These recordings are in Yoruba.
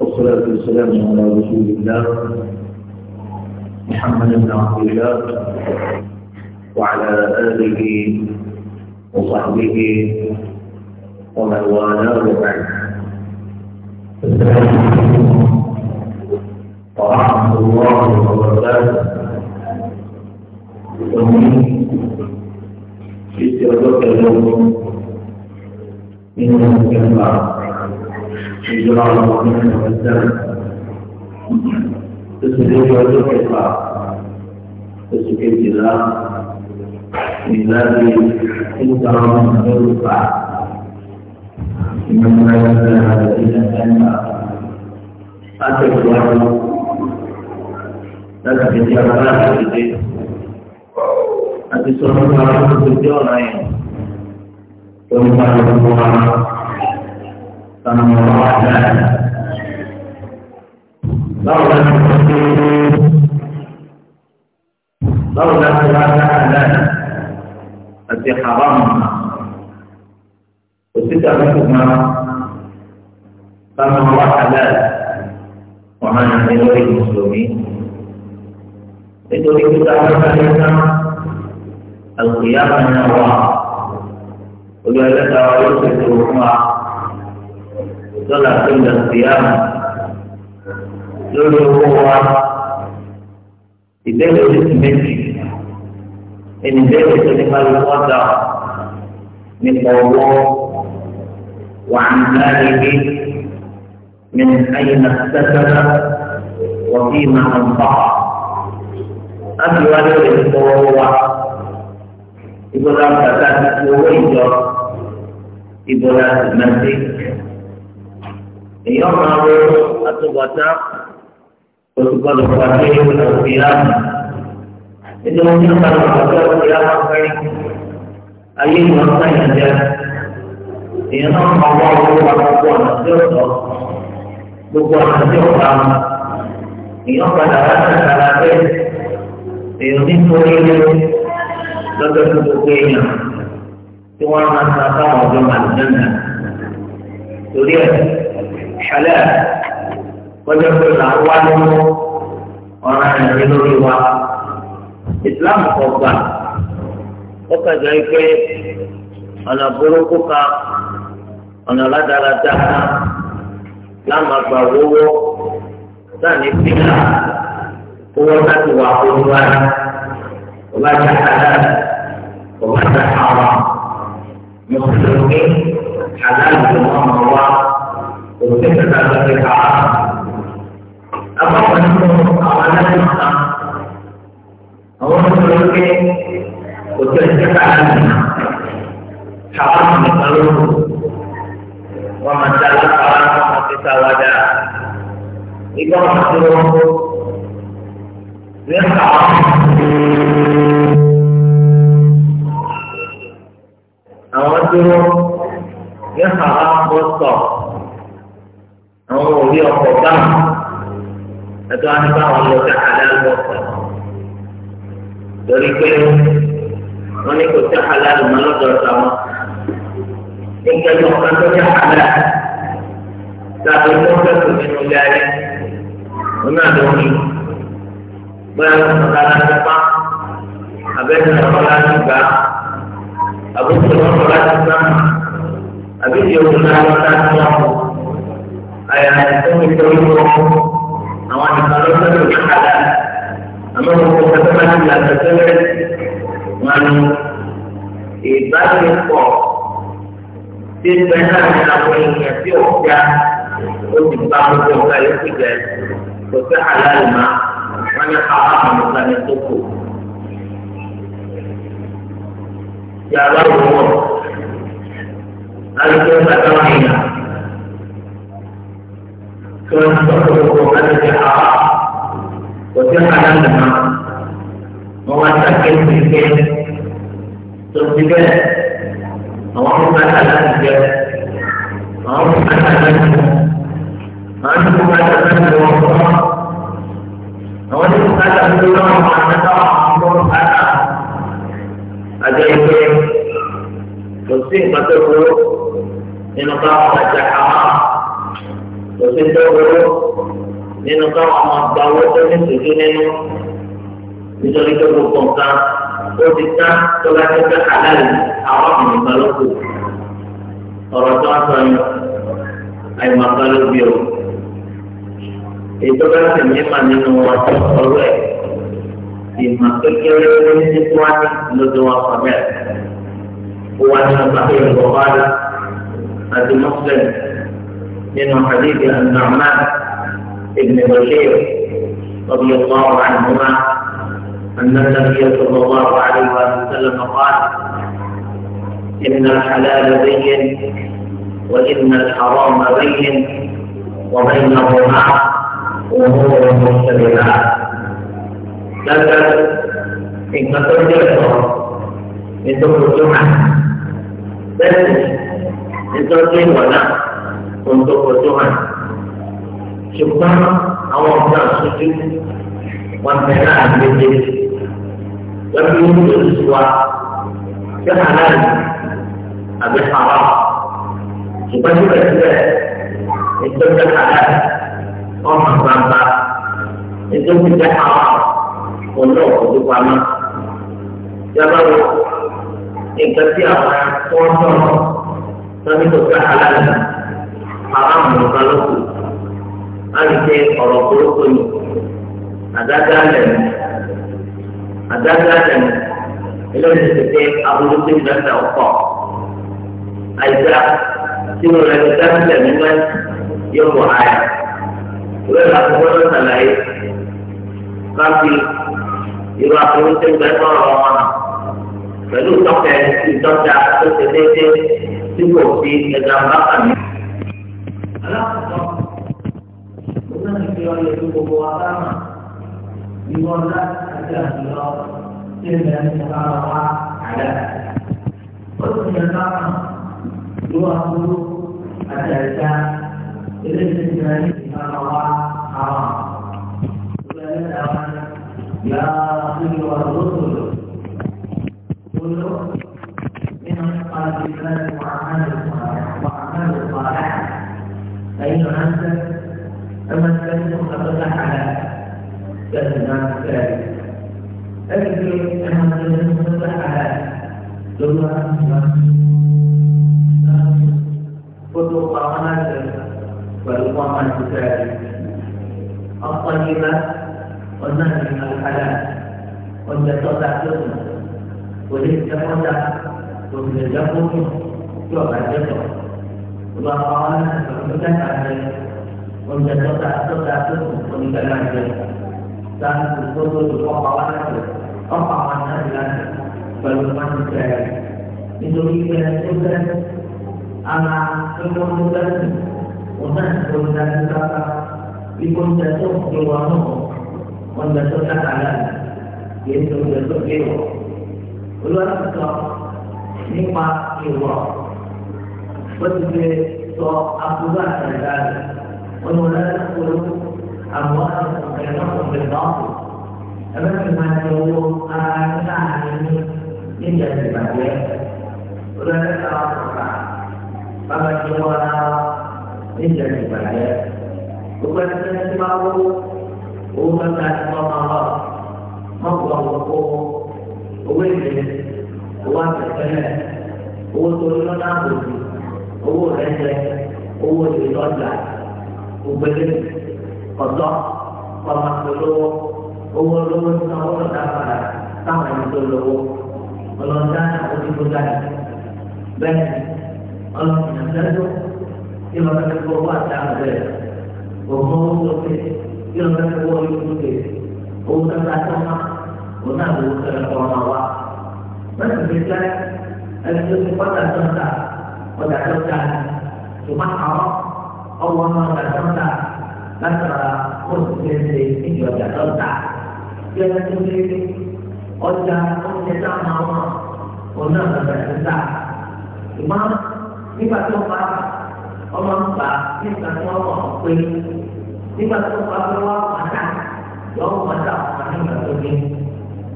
والصلاة والسلام على رسول الله محمد بن عبد الله وعلى آله وصحبه ومن والاه وبعد السلام ورحمة الله وبركاته في استرداد اليوم من المجتمع الجرار والنحن والدم تسبيح والإنقاذ تسبيح الله لله إنكر من غير الطاعة إنما يسأل هذا إلا كان أتى الوعد láti fi ara láti dé àti sọ̀rọ̀ nípa àwọn tó ti ọ̀nà yẹn tó ń bá lọ́wọ́ ara. صلى الله عليه وسلم لولا لولا ثلاثة آلاف التي حرمنا وستة منكما فما هو حلال وما نحن للمسلمين لذلك تعرف لنا القيام من الله ولذلك ويوسف الرحمة dọ́là tó ń dàgbé àmà lórí owó wa ìbéèrè oríṣi méjì ẹni bẹ́ẹ̀ tó ní kálukú ọ̀dà nípa owó wà ń dáre bí من أين اكتسب وفيما أنفق أبي ولد القوة إبراهيم فتاة قوة إبراهيم المسجد èèyàn máa ro àtúbọ̀tán olùgbọ́dọ̀ pàdé òbí láti nítorí wọn ní ọ̀sán ọ̀sán òbí láti pẹ́rẹ́ ayé ìwà ọ̀sán yẹn jẹ́ èèyàn náà máa wá owó wa gbogbo ọ̀nà tí ó sọ gbogbo ọ̀nà tí ó bá wọn èèyàn padà wá sí ìtara bẹ́ẹ̀ èèyàn nítorí lórí lọ́dọ̀ tó gbogbo èèyàn tí wọ́n máa ń sa fáwọn ọ̀dọ́ màlúù náà torí ẹ̀. حلال ويقول العوالم وأنا نزل الرضا إسلام قربان وكذلك أنا بروكوكا أنا لا درجة لما لا sani pila هو ما wa oluwa oba je halal oba je haram حلال الله Mungkin tentang mereka Apa yang menurut awalan yang mana Orang menurut ke Ujian cekan Salam menurut Wa masalah salam Masa wajah Ika masalah Dia salam Awas dulu Dia salam bosok àwọn òbí ọkọ̀ báwọn ẹ̀tọ́ á ní báwọn lọ sí àdáàlú ọ̀sẹ̀ lórí pé wọ́n ní kò sí àdáàlú mọ́ lọ́dọ̀ táwọn nígbà tí wọ́n kọ́ sí àdáàlú láti ní wọ́n fẹ́ẹ́ nínú ilé ayé wọn náà ló ní bẹ́ẹ̀ ọ̀la láti pa abẹ́rẹ́ ọ̀la láti gbà àbúkù ọ̀la láti gbà àbí ìyẹ̀wò náà lọ́ta ti wọ́n kọ́ àyàrá ìsẹ́yìn torí wọn àwọn nìkan ló sọ́dọ̀ ní kàdá àmọ́ gbogbo kẹfẹ́ máa ti yàtọ̀ sẹ́lẹ̀ wọn ni ìbáṣepọ̀ tí ń bẹ náà ní àwọn èèyàn tí ò já ó ti bá gbogbo ọ̀gá yóò ti jẹ kò sí àlàyé máa wọn ní àwọn àwọn ọ̀gá ní tó kù. Yàrá òwò, alùpùpù àtàwọn èèyàn kalau untuk berhubungan dengan haram, wajib halal dengan memasak sedikit, terus juga awak memasak sedikit, awak memasak sedikit, awak memasak sedikit, awak memasak sedikit, awak memasak ada itu, terus ini betul-betul ini kalau memasak haram, kò sí tó owó nínú káwọn ọmọ gba owó tó ní ìtòjú nínú nítorí tó gbogbo nǹkan ó ti tán tó bá ti fẹ́ àdáyé àwọn ọmọ balóko ọ̀rọ̀ tó ń sọ yẹn àyùmọ̀ balóbi o ètò bá sì ní mà ọ̀rọ̀ ẹ̀ ìmọ̀ kékeré oníṣẹ́ tó wá ní lọ́dọ̀ wa pàmẹ́ ó wá ní ọgbà tó bá dá àti mọ́sílẹ̀. من حديث النعمان بن بشير رضي الله عنهما أن النبي صلى الله عليه وسلم قال إن الحلال بين وإن الحرام بين وبينهما أمور مشتبهات لكن إن ترجعتها من دون الجمعة بل من ترجعتها ohun tó kọjú hàn ṣùgbọ́n àwọn ọ̀gá àṣojú wọn bẹ náà gbẹdẹ lọ́dún yìí ló ti wá ṣé àlàyé àbí àwa ṣùgbọ́n síbẹ̀síbẹ̀ ìjọba àlàyé ọmọ gbangba ìjọba ìjọba àwa ọ̀nà òkòtò pamọ́ yàrá wo nǹkan tí àwọn tó ń sọ̀rọ̀ lọ́dún tó ká àlàyé haramu nìkan ló kù láti ṣe ọ̀rọ̀ kúrúkú ni àdájá lẹ́nu àdájá lẹ́nu eléyìí ti ṣe aburú tí ìgbésẹ̀ ọkọ̀ àìsá sínú rẹ̀ ti dáńtẹ̀ nígbà yóò wọ àyà ìwé ìlàkùnkùn ló sàlàyé káfí irú aburú tí ìgbésẹ̀ ọ̀rọ̀ wọn nà pẹ̀lú tọ́kẹ́ ìtọ́jà tó ṣe déédéé tí kò fi ẹ̀dá bá kàmí. Alafu kuna ikiwa yuko kwa kama niwala akila tena mtawa ala kuna kama dua huru ataleta ile tena mtawa hawa يا أخي والرسل كله من قلب الله وعمل صالح وعمل صالح أين أنت تمثلت خطتك على كلمة ذلك أذكر أن تمثلت خطتك على لغة وتقامات والقامات ذلك الطيبة والنهي الحلال والمتطع سنة وليس قدر ومن الجبر يعبد جبر وقال فتاة وامتدت أستطاع ومثل ذلك كان الفضل وقع وقع عنها الآن فالمعنى الثاني لتريد أن تسلم على حكم مسلم وتنقل ذلك بكل تخفي ونور وأنت تتعلم يجب أن تخفيه والوقت nípa ìwà wọ́n ti fẹ́ sọ àbúrò àtàlẹ́ rẹ̀ wọ́n ní wọ́n lọ́dọ̀ kúrò àwọn ọ̀gbẹ̀rẹ̀ ọ̀gbẹ̀rẹ̀ ọ̀gbẹ̀rẹ̀ ẹgbẹ́ ti máa ń lọ́wọ́ ara láàrin ní níjà ìbàjẹ́ olórí àwọn ọ̀gá bàbá ti wọ́n ara níjà ìbàjẹ́ gbogbo ẹgbẹ́ ti máa wọ́ owó kẹta ti wọ́n máa wọ́ mọ́kù ọ̀wọ́ kó owó èlé owó àtẹ̀tẹ̀lẹ̀ owó tó lọ́nà àbòjì. هو عندك قوة يطلع وبدل قضاء قضاء قضاء هو لون صور دفعه طمع يطلعه ولو كان أقول لك ذلك بل الله ينزله إلى ذلك القربات تعالى وهو يطلع إلى ذلك هو يطلع هو تبع سمع ونبو سلطان الله ما تبقى لك أن يطلع سمع berdasarkan cuma Allah Allah berdasarkan nasra pun sendiri ini juga berdasarkan yang sendiri Allah pun kita mahu pun berdasarkan cuma kita coba Allah tak kita coba pun kita coba Allah macam yang macam macam macam ini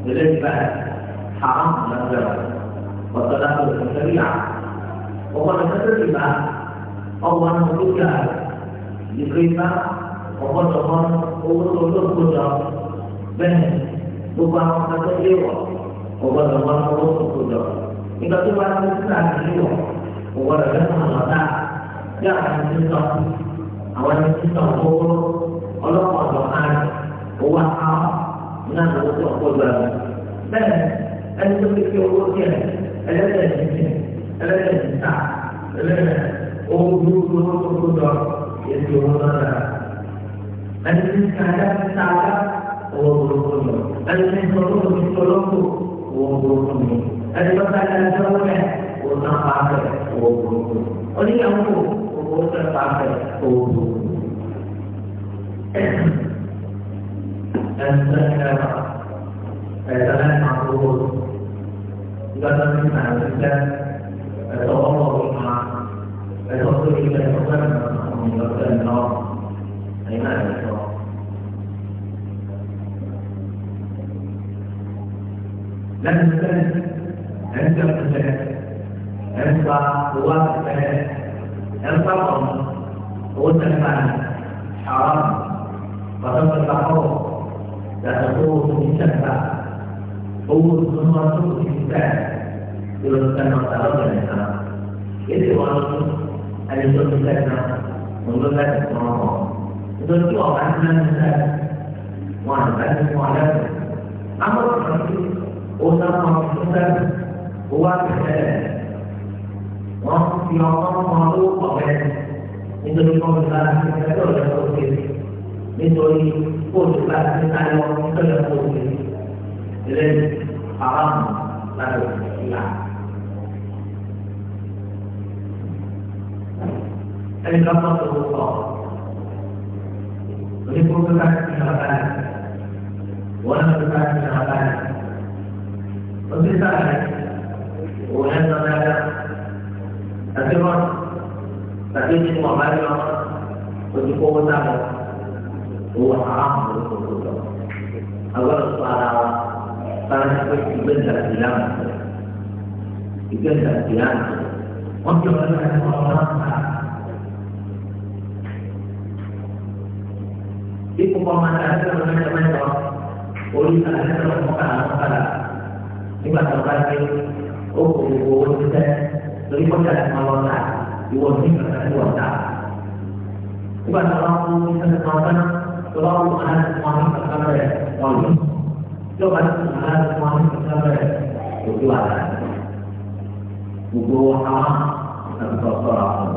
jadi kita haram dan berdasarkan Wa sallallahu alaihi wa sallam. ọgbọ́dọ̀ mẹ́tọ́ ti bá ọgbọ́n náà ló gbà ìgbé bá ọgbọ́dọ̀ mọ́ owó tó lóko lọ bẹ́ẹ̀ gbogbo àwọn akẹ́kọ̀ọ́ lé wọ̀ ọgbọ́dọ̀ mọ́ owó tó lóko lọ nígbà tó bá ti sísá àti wọ̀ ọgbọ́dọ̀ mẹ́tọ́ lọ́tà bí àwọn ẹni sísọ àwọn ẹni sísọ owó ọlọ́pàá lọ́kàn owó àkàwọ̀ náà lọ́wọ́ tó ọgbọ́dọ̀ bẹ́ẹ̀ ẹni tó fi fi owó díẹ̀ ẹlẹ́sẹ̀ ẹlẹ́yìn níta ẹlẹ́yìn ohun burúkú ló tó kó jọ ètò wọn lọ́dà ẹni tí kájà ti ta ara owó burúkú lọ ẹni tí sọ lóko ti sọ lóko owó burúkú lọ ẹni tó kájà ti sọ lóko owó náà pa á bẹ̀ owó burúkú oníyàwó owó tó pa á bẹ̀ owó burúkú. Ẹ̀sán ẹ̀rọ ẹ̀sán ẹ̀rọ àkókò ìgbàdàn ní àlùfẹ́. فتغرب مع فتصل إلى تسمى من غسل النار أي معنى الإكراه لما الثلاث أنت الثلاث أنت هو الثلاث أنت الأمر هو الثلاث حرام فتصل الحرام لا تقول من شفاعة قوة من رسول الإنسان diuruskan masalah mereka. Itu walaupun ada suatu karena mengulas ngomong. Itu itu orang yang besar. Wanita semuanya. Apa seperti orang orang besar buat besar. Orang tiongkok malu pakai. Itu di komunitas kita itu ada khusus. Itu di komunitas kita ada khusus. Jadi haram lalu hilang. أي لفظ الوصال ويكون بفعل الشرفان وأنا بفعل الشرفان وبالفعل وهذا ماذا أثرا فإن وغيرا وتقوم تعمل هو حرام أول على فأنا أقول بنت الإسلام بنت الإسلام wọ́n jọ ọ́ lọ́wọ́ ẹ̀kọ́ ọ̀rọ̀ ọ̀tá. Ipò pọ́nmọ́ náà ẹ̀ka ló mẹ́jọ mẹ́jọ orí náà ẹ̀ka ló mọ́ kàrà mọ́ kàrà nígbà tó bá dé ó kò gbogbo owó ti tẹ́ lórí kọ́jà lè máa lọ́ta ìwọ ní ìgbà tí wọ́n ta. Nígbà tó bá wọ́n ní sẹ́sẹ̀ kan tán tó bá wọ́n máa ti wọ́n ní kankan bẹ̀rẹ̀ ọ̀yọ́. Tí ó bá ti wọ́n máa ti wọ́n ní kankan bẹ̀rẹ̀ òjò وضوحها أن تصرعها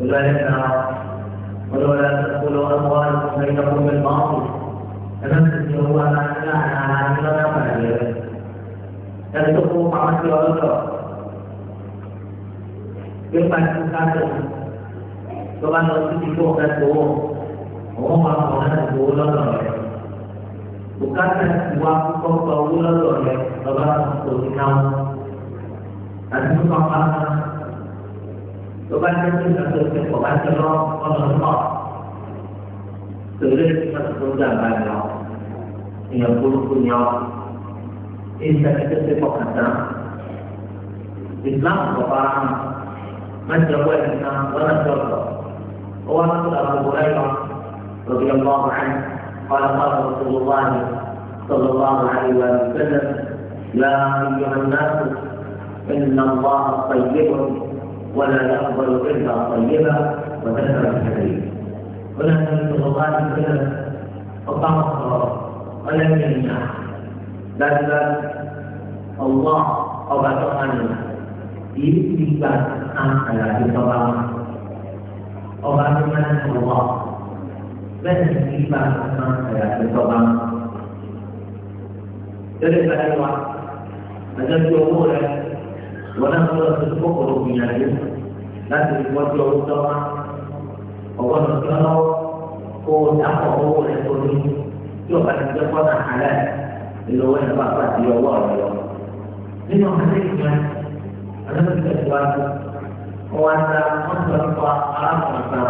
أولئك قلوا لا تدخلوا أموالكم بينكم بالباطل فنفسي هو ما سمعنا عن عمرنا فهجر تلتقوا مع مثل الأخرى يوم بعد المكاتب طبعا لو سيدي فوق تدخلوا وهم أخونا تقولوا لهم Bukankah sebuah kota ular-ular yang telah menentukan kamu ada semua apa? Kebanyakan kita sudah kebanyakan orang orang tua. Sebelum kita sudah banyak, hingga puluh punya. Ini saya kata sepokata. Islam kepada masyarakat Islam dan syurga. Orang itu adalah Bukhairah. Rabbi Allah Muhammad. Kala kala Rasulullah Sallallahu Alaihi Wasallam. La ya Yuhannasus إن الله طيب ولا يقبل إلا طيبا وذكر الحديث ولا النبي الله كذا وسلم أقام الصلاة ولم يمنع بل الله أبطأنا يثبت عن صلاة الصلاة أبطأنا الله بل يثبت عن حياته طبعا Daripada Allah, ada dua orang ونحن نتفكر في ذلك لكن وجه السماء ووجه السماء هو تقوى هو الحكومي شوف أن تكون حلال اللي هو البقرة في الله اليوم منه حديثنا أنا بالتجوال هو أن مصرف حرام مصرف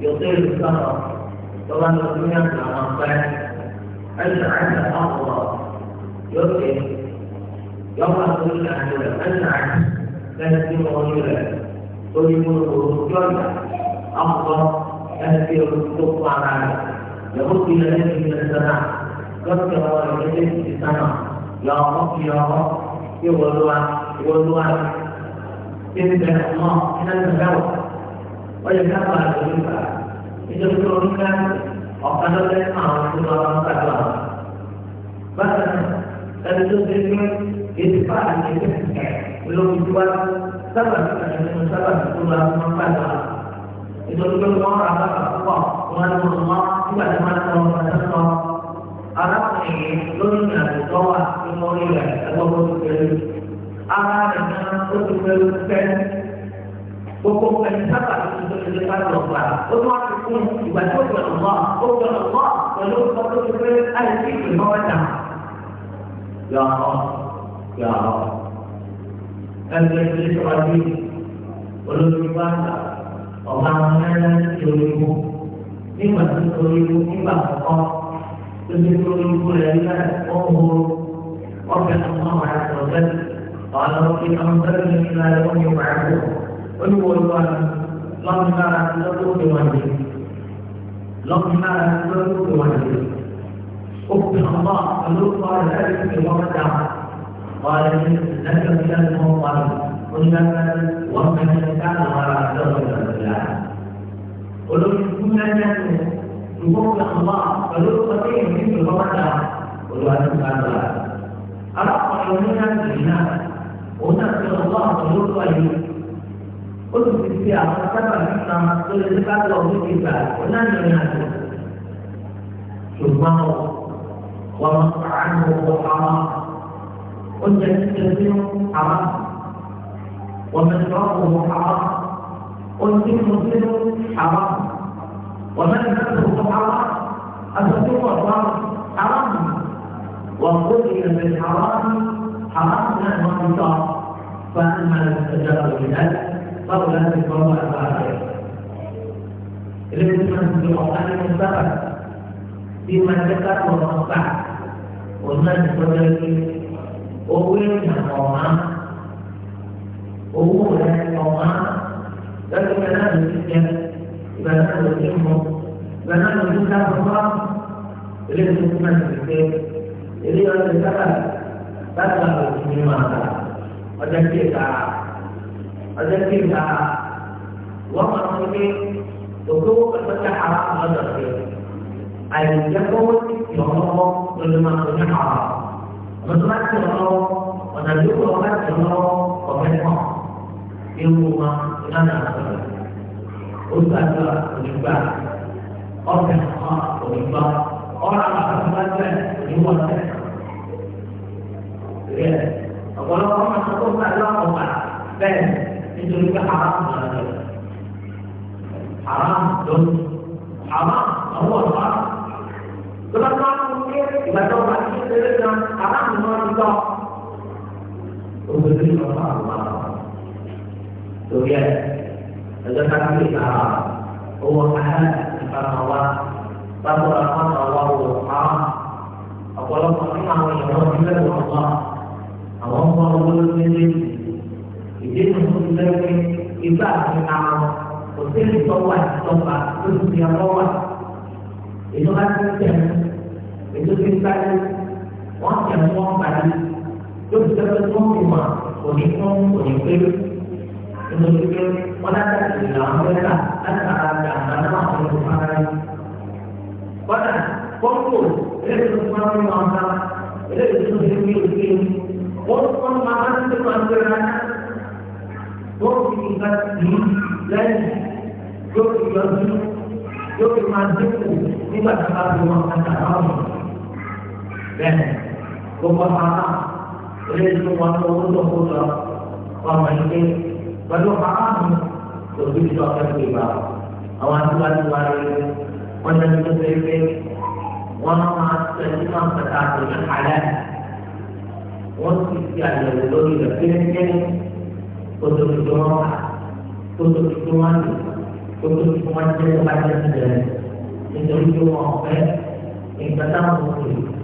يطيل السماء طبعا الدنيا في الأمانتين أجل عند الأرض يمكن يوم كل أحدنا أنعت تهدم رجلا تلقي رجلا أخضر تهدم تقطع معه يرد يديه من السماء كسر والديه في السماء يا رب يا رب يولع يولع تنزل الله من المدعو ويكفى الخليفة إذا بك وقد لك معه سوى ما قد بعد أن تدرك di depan ini belum dibuat sabar dengan sabar Tuhan memandang itu juga semua rasa kuat Tuhan semua tidak dapat mengatakan Arab ini dunia doa memulia atau berdiri Allah dengan kebenaran Bukum dan sabar untuk kejelasan doa Tuhan itu dibaca oleh Allah Tuhan Allah lalu berdiri Al-Fatihah Ya Allah يا رب أنت تجلس عزيز ولو ومعنانا يريده مما تريده مما فقط تريده لله انظر ربنا الله عز وجل قال رب انظرني الى يوم يبعثون قل هو الله لما تدعو بوجهه لما تدعو بوجهه اخبر الله قال ذلك ومتى قال لك من المطلب قلنا ومن كان على درجة الله ولو كنا نحن نقول الله فلو قتيل من الغمدة ولو أنت على أرقى يومنا لنا ونسأل الله فلو قليل قلت في السياق سبع منا قل لك الله في ونحن نحن ثم ومن عنه حرام oúnjẹ títí حرام ومن ومشربه حرام والسن سن حرام ومن نفسه حرام السن حرام حرام وقتل بالحرام حرام لا مقصى فأما الاستجابة بذلك فأولئك هم الفاعلون الذي من في القرآن المستقبل فيما ذكر وما ومن وذلك owó èèyàn ọ̀ma owó rẹ̀ ọ̀ma lọ́dún bẹ́ẹ̀ náà ló ti jẹ ìgbà náà ló ti mọ ìgbà náà ló ti dábọ̀ wá ilé tó kú náà ti pé ilé ọ̀sẹ̀ sábà láti máa lò sí mímọ́ àgbà ọjọ́ tí ì ta ọjọ́ tí ì ta wọ́n máa ń gbé òkú ọjọ́ àrà ọ̀dọ̀ sí àìjẹ́kọ́wọ́ ti yọ̀ ọ́ lọ́dún máa ń gbé àrà. berserah ke pada juga orang ke Allah pemerintah ilmu mah penanda Ustaz telah menyebabkan orang yang orang yang menyebabkan menyebabkan Ya, kalau orang masuk ke Ustaz adalah obat dan itu juga haram menanda haram, dosa, haram, Allah, haram. Tetapi ìgbà tó wà ní kan aláàmì náà ti tọ́. Obìnrin náà máa wà wá. Torí ẹ̀ ẹ̀jẹ̀ ká sí ìta owó káyà ìbámu wa bábọ̀ àwọn àwa wò á. Ọ̀pọ̀lọpọ̀ nínú àwọn èèyàn wọn ti lẹ́kọ̀ọ́ wa. Àwọn ọmọ owó ló ní ní ìdí nínú ìlẹ́gbẹ́ ìgbà àti àwọn òṣèlú tó wà tọ́pa lóṣù tí a kọ́ wà. Èyí ti ń tẹ̀lé ètò tí ń sáré wọ́n tẹ̀ wọ́n parí lóbi sẹ́fẹ́ tó ń mọ̀ òní tó òní pé ètò tí pé wọ́n dáadáa ti là ń bẹ́ẹ̀ láti ara ti àgbà náà àwọn ètò parí. Bọ́dà pọ́ńpù eléyìí tó máa ń wọ́n ká eléyìí tó ti fi òkè wọ́n tó máa ń tó máa ń gbéra náà wọ́n fi ìgbà tì í lẹ́yìn yóò fi yọjú yóò fi máa dínkù nígbà tí a bá fi wọn kàtà báwọn. dan pemahaman oleh semua untuk putra pemain baru paham lebih disokkan tiba awan tuan tuan wanda itu bebe wama terima kata dengan halal Wanti tiada lelaki lelaki untuk dijual, untuk dijual, untuk dijual kepada negara, untuk dijual oleh yang pertama mungkin.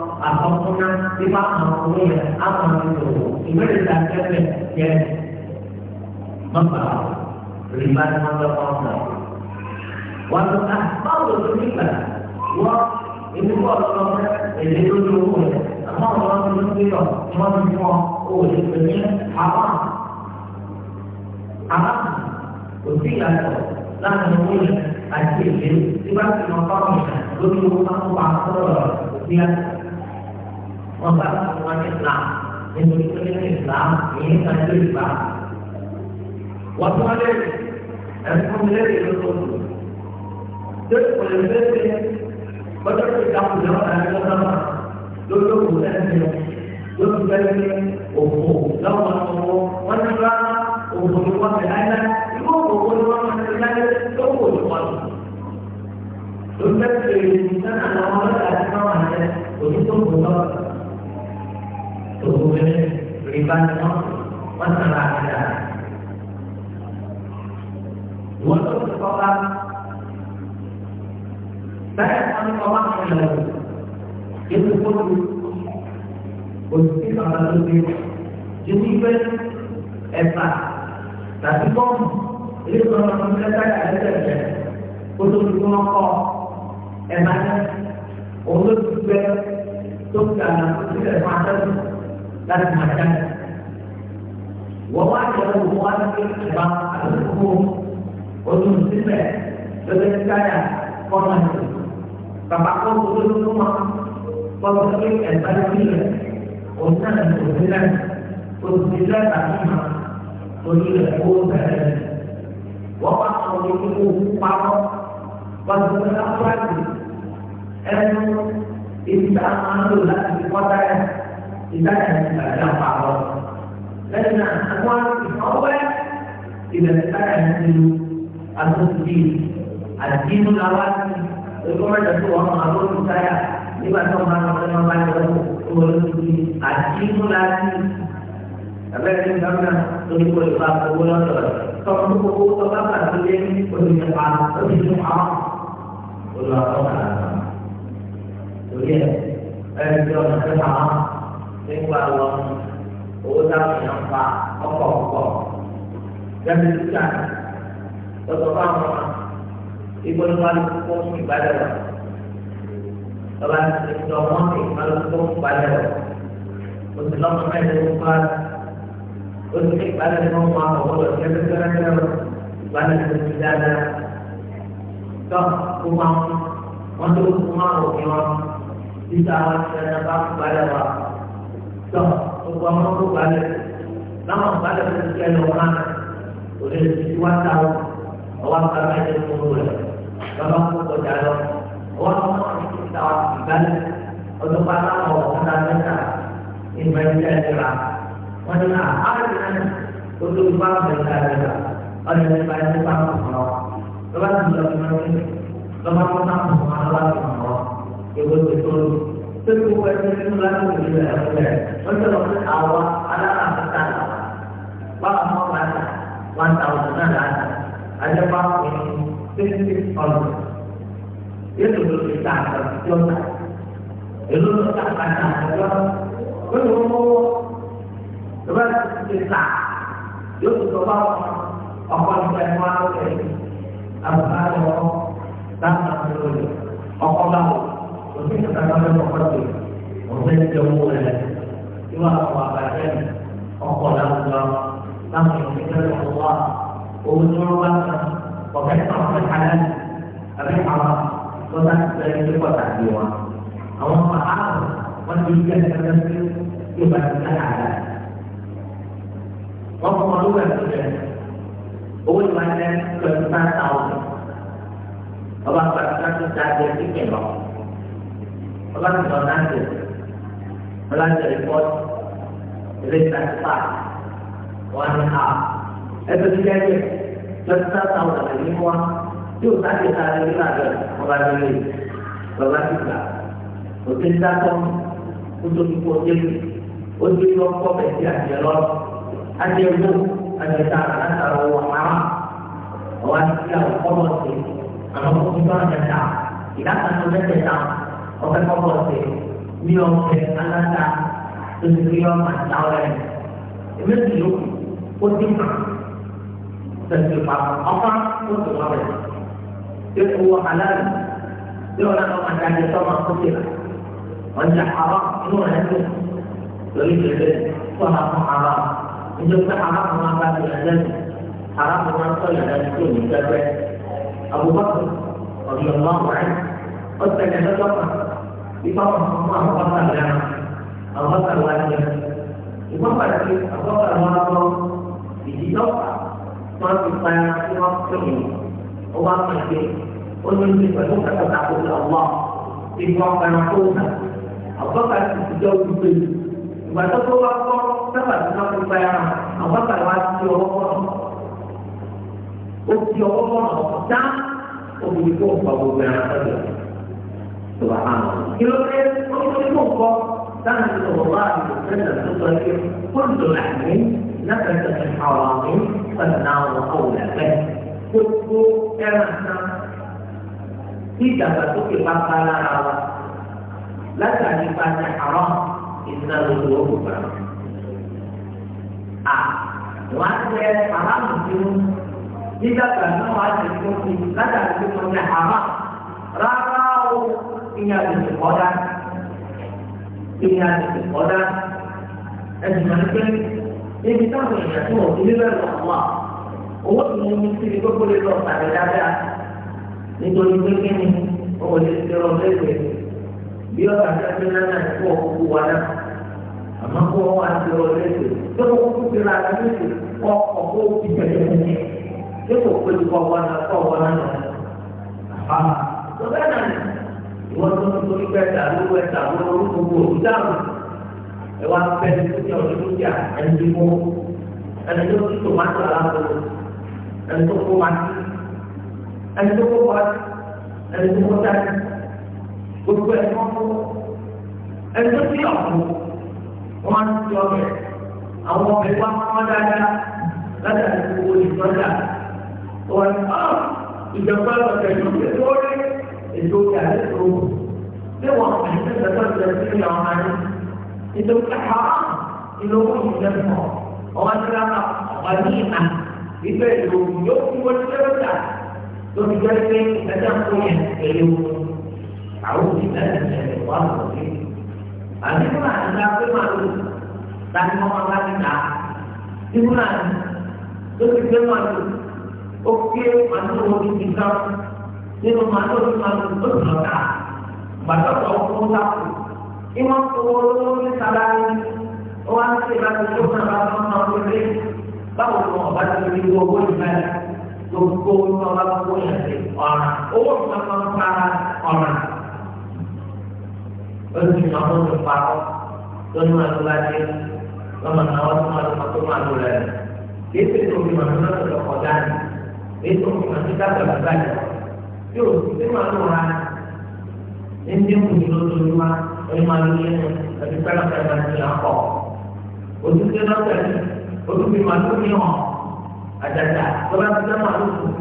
atau pernah dipahami ya apa itu ini ditanggapi yang membawa lima nama Allah waktu ah mau terlibat wah ini buat apa ini itu dulu ya mau orang itu dia cuma cuma oh sebenarnya apa apa Kunci lah tu, lah semuanya. Aci, ini tiba-tiba nonton, lu tiba-tiba nonton, lu tiba-tiba nonton, membawa orang Islam menunjukkan Islam ini adalah Islam waktu ada Alhamdulillah itu tuh terus polisi betul kita punya orang Islam dulu bukan dia dulu bukan dia umum lawan umum wanita umum wanita lain ibu umum wanita lain tunggu tunggu تذكر الإنسان أن أمرك أسمعها وجدتم بالنظر Tuhan ribannya masalah ada. Waktu sekolah, saya akan sekolah dengan itu pun untuk kalau lebih jadi esa. Tapi kok itu kalau kita ada saja untuk mengokok esanya untuk juga untuk dalam tidak macam لازم مكان وواحد له مؤثر حرام على الحكومة وأنه مسلمة فبدأت كان فرما فبعضهم يقول لهم فبقيت البلدية قلنا أن تؤمننا والسجاد عظيمة تريد الحكومة وبعضهم يقول بعض بعض الأفراد أنه إذا أمروا لك بقطع إذا كانت له أعراض لكن الأموال الأول إذا كانت المسلمين الدين الأول يقوم بالدعوة معروف سايا لما تمام ما ما يقول الدين الأول Tapi karena untuk berlaku bulan terus, kalau untuk buku tetap ada yang berjalan lebih cepat, berlaku. Jadi, eh, jangan kesal. nípa àwọn owó táwọn èèyàn pa ọkọ̀ ọkọ̀ gẹ́gẹ́ dúkìá lọ́sọ̀ fáwọn ìgbóníwájú kó fún ìbálẹ̀ wà lọ́ba ti sọ wọ́n fi ìbálẹ̀ kó fún ìbálẹ̀ wà oṣù lọ́mọ mẹ́rin ló pa oṣù ní ìbálẹ̀ tó ń pa ọ̀wọ́ lọ sí ẹgbẹ́ kẹ́rẹ́kẹ́rẹ́ lọ ìbálẹ̀ tó ti dáadáa tó kó máa wọn tó kó máa wọ̀ kí wọn títà wọn ti ẹ̀rọ bá fún ìbálẹ̀ wà. tọ́ gbogbo àwọn ọmọ gbogbo alẹ́ láwọn ọmọ alẹ́ tó ti kẹ́ lọ wọn náà òde ti wá ta o ọwọ́ àgbàlá ẹ̀jẹ̀ tó ń wọlé bàbá kó kọjá lọ ọwọ́ àwọn ọmọ ti ta ìgbàlẹ̀ ọdún bá láwọn ọ̀hún náà mẹ́ta ìgbà ìjẹ́ ìlera wọ́n ní à áàrẹ̀ náà ó tó bá bẹ̀rẹ̀ ìlera ọdún ìgbà ìjẹ́ bá ń kọ̀ ọ́ tentu wajib melalui jalan hukum. Untuk maksud awak adalah kesan awak. Bawa mahu baca, wantau senarai, ada bawa ini, prinsip orang. Ia tentu kita akan jumpa. Ia tentu tak baca juga. Kenapa? Sebab kita, itu coba apa yang mahu ini, apa yang mahu, tak mahu, apa yang وكيف تعمل مقدم وذلك هو لك سواء وعبادين أقول الله نحن نتبع الله ونزور بكر وبيعه في الحلال أبي حرام وتحسين وتعديوه أو الصحابة والبيئة التي يبنى على وقالوا لك أول ما كان كنت أعطي Abang tak akan kita ada tiket lah. ọlọ́run lọ láti ọlọ́run rìpọ́tì rate at five one half ẹgbẹ́ tí kẹ́kẹ́ twenty five thousand ẹ̀mí wá yóò sáàkì sáré nígbà rẹ̀ ọba nílé bàbá ti gbà òtí ń dákọ́ nítorí kó dé ó dé lọ kọ́ bẹ̀ sí àjẹ lọ àjẹ wò àjẹ tá a kà ó wà á ọ̀wá kí àwọn kọ́ bọ̀ sí àwọn kò ní bá ọ̀jẹ̀ ta ìdákan tó lẹ́sẹ̀ ta ọ̀fẹ́ kọ́kọ́ ọ̀sẹ̀ ní ọ̀fẹ́ aláta tó ti fi ọmọ àtà ọ̀rẹ́ ẹ̀mí ti yó ó ti mà tẹ̀sí pa ọ̀fà ó ti wà rẹ̀ yóò ti wọ aláàbò yóò ọmọ àtà ní sọ́mà ó ti rà wọ́n ti inú rẹ̀ tó lórí ìrẹ̀lẹ̀ fún àwọn àwọ̀ ìjọba àwọn àwọn abájọ ẹ̀dẹ́nu. حرام من صلى على كل كتاب أبو بكر رضي الله عنه قد تجدد Imam Ahmad Fasalnya Allah Taala Imam Balik Allah Taala di situ Tuhan kita Imam Kami Allah Taala Orang yang berdoa kata takut Allah Imam Balik Allah Taala di situ Sebab itu Allah Taala Sebab kita Allah Taala di Allah ó fi ọwọ́ mọ́ ọ̀tá obìnrin tó ń pa gbogbo ẹran sọ́dọ̀. Tuhan Allah. Kira untuk pokok dan Rasulullah sallallahu alaihi wasallam kullu lahmin nafasa min haramin fannar qawla kan. Kuku kerana tidak masuk ke pahala Allah. Lada dipanya haram Inna lulu kubra A Wajah haram itu Tidak karena ini ada sekolah, ini ada sekolah. Dan mungkin dia bisa mengingat semua ini dari Allah. Orang yang mesti itu boleh berkata kata. Ini boleh begini, boleh berkata Dia baca kenangan kuah kuah àmọ́ kó wọn wá sí ọ̀rọ̀ lẹ́sẹ̀ tó kó kó ti ra ara lẹ́sẹ̀ kọ́ ọ̀pọ̀ òbí tẹ̀lé ẹ̀yẹ tó kó pé kọ́ wọn náà kọ́ wọn náà. Bàbá tó wọ́n tó ń torí pẹ́ ta ló wẹ́ ta wọ́n ló gbogbo òbí dáhùn ẹ wá pẹ́ ní kúkẹ́ ọ̀dọ́ dúkìá ẹni tó mú ẹni tó ti tòmátì aláàbò ẹni tó kó wájú ẹni tó kó wájú ẹni tó kó dájú gbogbo ẹni tó kó ẹni tó ti ọ̀kú wọ́n á ti ọ̀bẹ àwọn ọ̀bẹ wá wọ́n dáadáa látàrí gbogbo ìtọ́jà wọ́n á ah! ìjọba ọ̀sẹ̀ yóò ṣe lórí ètò ìyàlẹ́ tó léwọ̀n àìsàn ìdẹ́gbẹ́ ìdẹ́gbẹ́ ìlà ọ̀hán ètò ìkàkà ìlówó ìdílé mọ̀ ọ̀hán ti ra ọ̀hán ní ìhà ìgbẹ́ ìlú yóò fi wọlé lẹ́wọ̀dà tó fi jẹ́ pé ìdájọ́ tó yẹ pẹ̀lú àwọn òbílẹ̀ ìṣẹ̀lẹ̀ wà lọ́sí. àdínkù àti ìlà pé màá lò láti mọ́ wọn láti nà á. ìdínkù àti tó fi gbé màá dia memandung memandung berhutang. Baca pokok satu. Imam turun di salam. Orang kita berhutang sama orang negeri. Tahu semua baca di dua bulan mana. orang pun orang. Orang memang salah orang. Berhenti lagi. Memenawar semua satu malu lagi. Itu itu dimana Itu dimana kita terbaik. yóò ṣe máa ń wá ẹni kù ní lójoojúmọ́ ẹni máa ń yẹ ẹni pẹ́lú pẹ́lú ẹni akọ. Òtútù lọ́sẹ̀lẹ̀ olùbí máa tó ní hàn àjàjà tó bá ti dáná ló fún un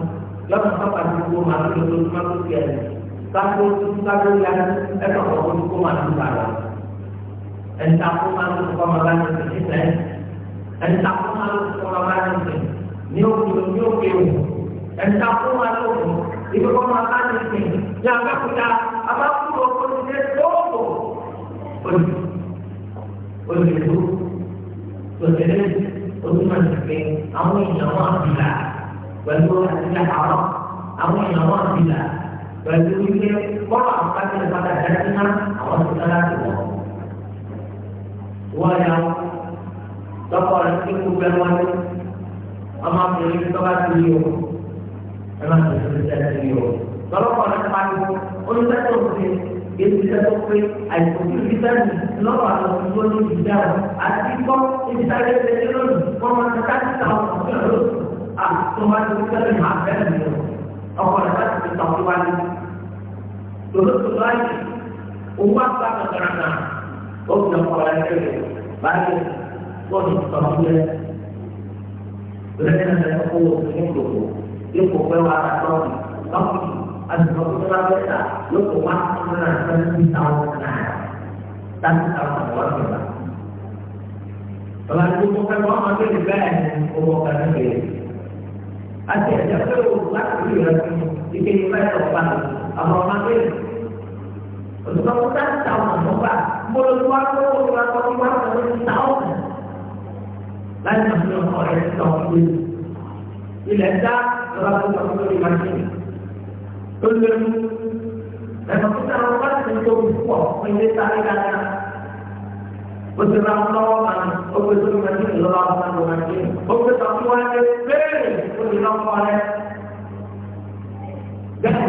lọ́nà pápá tó kó máa tó lójoojúmọ́ tó ti ẹ̀rẹ̀. Sáko sáko ya ẹ̀ka ọ̀pọ̀ tó kó máa tó bàrà. Ẹni sáko máa tó kó máa bá tẹ̀sẹ̀ nílẹ̀. Ẹni sáko máa tó kó máa bá tẹ̀sẹ̀ ní òkè ní òkè òkè. Ẹni sáko máa tó kó itu pemahaman di sini. Yang tak punya apa tu pun dia sombong. Pun, pun itu, pun dia, pun macam ni. Aku ini nama bila, bantu hasilnya apa? Aku ini nama bila, bantu dia. Kalau apa yang dapat ada awak sudah tahu. Wajar. Kalau orang itu bukan wajar, amat beri kita memang bekerja dari itu. Kalau pada tempatmu, orang tak tahu sih, dia tidak tahu itu, ada tujuh kita ni, lama atau tujuh ni kita, ada tiga, ini saya dari orang, orang macam tak tahu, ah, semua kita ni macam mana dia? Apa kata kita tahu tuan? Terus tu lagi, umat tak terkena, kau tidak boleh lagi, lagi, kau tidak boleh. Berkenaan dengan aku, ini yóò kó pẹ́ wá àtọ́nù lọ́kùn àtùkọ́ tó bá fẹ́ ta yóò kó wá ọ̀nà twenty thousand naira thirty thousand wọ́n ti rà. Bàbá tó kó pẹ́ wọ́n máa bẹ̀rẹ̀ bẹ́ẹ̀ ni owó ọ̀gá ní bẹ̀rẹ̀. Àti ẹ̀jẹ̀ pé o láti rí rẹ̀ fún ike ní bẹ́ẹ̀ tó àwọn ọmọ bẹ̀rẹ̀. Òtùkọ́ tó thirty thousand ló bá mbọ́lọ́ tó wá tó wọ́n tó wá tó wá tó wá tó wá tó wá láti àfihàn ọ̀rẹ́ tó ń gbé. dilenda berapa waktu di masjid. Kemudian dan aku terangkan untuk buah menyesali karena berserang lawan, berserang lagi lawan dengan ini, berserang lawan dengan ini, berserang lawan dan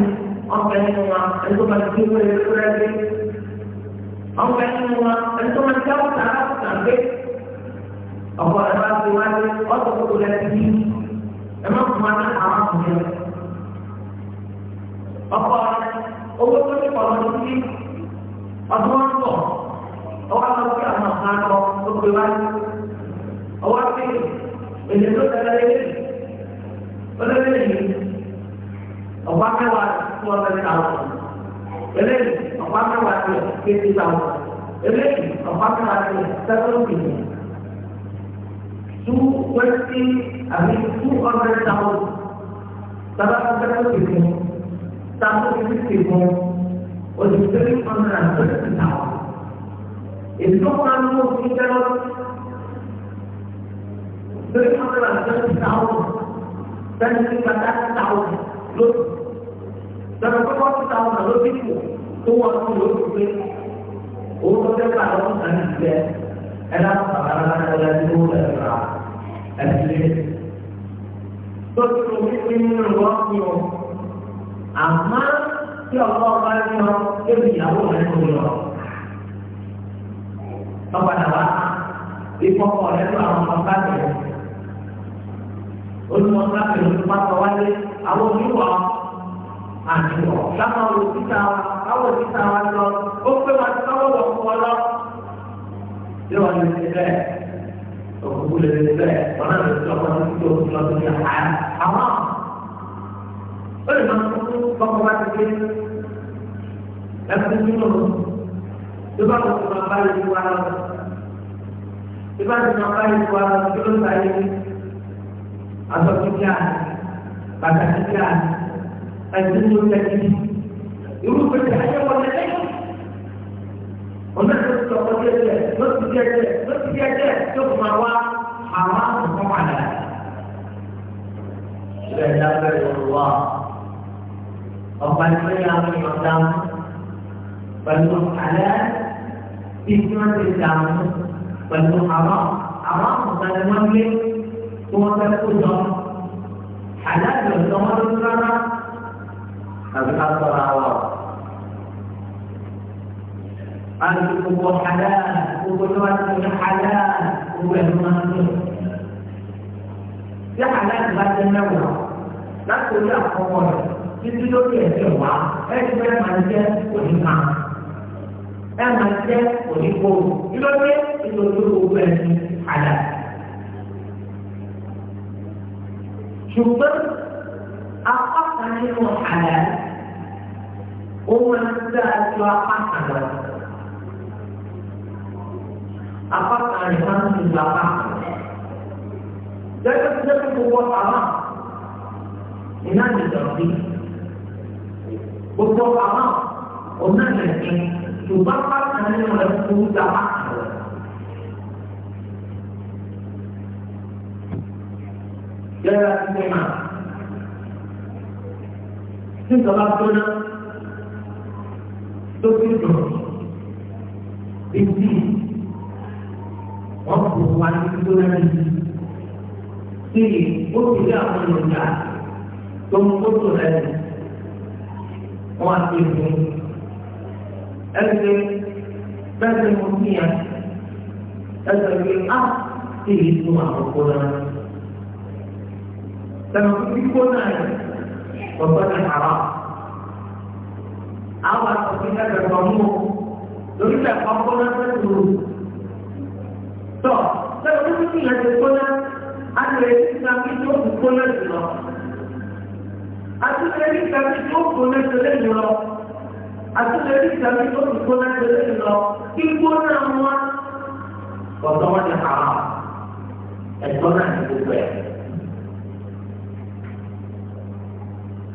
aku ingin untuk mencuri Aku ingin mengatakan itu mencapai tarap sampai apa-apa yang ada untuk kebudayaan ini ẹ má fún wa ní àwọn àkùnrin ọkọ owó tó ti pọ̀ lọ́dún sí ọdún wọn pọ̀ ọwọ́ lọ sí àwọn ọ̀sán akọ tó pè wá ọwọ́ sí èdè tó tẹ̀lé lẹ́yìn ó lé lẹ́yìn ọ̀pá mẹ́wàá tí wọ́n tẹ̀lé àwọn eléyìí ọ̀pá mẹ́wàá tí wọ́n tẹ̀lé àwọn eléyìí ọ̀pá mẹ́wàá tí wọ́n tẹ̀lé àwọn 220, I mean 200 towns. Kalau kita satu ribu, satu ribu, or the 300 towns. Itu kamu kita 300 tahun dan dikatakan tahun lu dan berapa tahun lalu itu tua itu lu itu untuk dapat tahun dan dia ألا أنا ولا دون أسرع أسلم تطلب من الواقع أما في الله قال يبي أبو أنه Apa nama? Dipokok dan orang mengatakan Untuk mengatakan tempat kawan Awal jiwa Anjwa Sama lu kita Awal kita Awal Oke mas Kalau waktu Allah yóò wá lè bẹ́ẹ̀ òkú lè bẹ́ẹ̀ wọn náà lè tọ́ wọn tó tó lọ sí àwọn ó lè máa fún bọ́kọ̀ bá ti dé ẹkún nínú tó bá wọn máa bá yẹ wá lọ tó bá wọn máa bá yẹ wá lọ tó ló bá yẹ aṣọ kíkíà bàtà kíkíà ẹ̀sìn ló tẹ̀ kí irú pèsè ayé wọlé lẹ́yìn ọ̀nà àwọn àkùnkùn padà. Arti kubur halal, kubur luar halal, kubur masuk. Dia halal baca nyawa. Tak kuliah kubur. Itu tu dia sewa. Eh, dia manusia kuliah. Eh, manusia kuliah. Itu dia, itu tu kubur halal. Syukur, apa yang halal? Umat kita suapkan adalah apakah ada satu di belakang. Jangan tidak berbuat amal. Ini di dalam Berbuat amal. Orang yang cuba kan hanya melakukan jahat. Jangan memang. Ini sebab tu nak. Itu itu. Ini wọ́n kò wá ní gbígbóná yìí. Bíi ó ti rí àwọn ìyá tó ń kótó rẹ̀ wọ́n á ti mú. Ẹgbẹ́ bẹ́ẹ̀ ni mo ní ya. Ẹgbẹ́ mi á sì rí fún àkókò náà. Sẹ́nu kíkó náà ọ̀gbọ́n ní àrà. Àwọn àkọsílẹ̀ rẹ̀ lọ mú Lórí ìgbà kan náà fẹ́ tọ́ lọ́wọ́ tó ti gbóná a lè rí ìsàmì tó kù gbóná jùlọ. a tún lè tó kù gbóná jùlọ. a tún lè rí tó kù gbóná jùlọ. kí gbóná wọn ọ̀dọ́ wọn ti hàn án ẹ̀tọ́ náà ní gbogbo ẹ̀.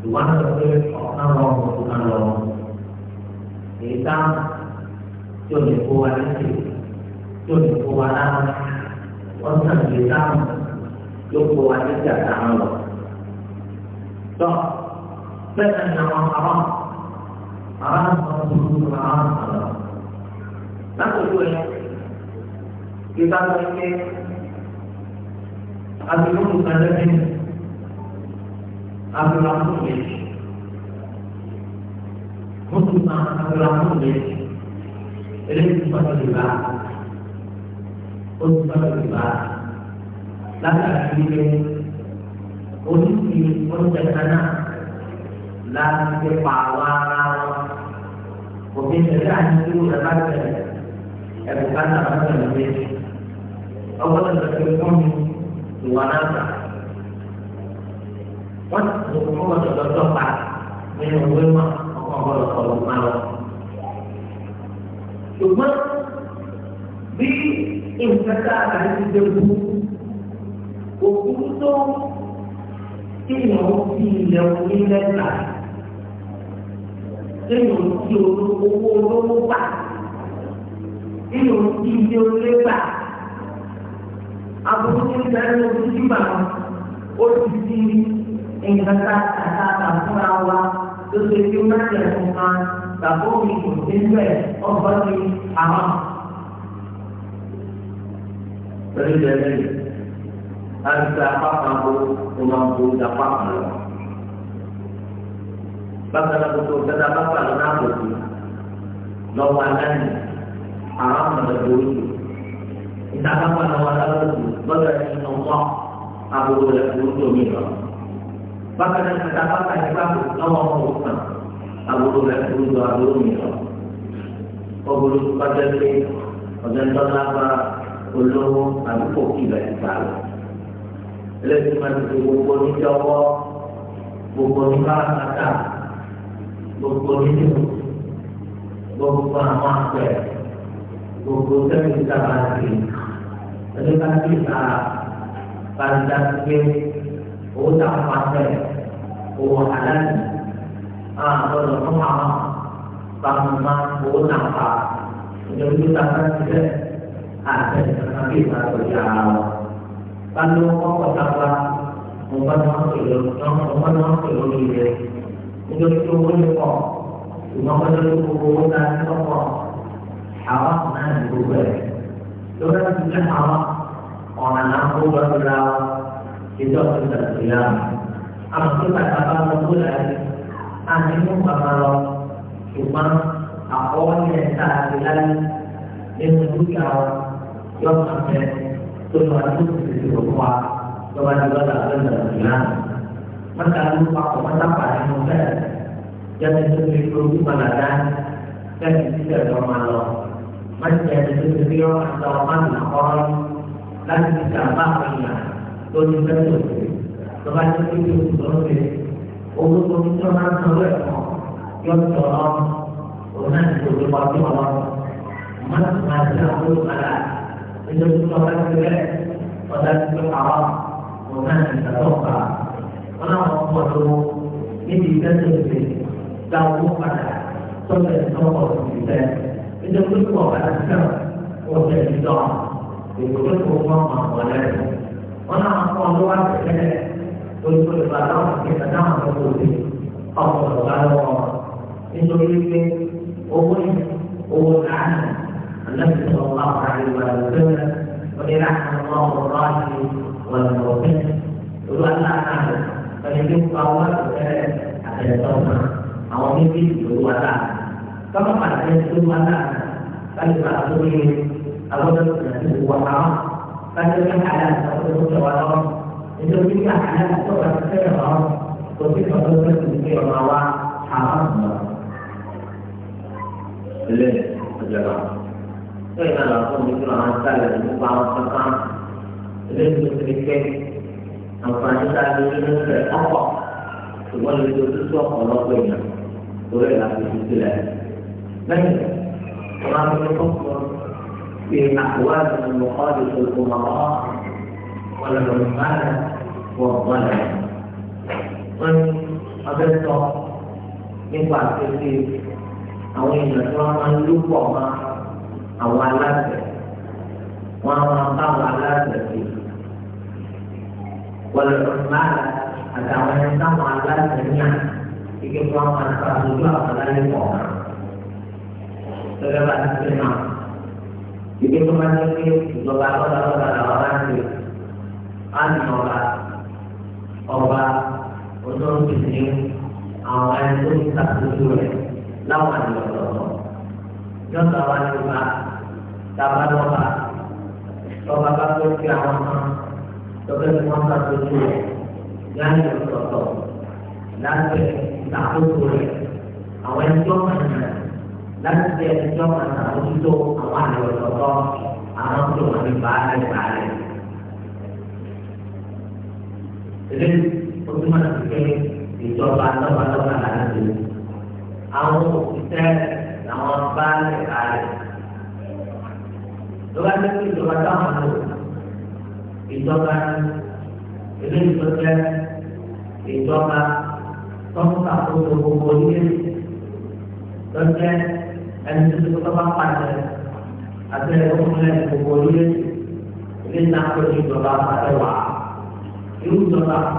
ìwà náà lọ pé ọ̀kan lọ ọ̀kan lọ èyí tá tí lè kó wa ní yóò ní kó wa lára wọ́n sàn lè dáhùn yóò kó wa ní ìjà dáhùn lọ. tọ́ bẹ́ẹ̀ ni àwọn àwọn àwọn àwọn tuntun àwọn àwọn látòjú ẹ̀ ìgbà tó ń ké abirùn kan lẹ́yìn abirùn àkùn méjì mọ́tò kan abirùn àkùn méjì eléyìí tó ń bá tó lè bá a. ó ti sábà ti bá a látara ti gbé oníṣìí oúnjẹ nana láti gbé pa wá ara wọn òbí ìṣẹlẹ àdúgbò nàbà tẹlẹ ẹbùn bá nàbà tẹlẹ bẹẹ ọwọ lọsọ pé wọn mú ìwà náà gbà wọn tó kọ wọn tó lọsọ pa nínú ìwé wọn ọkọ ọgbọn lọsọ lọ máa lọ. ṣùgbọ́n bí nǹkan tá a kà ń ṣe tó kéèyàn fi ilẹ̀ òní lẹ́tà kéèyàn fi owó olówó gbà kéèyàn fi ilé olé gbà àbúrò ní ìdájọ́ ojú bíbà ó ti di nǹkan tá a fúnra wa tó ṣe kí ó má jẹ̀ fún wa tàbí òun kò sí bẹ́ẹ̀ ọgbọ́n ni àwọn pẹ̀lú bẹ̀rẹ̀ yìí láti ṣe apá kan bó o máa ń bo ìdàpá kan lọ. bákan náà gbogbo ìdájọ́ bá pàdé náà kò sí lọ́wọ́ aláìní àwọn àmọ̀lẹ̀ lórí ìdájọ́ bá lọ́wọ́ aláìní lọ́dọ̀ ẹni ọ̀pọ̀ àbúrò rẹ̀ ló ń tòmí lọ. bákan náà ìdájọ́ bá pàdé lọ́wọ́ ọmọ òkùnkàn àbúrò rẹ̀ ló ń tọ́ àbúrò mi lọ. ọgbọ̀n ló ti pàṣẹ pé ọ̀dẹ́ńtọ́ lágbára olówó àdúgbò kìlọ̀ ìgbà lọ. ẹlẹ́sìn máa ti fi gbogbo oníjọ́wọ́ gbogbo oníbàràkàtà gbogbo onídùn gbogbo àwọn àgbẹ̀ gbogbo sẹ́yìn sábà ti ẹlẹ́sìn ìta padà gbé owó tá a fa fẹ́ owó aláàbò àgbọ̀dọ̀ fún àwọn bàmùmá owó náà fa ìjọba ìjọba ti fẹ́. อาจจะจะทำที่สาธารณะปันโนของประชาชนผมว่าน้องสิริน้องผมว่าน้องสิริดีเลยคุณจะไปดูคุณจะบอกน้องมันจะดูคุณนะต้องบอกถามว่าคุณแม่ดูเลยแล้วถ้าคุณจะถามว่าออนน้ำดูแล้วเราคิดว่าคุณจะเสียอ่ะมันคือแต่ละบ้านมันดูแลอันนี้มันมาแล้วถูกไหมอ่ะเพราะว่าเนี่ยแต่ละเรื่องเนี่ยมันดูยาว yóò máa fẹ́ tó máa tó ti ti rò wá tó bá ti lọ́dà tó lọ sí náà. wọ́n ta ló papọ̀ wọ́n ta pàdé mọ́ bẹ́ẹ̀ jẹ́ni tó ti fi ojú padà dá bẹ́ẹ̀ ti ti tẹ̀ lọ́ máa lọ. wọ́n ti tẹ̀ tó ti fi ọ̀rọ̀ àti ọ̀rọ̀ máa nà ọ́rọ́ láti fi sàbá àwọn èèyàn tó ti fẹ́ tó ti tó bá ti fi ojú tó ń fi owó tó ti tó máa ń sanwó ẹ̀kọ́ yóò tọ̀ ọ́ òun náà ti tòbi pa bí ọlọ́run. Mọ́tò máa ń ṣe àwọn olùkọ́lá itu bukan jelek, pada itu awal, bukan kita toka. Karena orang bodoh ini bisa jadi tahu pada sampai toka kita. Itu pun bukan sekarang, bukan kita. Itu pun bukan masalah. Orang bodoh ada untuk barang kita jangan berpikir apa kalau nítorí pé owó owó làánà. النبي صلى الله عليه وسلم وإن أحسن الله الراجل والموقن يقول أن أعمل فليجب قوة وكذا حتى يتوقع أو يجب يقول أن كما قد يقول أن أعمل فلما أقول أقول هو حرام فلما حلال فقل هو حرام إذا كنت حلال فقل كيف حرام وكيف تقول كيف حرام حرام ليه؟ bẹ́ẹ̀ náà làwọn ọmọ ìlú àwọn sálẹ̀ nípa àwọn kankan eléyìí tó ti kẹ́ àǹfààní sáré nínú rẹ̀ ọ̀pọ̀ ṣùgbọ́n lórí ojú tó ọ̀pọ̀lọpọ̀ èèyàn lórí ìlànà ìlú sílẹ̀ lẹ́yìn ọ̀rọ̀ akẹ́kọ̀ọ́ في أحوال المخالف الأمراء والعمال والظلم wọ́n abẹ́tọ̀ nípa àti ti àwọn èèyàn tí wọ́n máa ń lò pọ̀ máa àwọn aláṣẹ wọn máa bá àwọn aláṣẹ sí wọlé ọ̀nàmọ́ra àtàwọn ẹni táwọn aláṣẹ náà ike fún àwọn àtàkùnjú àwọn aláṣẹ kọ̀ọ̀kan gẹ́gẹ́ bá ti fi hàn ike tó máa ń gbé ìjọba lọ́dọọdọ làwọn máa ń gbé láti ọba ọba olóńgbèsè àwọn ẹni tó ń ta tuntun rẹ̀ láwọn àdìgbò lọ́wọ́ yọ̀ọ̀ta wa ni wọ́n bá. dapat apa? Tolak satu kira mana? Tolak satu dua. Yang itu satu. Nanti satu dua. Awak yang jom mana? Nanti dia yang jom mana? Awak itu awan yang satu. awan tu mesti balik balik. Jadi, untuk mana kita dicoba atau patokan lagi? Awak kita nama balik balik. যোগাযোগকে যোগাযোগ আমাদের বিদ্যমান এবং সরকার বিদ্যমান সংস্থা উদ্যোগ পরিবেশ সরকার এনসিসিকতমান পাচ্ছে আছে এরকম পরিবেশ এবং নাম করে যোগাযোগ আছে বা ইউ যোগাযোগ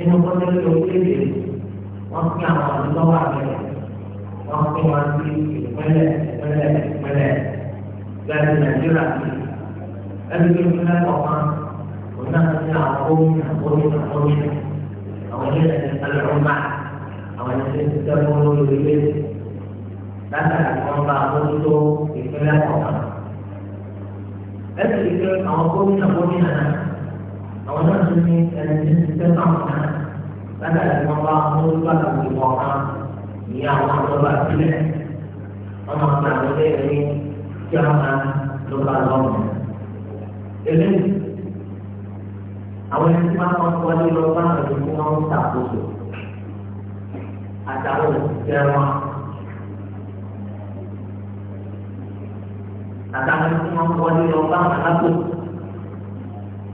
এর উপরে লোককে দিয়ে অনেকে আমার অনুভব আছে অনেকে মানুষ মেলে মেলে মেলে láti nàìjíríà ẹni tó ń lẹ́kọ̀ọ́ kan òun náà ti àwọn omi àkómi àkómi àwọn ilé ẹ̀sìn alẹ́ ọ̀ma àwọn ẹ̀sìn ti sẹ́kọ̀ọ́ lórí ilé látàrí wọn bá àbójútó ìpínlẹ̀ kọ̀ọ̀kan. ẹ̀sìn ti pé àwọn omi àkómi náà àwọn náà ti ní ẹni ti sẹ́kọ̀ọ́ kan látàrí wọn bá àbójútó àkómi kọ̀ọ̀kan ìyá àwọn àjọba sílẹ̀ wọn máa gbà wọlé ẹ̀mí. kí a máa ló bá lọ́wọ́ mi. Èlé àwọn ẹni tí máa ń wọlé lọ bá ẹni tí wọ́n ń ṣàkóso àtàwọn òṣìṣẹ́ wọn. Àtàwọn ẹni tí wọ́n ń wọlé lọ bá alábò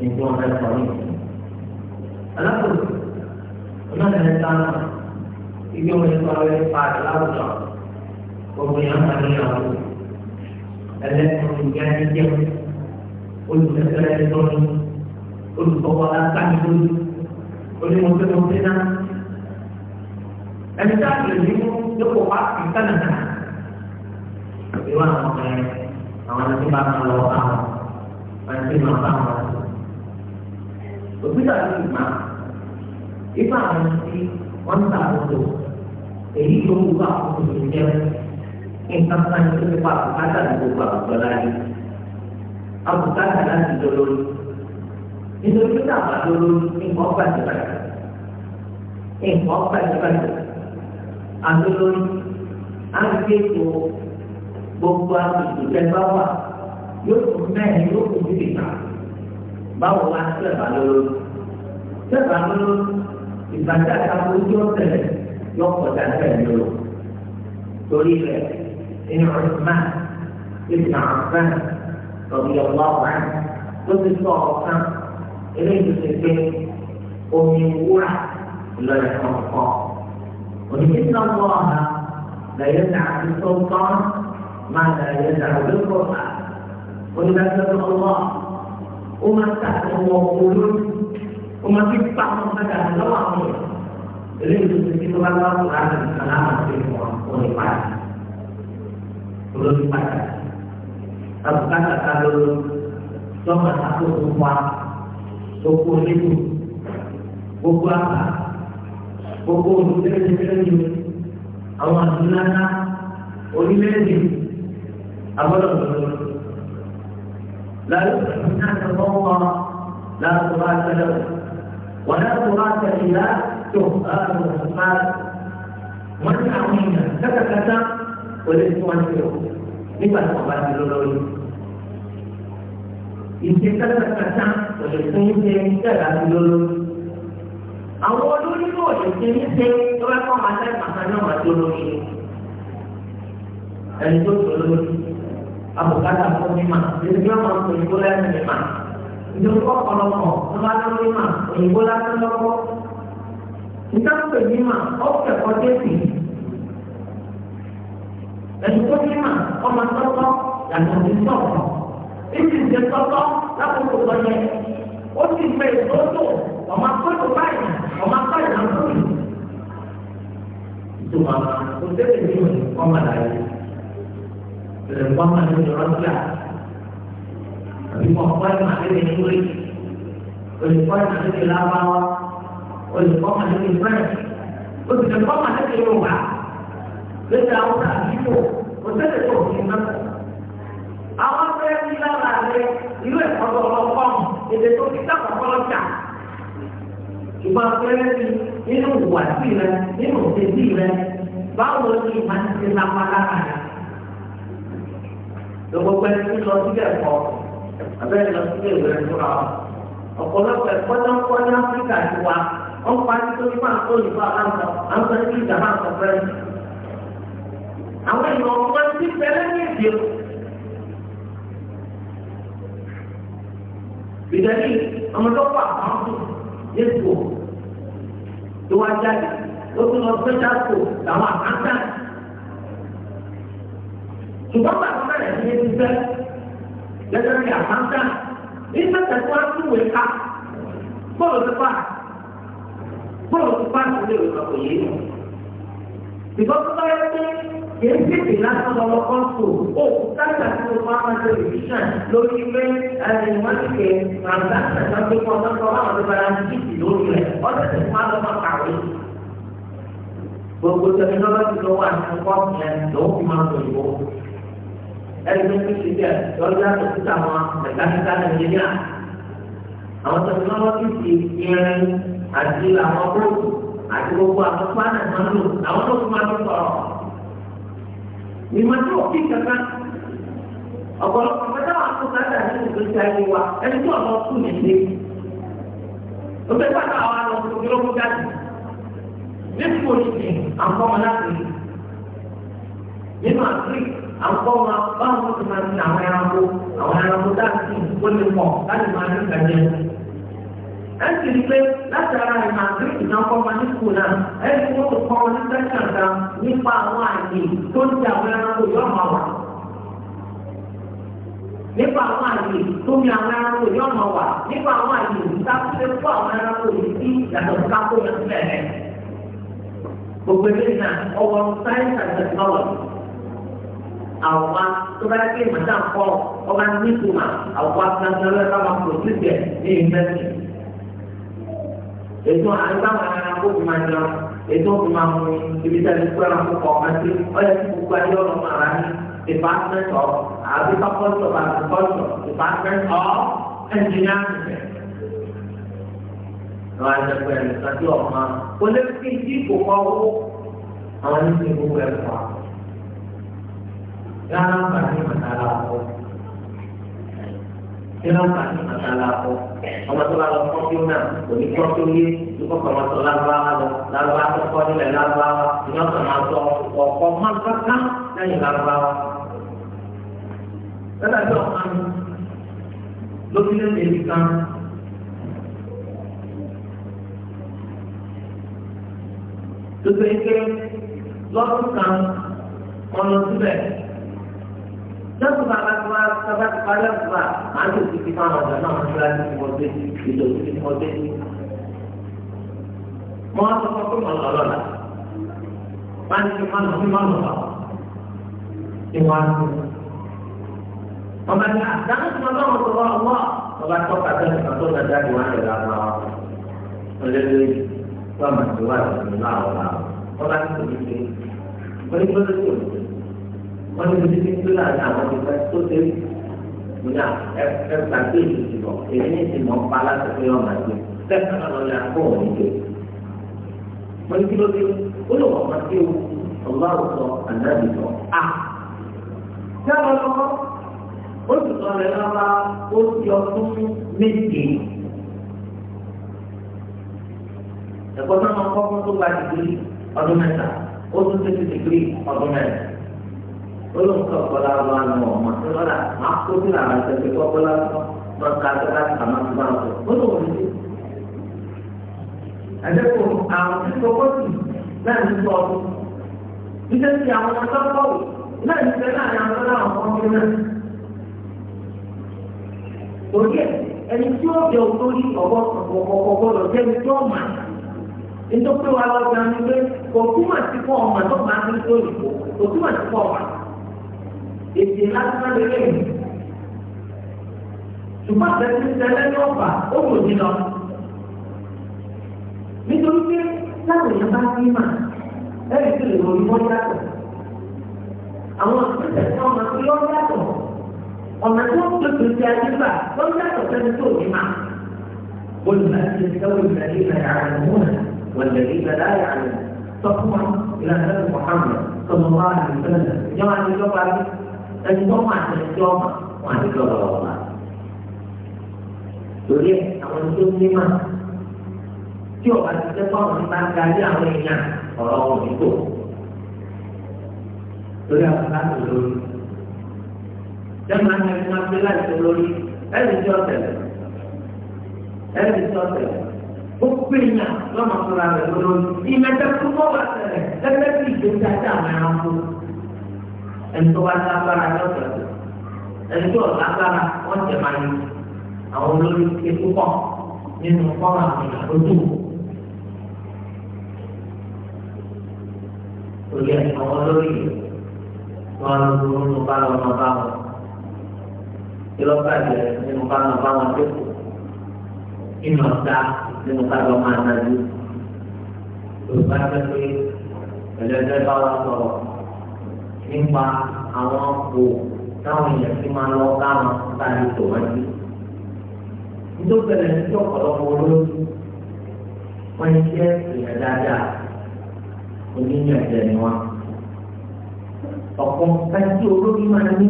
ìjọ rẹ̀ sọ ní. Alábò ọlọ́run ẹ̀ sá náà ìgbé wọn sọ ẹ̀ pa àdúrà àwùjọ gbogbo yẹn máa ní ẹlẹ́kùnrin gánà jẹ́ olùfẹ́fẹ́ lọ́nù olùfọwọ́ aláǹkánu lójú onímọ̀tẹ́mọ̀tẹ́ náà ẹni táà lè ní lọ́pọ̀ wá sí kánàdà ìwà àwọn ọmọ yẹn àwọn ẹni tí bá máa lọ bá wọn wọn ti máa bá wọn òbí tàbí ìgbà ìfà àwọn tí wọ́n ń ta àkókò èyí yóò wú àkókò tó ń jẹun nǹkan kan ní nípa àbùkátà ní gbogbo àwùjọ láyé àbùkátà láti dolórí nítorí pé àwọn adolórí nǹkan bàjẹ́bàjẹ́ nǹkan bàjẹ́bàjẹ́ adolórí á ń gbé tó gbogbo àgbègbè tẹ́gbà wà yóò tún mẹ́rin yóò tún bíbí ta báwo wá sẹ́ẹ̀bà lólórí sẹ́ẹ̀bà lólórí ìbàjẹ́ àtàkùn ojú ọ̀sẹ̀ yọkọ̀ dàgbẹ́ lólórí torí rẹ̀. ان عثمان بن عفان رضي الله عنه قلت له عثمان اليك سيدي امي وورع لا الله ولكن الله لا يدع بالسلطان ما لا يدع بالقران ولذلك قال الله وما تعلم موجود وما تفتح مصدر هذا الله اليك سيدي الله تعالى بالسلامه في المعقول belum padat. Kalau kata kalau cuma satu buku, buku itu, buku apa? Buku itu àwọn àdúrà orílẹ̀-èdè abọ́dọ̀dọ̀dọ̀. Láyé ìdájọ́ ọmọ láàbò bá tẹ̀lé wọ́n láàbò bá tẹ̀lé láàbò bá tẹ̀lé wọ́n ní àwọn èèyàn kẹ́kẹ́kẹ́ta olè tí wọ́n ti rò nígbà tí wọ́n bá ti lọ lórí. Ìṣe kátàkátà òṣè tó ń ṣe ìṣẹ̀dá ti lọ lórí. Àwọn olórí náà òṣè tó ń ṣe tó bá kọ́ máa tẹ́lẹ̀ kàkà náà máa tó lórí. Ẹni tó tó lórí. Àbùkátà fún mímà, ìdílé wọn kò ní kó lẹ́nu mímà. Ìjọba ọ̀pọ̀lọpọ̀ ló bá lọ mímà, òyìnbó lásán lọ́kọ́. Ìtàkùn mímà, ó kẹ́kọ̀ọ́ dé dan juga iman Allah tetap dan Nabi tetap ini dia tetap dan untuk banyak Ustin baik bodoh memakai kebaikan memakai yang beri itu mana Ustin yang ingin paman lain dan paman yang orang tidak tapi paman yang ada yang beri oleh paman yang ada di lapa oleh paman yang ada di Ustin paman yang ada di rumah lẹ́yìn àwọn àdúgbò kò sẹ́lẹ̀ tó ní iná. Àwọn fẹ́ ní lára rẹ irú ẹ̀kọ́ lọ fọ́ọ̀mù èdè tó fi sábà fọ́lọ́ Ìgbà pẹ́rẹ́ ni nínú ìwàsí rẹ nínú òṣèlú rẹ báwo ni ìmọ̀ ti ti lápá lára rẹ. Lọ́gbọ́gbẹ́ ti lọ sí ẹ̀kọ́ abẹ́rẹ́ lọ sí ìwé rẹ̀ fúnra wa. Ọ̀pọ̀lọpọ̀ ẹ̀kọ́ tó kọ́ ní Áfíríkà ti wa, wọ́n tó ní fáńtó àwọn èèyàn ọ̀pọ̀ ti fẹ́lẹ́ ní èdè o. ìdẹ́bí ọmọ tó pa àwọn tó yé tó tó wá jáde ó tún lọ pé jáde làwọn àkáńtà. ṣùgbọ́n bàbá bẹ̀rẹ̀ ní ebi fẹ́ gẹ́gẹ́ bí àkáńtà ní mẹ́tẹ̀ tó wá sí ìwé ká bọ́ọ̀lù ti pa bọ́ọ̀lù ti pa ìdílé ìwé kọ̀ọ̀kan ìgbọ́n tó bá yẹ pé kìí tètè lásán lọ́wọ́ kọ́ńtò ó káàkiri àti ọmọ àwọn tẹlifíṣàn lórí pé wọ́n ti kẹ transaction náà pé kọ́ ọ̀dọ́kọ̀ àwọn tó bára ń dìtì lórí rẹ̀ ọ̀dọ̀ tó fún àlọ́ máa kàwé. gbogbo tẹkinọ́lọ́jì ló wà ní kọ́ọ̀tù yẹn ló fi máa tó ìbò. ẹni tó ti ṣe lọ́jọ́ àti títà wọn mẹ̀káníkà nàìjíríà. àwọn tẹkinọ́lọ́jì ti irin àti àwọn bóòtù àti gbogbo àwọn pánà náà lò àwọn tó fi máa tó ìmọ̀ tí kankan ọ̀pọ̀lọpọ̀ pẹ̀lú àwọn tó sáà dàbí ìgbésí wa ẹni tí ọ̀nà kù ní ilé ó fẹ́ pàtó àwọn àlọ́ tó gbé lóko jáde nínú oṣù àwọn ọmọ láti nínú àti àwọn báwọn tó máa ń sin àwọn ẹranko àwọn ẹranko dáàbò ó lè pọ̀ láti máa ní ìgbà jẹun ẹ̀sì rí pé látara ìmàgbé ìnáwó ọmọ ní kùnà ẹ̀sì wọ́n tó kọ́ ní sẹ́kàndà nípa àwọn àyè tó ń di àwọn ẹranko yóò máa wà. nípa àwọn àyè tó ní àwọn ẹranko yóò máa wà nípa àwọn àyè ìtàkùnlé fún àwọn ẹranko yìí sí yàtọ̀ kákó yẹn sílẹ̀ rẹ̀. gbogbo eléyìí náà ọwọ́ science and technology àwòrán tó bá yẹ kí ìmọ̀ta ń kọ́ ọba nítumà àwòrán gbàgbọ́ lọ́wọ́ ká máa pòtù ètò àgbàwọn ẹranko fi máa jọ ètò fi máa mú ibi tẹ́lẹ̀ fún ẹranko kọ̀ọ̀kan sí ọ̀yẹ́ tí gbogbo ayé ọ̀rọ̀ máa rà ní department of agriculture and agriculture department of engineering. lọ́wọ́ àjẹpẹ́ ẹ̀rọ ìtàkì ọ̀ma kò lè fi ìdí kò kọ́ owó àwọn oníṣègùn ẹ̀kọ́. yàrá ń bàjẹ́ màtàlá ọ̀pọ̀ kíláàsì àti ọmọ tó bá lọ fọ́ kí ó náà kò ní kọ́ tó yé lóko kọ́ tó lágbára lọ lágbára tó kọ́ nílẹ̀ lágbára ìyá ọ̀sán máa sọ ọ̀pọ̀ máa káká lẹ́yìn lágbára. Lọ́dà tí ọ̀kan lórílẹ̀-èdè yìí kan tó ṣe é pé lọ́dún kan ọ̀nà síbẹ̀ lọ́sùn bàbá tí wọ́n sábà ti parí ọ̀sùn bá máa ń lò sí fífa ọ̀dọ́ náà nígbà tí wọ́n dé ìlò sí wọ́n mo wá sọ fún ọkùnrin ọ̀nà ọlọ́la máa ń fi máa nà fún máa nà ní wọ́n á tó. ọba ní àdáhùn tí wọ́n lọ́wọ́ sọ̀rọ̀ ọ̀wọ́ ọba tó kàtó ní kàtó ní adájú wọn lè ra ara wọn. olórí wọn máa ti wá ìṣòro wọ́n ní ojú títí láàrin àwọn ìfẹ́ tó ṣe é mo ní ẹ̀ka tó èyí ti mọ̀ èyí ní ti mọ̀ pa láti pé ọmọ àti tẹ́sán náà lọ́ọ́ ní akó òun ìjọ. mo ní kí ló dé ó lè wọ́n máa ké o ọ̀gá àwùjọ ànábì sọ a. sábà lọ́kọ́ ó sì sọ rẹ̀ lára ó ti ọdún méje. ẹ̀kọ́ náà máa kọ́ fún tó gba dìgírì ọdún mẹ́ta ó tún tẹ́tí dìgírì ọdún mẹ́ta olóńtọ̀ kọ́lá wa nù ọ̀mà tí wọ́n rà má kó sí àwọn ìṣẹ̀lẹ̀ kọ́kọ́lá máa ka tó láti kà máa tó bá wọn kó ló wọlé. Àdẹ́kùn àwọn tí kọ́kọ́ sì náà ní sọ ọ́. Iṣẹ́ ti àwọn ọmọ sọ́kọ̀ wò náà ní sẹ́ náà ní àwọn ọmọ náà wọ́n fi náà. Òní ẹ̀ ẹni tí ó yọ lórí ọ̀bọ̀ ọ̀bọ̀ lọ jẹ́ ní tí ó mà. Nítorí pé wàá lọ jẹun ní pé kò túmọ̀ sí fún ọmọ tó máa ń is the national game ṣùgbọ́n àtẹ̀sí tẹ́lẹ̀ ní ọ̀pá ó kò dín lọ nítorí pé láwọn èèyàn bá ní mà ẹ̀rí tó lè wọlé wọ́n yàtọ̀ àwọn ìpínlẹ̀ tí wọ́n máa fi lọ́ yàtọ̀ ọ̀nà tí wọ́n tó tó ti ayé gbà lọ́ yàtọ̀ sẹ́ni tó ní mà olùdarí ìṣẹ́wó ìdarí ìdarí àrùn والذين لا يعلمون تقوى إلى سيدنا محمد صلى الله عليه وسلم جمع الجمعة ẹni tó máa tẹ̀lé tí ọmọ wọn àti lọ́wọ́ lọ́wọ́ Torí ẹ̀ àwọn tó ní mà tí ọba ti tẹ́ fọ́ọ̀mù nípa darí àwọn èèyàn ọ̀rọ̀ wọn nígbò. Torí àwọn bá mi lórí. Jẹ́mi á ní ẹni máa gbé láì tó lórí ẹni tí ọ̀tẹ̀ ẹni tí ọ̀tẹ̀ ó pè yàn lọ́mọ fúnra rẹ̀ lórí. Ìmẹ̀tẹ̀ fún bọ́ọ̀lù àtẹ̀rẹ̀ lẹ́gbẹ̀ẹ́ sí ìgbésí ajá àwọn ẹranko ẹni tó bá lágbára ní ọ̀sẹ̀ tó lágbára wọ́n tẹ̀ máa ní àwọn olórí ikú pọ̀ nínú fọ́nrán àwọn ìyàgbọ́tò. Orí ẹ̀ àwọn olórí wọn ló ń bá lọ́mọ bá wọn. Ìlọ́pàá ìjẹ́ nínú bá lọ́mọ bá wọn tó kù. Iná ọ̀dà nínú bá lọ́mọ àdájú. Yorùbá ń bẹ wa sọ̀rọ̀ nípa àwọn ọkọ̀ táwọn èèyàn ti máa lọ ká wọn sáré tó wọn sí. nítorí pẹ̀lẹ́ ní tí ọ̀pọ̀lọpọ̀ olóòtú wọ́n ń jẹ́ èèyàn dáadáa oníyànjẹ ni wọn. ọ̀pọ̀ nǹkan tí olórí máa ní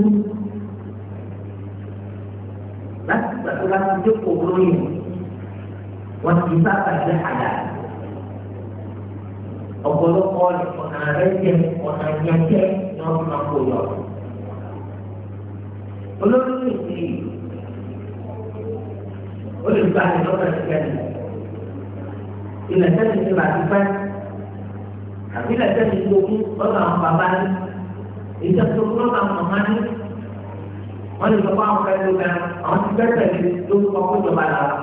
láti gbàgbọ́ láti jókòó olóyìn wọ́n ti sábà jẹ́ àdáyé ọ̀pọ̀lọpọ̀ ọ̀nà ẹ̀jẹ̀ ọ̀nà ìyànjẹ́ ni wọ́n máa kó lọ. olórí nìkì ó lè gba ìjọba ìjẹun ilẹ̀ sẹ́ni ti bá ti pẹ́ àbí ilẹ̀ sẹ́ni ti ogún ọ̀nà àwọn bàbá ní ìjọ tó kúrò náà màmá ní wọ́n lè lọ́kọ́ àwọn fẹ́ẹ́ ló àwọn ti bẹ́ẹ̀ tẹ̀lé lórúkọ kó jọba làwọn.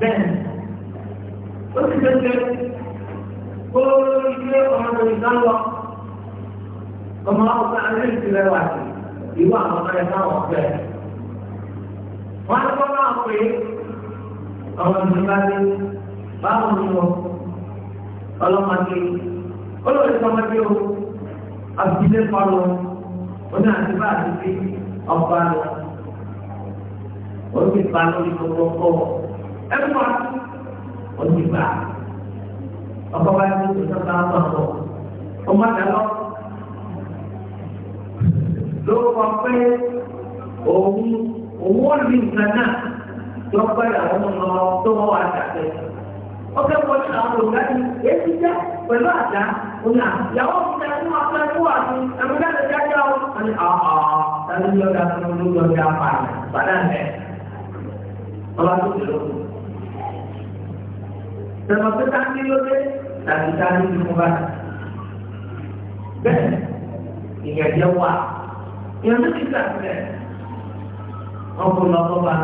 bẹ́ẹ̀ ó sì tẹ́tẹ́ kó ilé ọmọ ìdánwò ọmọ ọ̀sán alẹ́ ìtìlẹ̀ wà sí ìwọ àwọn ọmọ ẹ̀ka ọ̀fẹ́. wọ́n á kọ́ náà pé ọmọ ìdílé báwo ni wọ́n ọlọ́mọdé olórí sọmọdé o àbílẹ̀ kọlọ oní àti bá àti fi ọba lọ ó sì pa lórí gbogbo ọkọ ẹ̀ fún òní gbà ọkọ wa ní ìtòsọ́ bá wà lọ ọmọ àdàlọ́ ló kọ pé òun òun ò ní nǹkan náà tó gbọ́dọ̀ àwọn ọmọ tó wọ́n wà dàgbẹ́ ọkẹ́ wọ́n ní àwọn olùdarí èyí jẹ́ pẹ̀lú àdá òun àyàwó mi ta ní wọn fẹ́ fún àti ẹ̀mídàlẹ̀ jáde ọ́ wọn ni ọ̀ọ́ tàbí yọ̀dà fún olùyọ̀dà pààyàn bàdà ń bẹ̀ ọba tó kìlọ̀ fún. Tẹ̀mọ̀ pé táńkì ló dé tàbí táńkì ti mú bá. Bẹ́ẹ̀ ìyẹ̀jẹ̀ wà. Ìyẹn ló ti gbà sílẹ̀. Wọ́n kò lọ bọ́ba.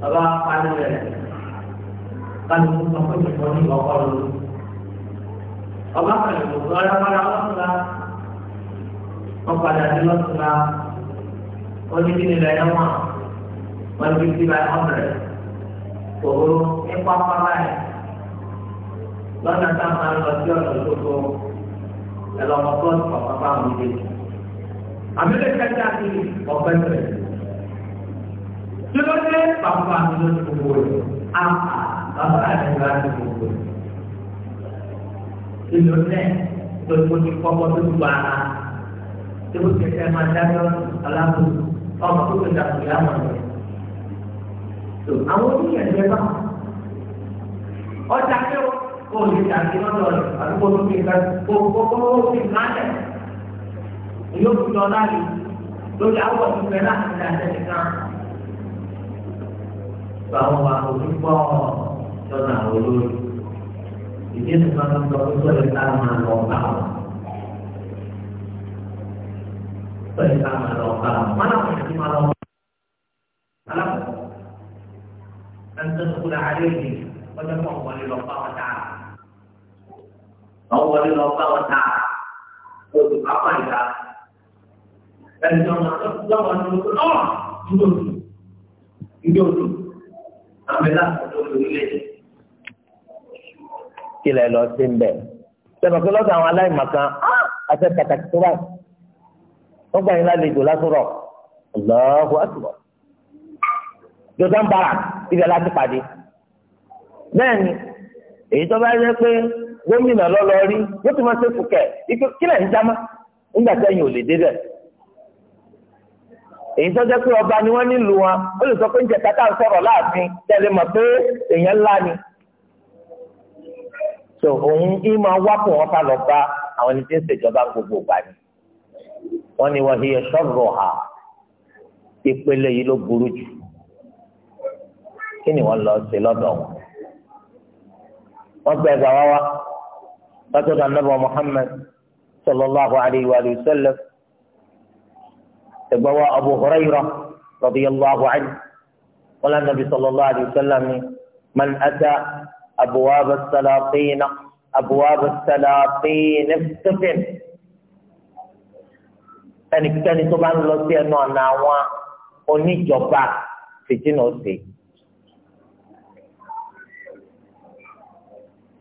Bàbá parí rẹ̀. Báyìí mo sọ pé kò ní ọkọ lóru. Ọba pẹ̀lú kò sọ ọ́yá padà lọ́sùnà. Wọ́n padà ní lọ́sùnà. Ó ní kí ni ilẹ̀ yẹn Wọ́n ti ti bá ọ̀rẹ́ òru ní pápá báyìí lọ́nà tá a máa lọ sí ọ̀nà ìṣòro ẹlọ́mọ bọ́ọ̀lù pàpà bá àwọn ilé. àbílẹ̀ kẹta ti ọ̀pẹ tẹ̀. tí ló dé pàpà mi ló ti gbogbo rẹ̀ á bàbá rẹ̀ ló ti gbogbo ìlú náà tó ti mo ti kọ́kọ́ tó ti gba ara tí mo ti máa dájọ́ aláàbò ọmọ tó ti dàgbé àwọn ọ̀rẹ́ àwọn oníyànjẹ bá ọjà kí o kò lè dàgbé lọ́dọ̀ rẹ̀ àdúgbò tó fi kan kó kó kó kó fi kan lẹ̀ yóò fi lọ láàyè lórí àwọ̀ tó fẹ́ láti dà sẹ́ni kan. Báwo wà òfin pọ̀ lọ́nà àwọn olórí? Ìdí ètò máa ń sọ pé sọ̀rọ̀ ká máa lọ bá wọn. Sọ̀rọ̀ ká máa lọ bá wọn. Wọ́n á wọ̀ sí máa lọ bá wọn. أن تدخل عليه وتقوى لله تعالى فهو لله تعالى قلت أقل ẹnìkan máa ń lọ́wọ́ ní ọdún náà dúró dùn ìdí òdùn àmì kílẹ̀ lọ sí ń bẹ̀. sẹ́nu pé lọ́dọ̀ àwọn aláìmọ̀kan àti pàtàkì tó báyìí wọ́n gbà yín lálejò lásùrọ̀ lọ́wọ́ àtùrọ̀. jọ̀dán barak ibẹ̀ láti pàdé bẹ́ẹ̀ ni èyí tó bá yẹ pé gómìnà lọ́lọ́ rí yóò tún máa ṣe fùkẹ́ kílẹ̀ ń jámá nígbà tẹ́yìn ò lè débẹ̀ èyí tó jẹ́ pé ọba ni wọ́n nílùú wọn ó lè sọ pé ń jẹ kátà ń sọ̀rọ̀ láàfin tẹ́lẹ̀ mọ̀ pé èèyàn ńlá ni so òun ìmọ̀ wákò wọn bá lọ bá àwọn ẹni tí ń ṣèjọba gbogbo gbà ni wọ́n ní wọ́n hi ẹ̀ṣọ́ rọ̀ ha ìpele yìí ló burú jù kí ni wọ́n lọ sí lọ́dọ̀ wọn. wọ́n gbẹ ẹgbà wá wá látọ̀dọ̀ anábọ̀ muhammed sallallahu alayhi wa sallam ẹgbà wá abu hurayra radiyallahu anhu wọn lọ nàbí sallallahu alayhi wa sallam ni man ata abuwaaba salatina abuwaaba salatina stephen ẹnikẹ́ni tó bá ń lọ sí ẹnu ọ̀nà àwọn oníjọba fìtínà ọ̀sẹ̀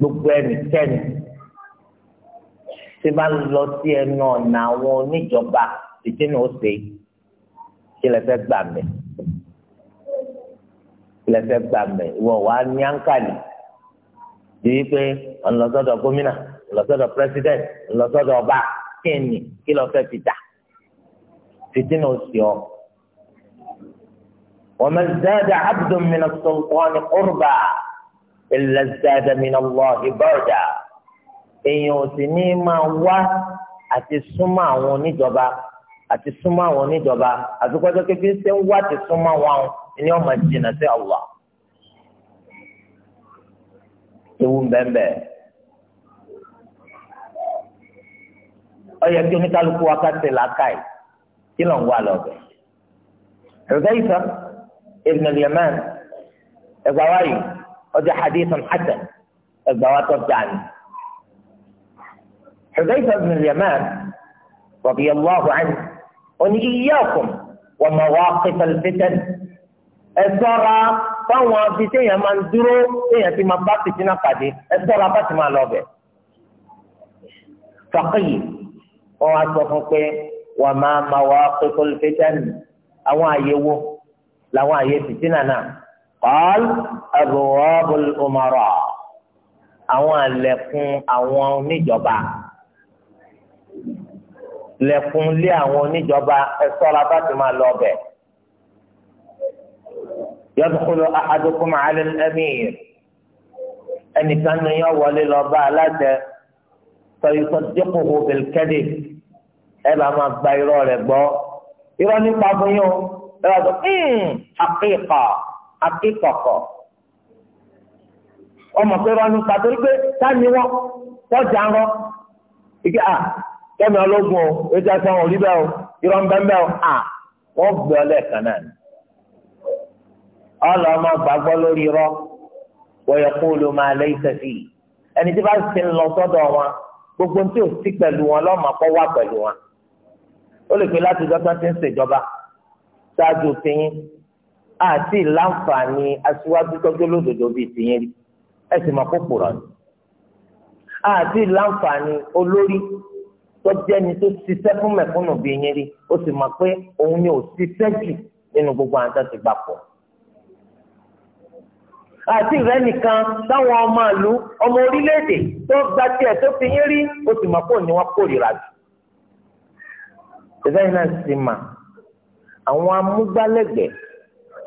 gbogbo ẹnikẹ́ni tí bá lọ sí ẹnu ọ̀nà àwọn oníjọba ìdínà òsè ìlẹ̀fẹ́ gbà mẹ́ ìlẹ̀fẹ́ gbà mẹ́ ìwọ̀ wá ní àǹkàlì bíi pé ọ̀nlọ́sọ́dọ̀ gómìnà ọ̀nlọ́sọ́dọ̀ president ọ̀nlọ́sọ́dọ̀ ọba kíni kí lọ fẹ́ fi dà fìdínà òsè ọ. وما ازداد عبد من السلطان قربا illa zada min Allahi barda èèyàn ò sì ní máa wá àti súnmọ́ àwọn oníjọba àti súnmọ́ àwọn oníjọba àtúkọ́jọ́ kébí ṣe ń wá àti súnmọ́ wọn ni wọ́n máa jìnnà sí Allah. ewu bẹ́ẹ̀ ọyẹ kí oníkálukú wákàtí làákàyè kí ló ń wà lọ́bẹ̀. Hudhayfa ibn al-Yaman ẹ̀gbá wáyé ọjọ́ hadithun hasan ẹgbàá wa tó dànù. Hudayfa ibn al-Yaman radiyallahu anhu oní iyyakum wa mawaqif al-fitan ẹ ṣọ́ra fáwọn abi téèyàn máa ń dúró téèyàn ti máa bá fìtínà pàdé ẹ ṣọ́ra bá ti máa lọ bẹ̀. Faqih wọn wá sọ fún pé wa ma mawaqif al-fitan àwọn àyẹ̀wò làwọn àyẹ̀ fìtínà náà. قال أبواب الأمراء àwọn àlẹ̀kùn àwọn oníjọba lẹ̀kùn lé àwọn oníjọba ẹ ṣọ́ra ti máa lọ bẹ̀. يدخل أحدكم على الأمير ẹnìkan ní yọ wọlé lọ bá aláṣẹ فيصدقه بالكذب ẹ bá máa gba irọ́ rẹ̀ gbọ́ irọ́ nípa fún yín o ẹ bá sọ àkíkà. Hmm, akíkọ̀kọ̀ ọmọ pé wọn nípa torí pé sáni wọn tọ́jà ń rọ ike a kẹ́mi ọlọ́gun o ètò ẹ̀sán òrí bẹ́ẹ̀ o irọ́ ń bẹ́ẹ̀ o a wọ́n gbé ọ lẹ́ẹ̀kan náà ni ọlọ́ ọmọ gbàgbọ́ lórí irọ́ wọ́yọ̀ kó ló máa lé ìsẹ̀sì ẹni tí bá ti ń lọ sọ́dọ̀ wọn gbogbo tí ò sí pẹ̀lú wọn lọ́mọ kọ́ wà pẹ̀lú wọn ó lè pe láti dọ́tà ti ń ṣèjọba ṣáájú tiyín àti láǹfààní aṣíwájú tọ́jú lódodo bíi tìyẹn rí ẹ sì máa kó pòrọ̀ ni àti láǹfààní olórí tọ́jẹ́ni tó ṣiṣẹ́ fún mẹ̀kúnnù bíi yẹn rí ó sì máa pé òun ni ò ṣiṣẹ́ jù nínú gbogbo àwọn àti gbapò àti rẹ nìkan táwọn ọmọ àlú ọmọ orílẹ̀-èdè tó gba tiẹ̀ tó fi yín rí ó sì máa pò ní wọ́n kórìíra jù ìfẹ́ yìí náà sì mà àwọn amúgbálẹ́gbẹ̀ẹ́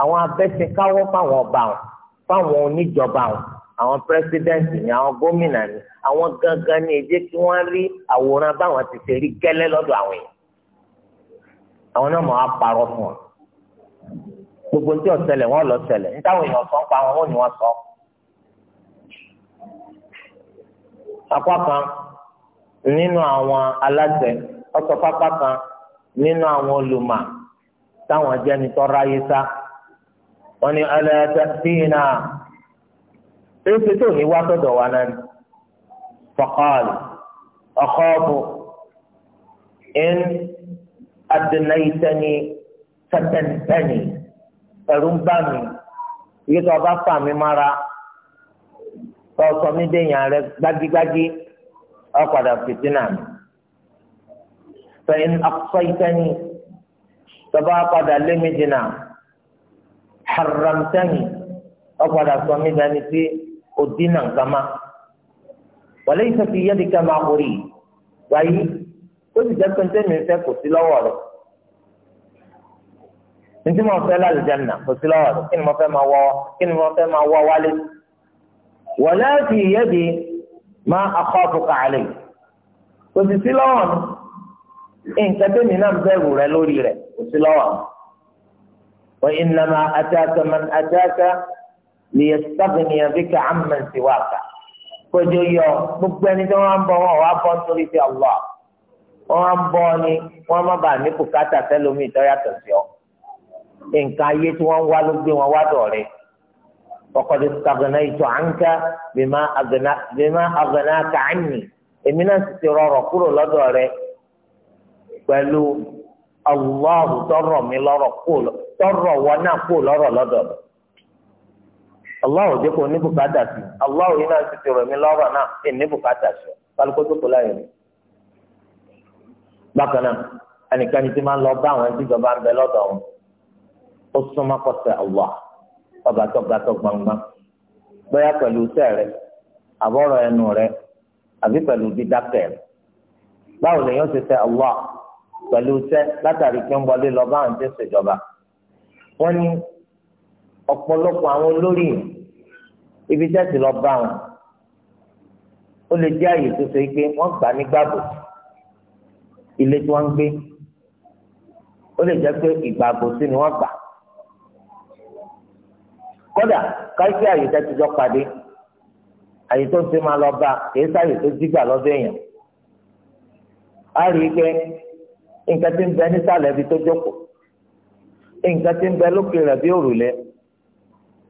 àwọn abẹ́sẹ̀káwọ́ fáwọn ọba wọn fáwọn oníjọba wọn àwọn pírẹsidẹ́ǹtì ni àwọn gómìnà ni àwọn gangan ni èdè tí wọ́n rí àwòrán báwọn ti ṣe rí gẹ́lẹ́ lọ́dọ̀ àwọn yìí àwọn náà máa parọ́ fún wọn gbogbo ní tí ọ̀sẹ̀lẹ̀ wọn lọ ṣẹlẹ̀ ní táwọn èèyàn sọ ń pa wọn wọn ni wọ́n sọ. apá kan nínú àwọn aláṣẹ ọsọ pápá kan nínú àwọn olùmọ̀ táwọn jẹ́ni tó sá wọ́n ní alẹ́ tẹ́tínà èsì tó ní wá sọ́dọ̀ wa náà fọ́kọ́ọ̀lù ọ̀kọ́ọ̀bù in adìnnayitẹ́ni tẹ́tẹ́ntẹ́ni ẹ̀rú ń bà mí iye tó o bá fà mí mára tó sọ mí déyàn rẹ gbágígbágí ọ fìtínà mi fẹ̀yìn akọ́sọ́ ìtẹ́ni tó bá padà lé mi dínà haramtani ọ̀padà sọ mí dání pé ó dínà nǹkan má wàlẹ́ ìfẹ́fì yẹ́dí ká máa orí wáyé ó sì jẹ́ pé ní tẹ́mi fẹ́ kò sí lọ́wọ́ rẹ̀ ntí mo fẹ́ lálùjáná kò sí lọ́wọ́ rẹ̀ kí ni mo fẹ́ máa wọ́ kí ni mo fẹ́ máa wọ́ wálé wàlẹ́ ìfẹ́fì yẹ́dí máa akọ́ àfọkà kò sì sí lọ́wọ́ mi nǹkan tẹ́mi náà bẹ̀rù rẹ̀ lórí rẹ̀ kò sí lọ́wọ́ mi. وإنما أتاك من أتاك ليستغني بك عمن سواك kojú yọ gbogbo ẹni tí wọn bọ wọn wá bọ nítorí ti ọlọ wọn bọ ni wọn má bàa ní bùkátà sẹlómi ìtọ́yàtọ̀ sí ọ nǹkan ayé tí wọn wá ló gbé wọn wá dọ̀rẹ́ ọkọ̀dé sàgànà ìtọ̀ ànká bímá àgànà kàánì èmi náà sì ti rọrọ̀ kúrò lọ́dọ̀ rẹ pẹ̀lú Allahu tọrọ mi lọ́rọ̀ kó tọrọ wọn náà kó lọ́rọ̀ lọ́dọ̀ mi Allahu jẹ́ kó ní bùkátà sí Allahu yìí náà ti ti rọ̀ mi lọ́rọ̀ náà ẹ̀ ní bùkátà sí kálukó tó kó láyé mi. bákan náà ẹnìkan ti máa ń lọ bá àwọn ẹni tí ìjọba ń bẹ lọ́dọ̀ wọn ó súnmọ́ kọsẹ̀ Allah ọba tọ́gbà tó gbangba bóyá pẹ̀lú iṣẹ́ rẹ àbọ̀rọ̀ ẹnu rẹ àbí pẹ̀lú dídákẹ́ rẹ báwo lèyàn ti fẹ́ Allah pẹ̀lú iṣẹ́ látàrí pé ń wọlé lọ bá àwọn tí ń ṣèjọba wọ́n ní ọ̀pọ̀lọpọ̀ àwọn olórí ibi tẹ́sí lọ bá wọn ó lè jẹ́ àyè tó ṣe pé wọ́n gbà nígbàgbọ́ ilé tí wọ́n ń gbé ó lè jẹ́ pé ìgbàgbọ́ sí ni wọ́n gbà kódà káyọ̀sí àyè tẹ́sí jọ pàdé àyè tó ń ṣe máa lọ bá kì sáyè tó dìgbà lọ́dọ̀ èèyàn á rí i pé nǹkan tí ń bẹ nísàlẹ̀ ibi tó jókòó nǹkan tí ń bẹ lókè rẹ̀ bí òrùlé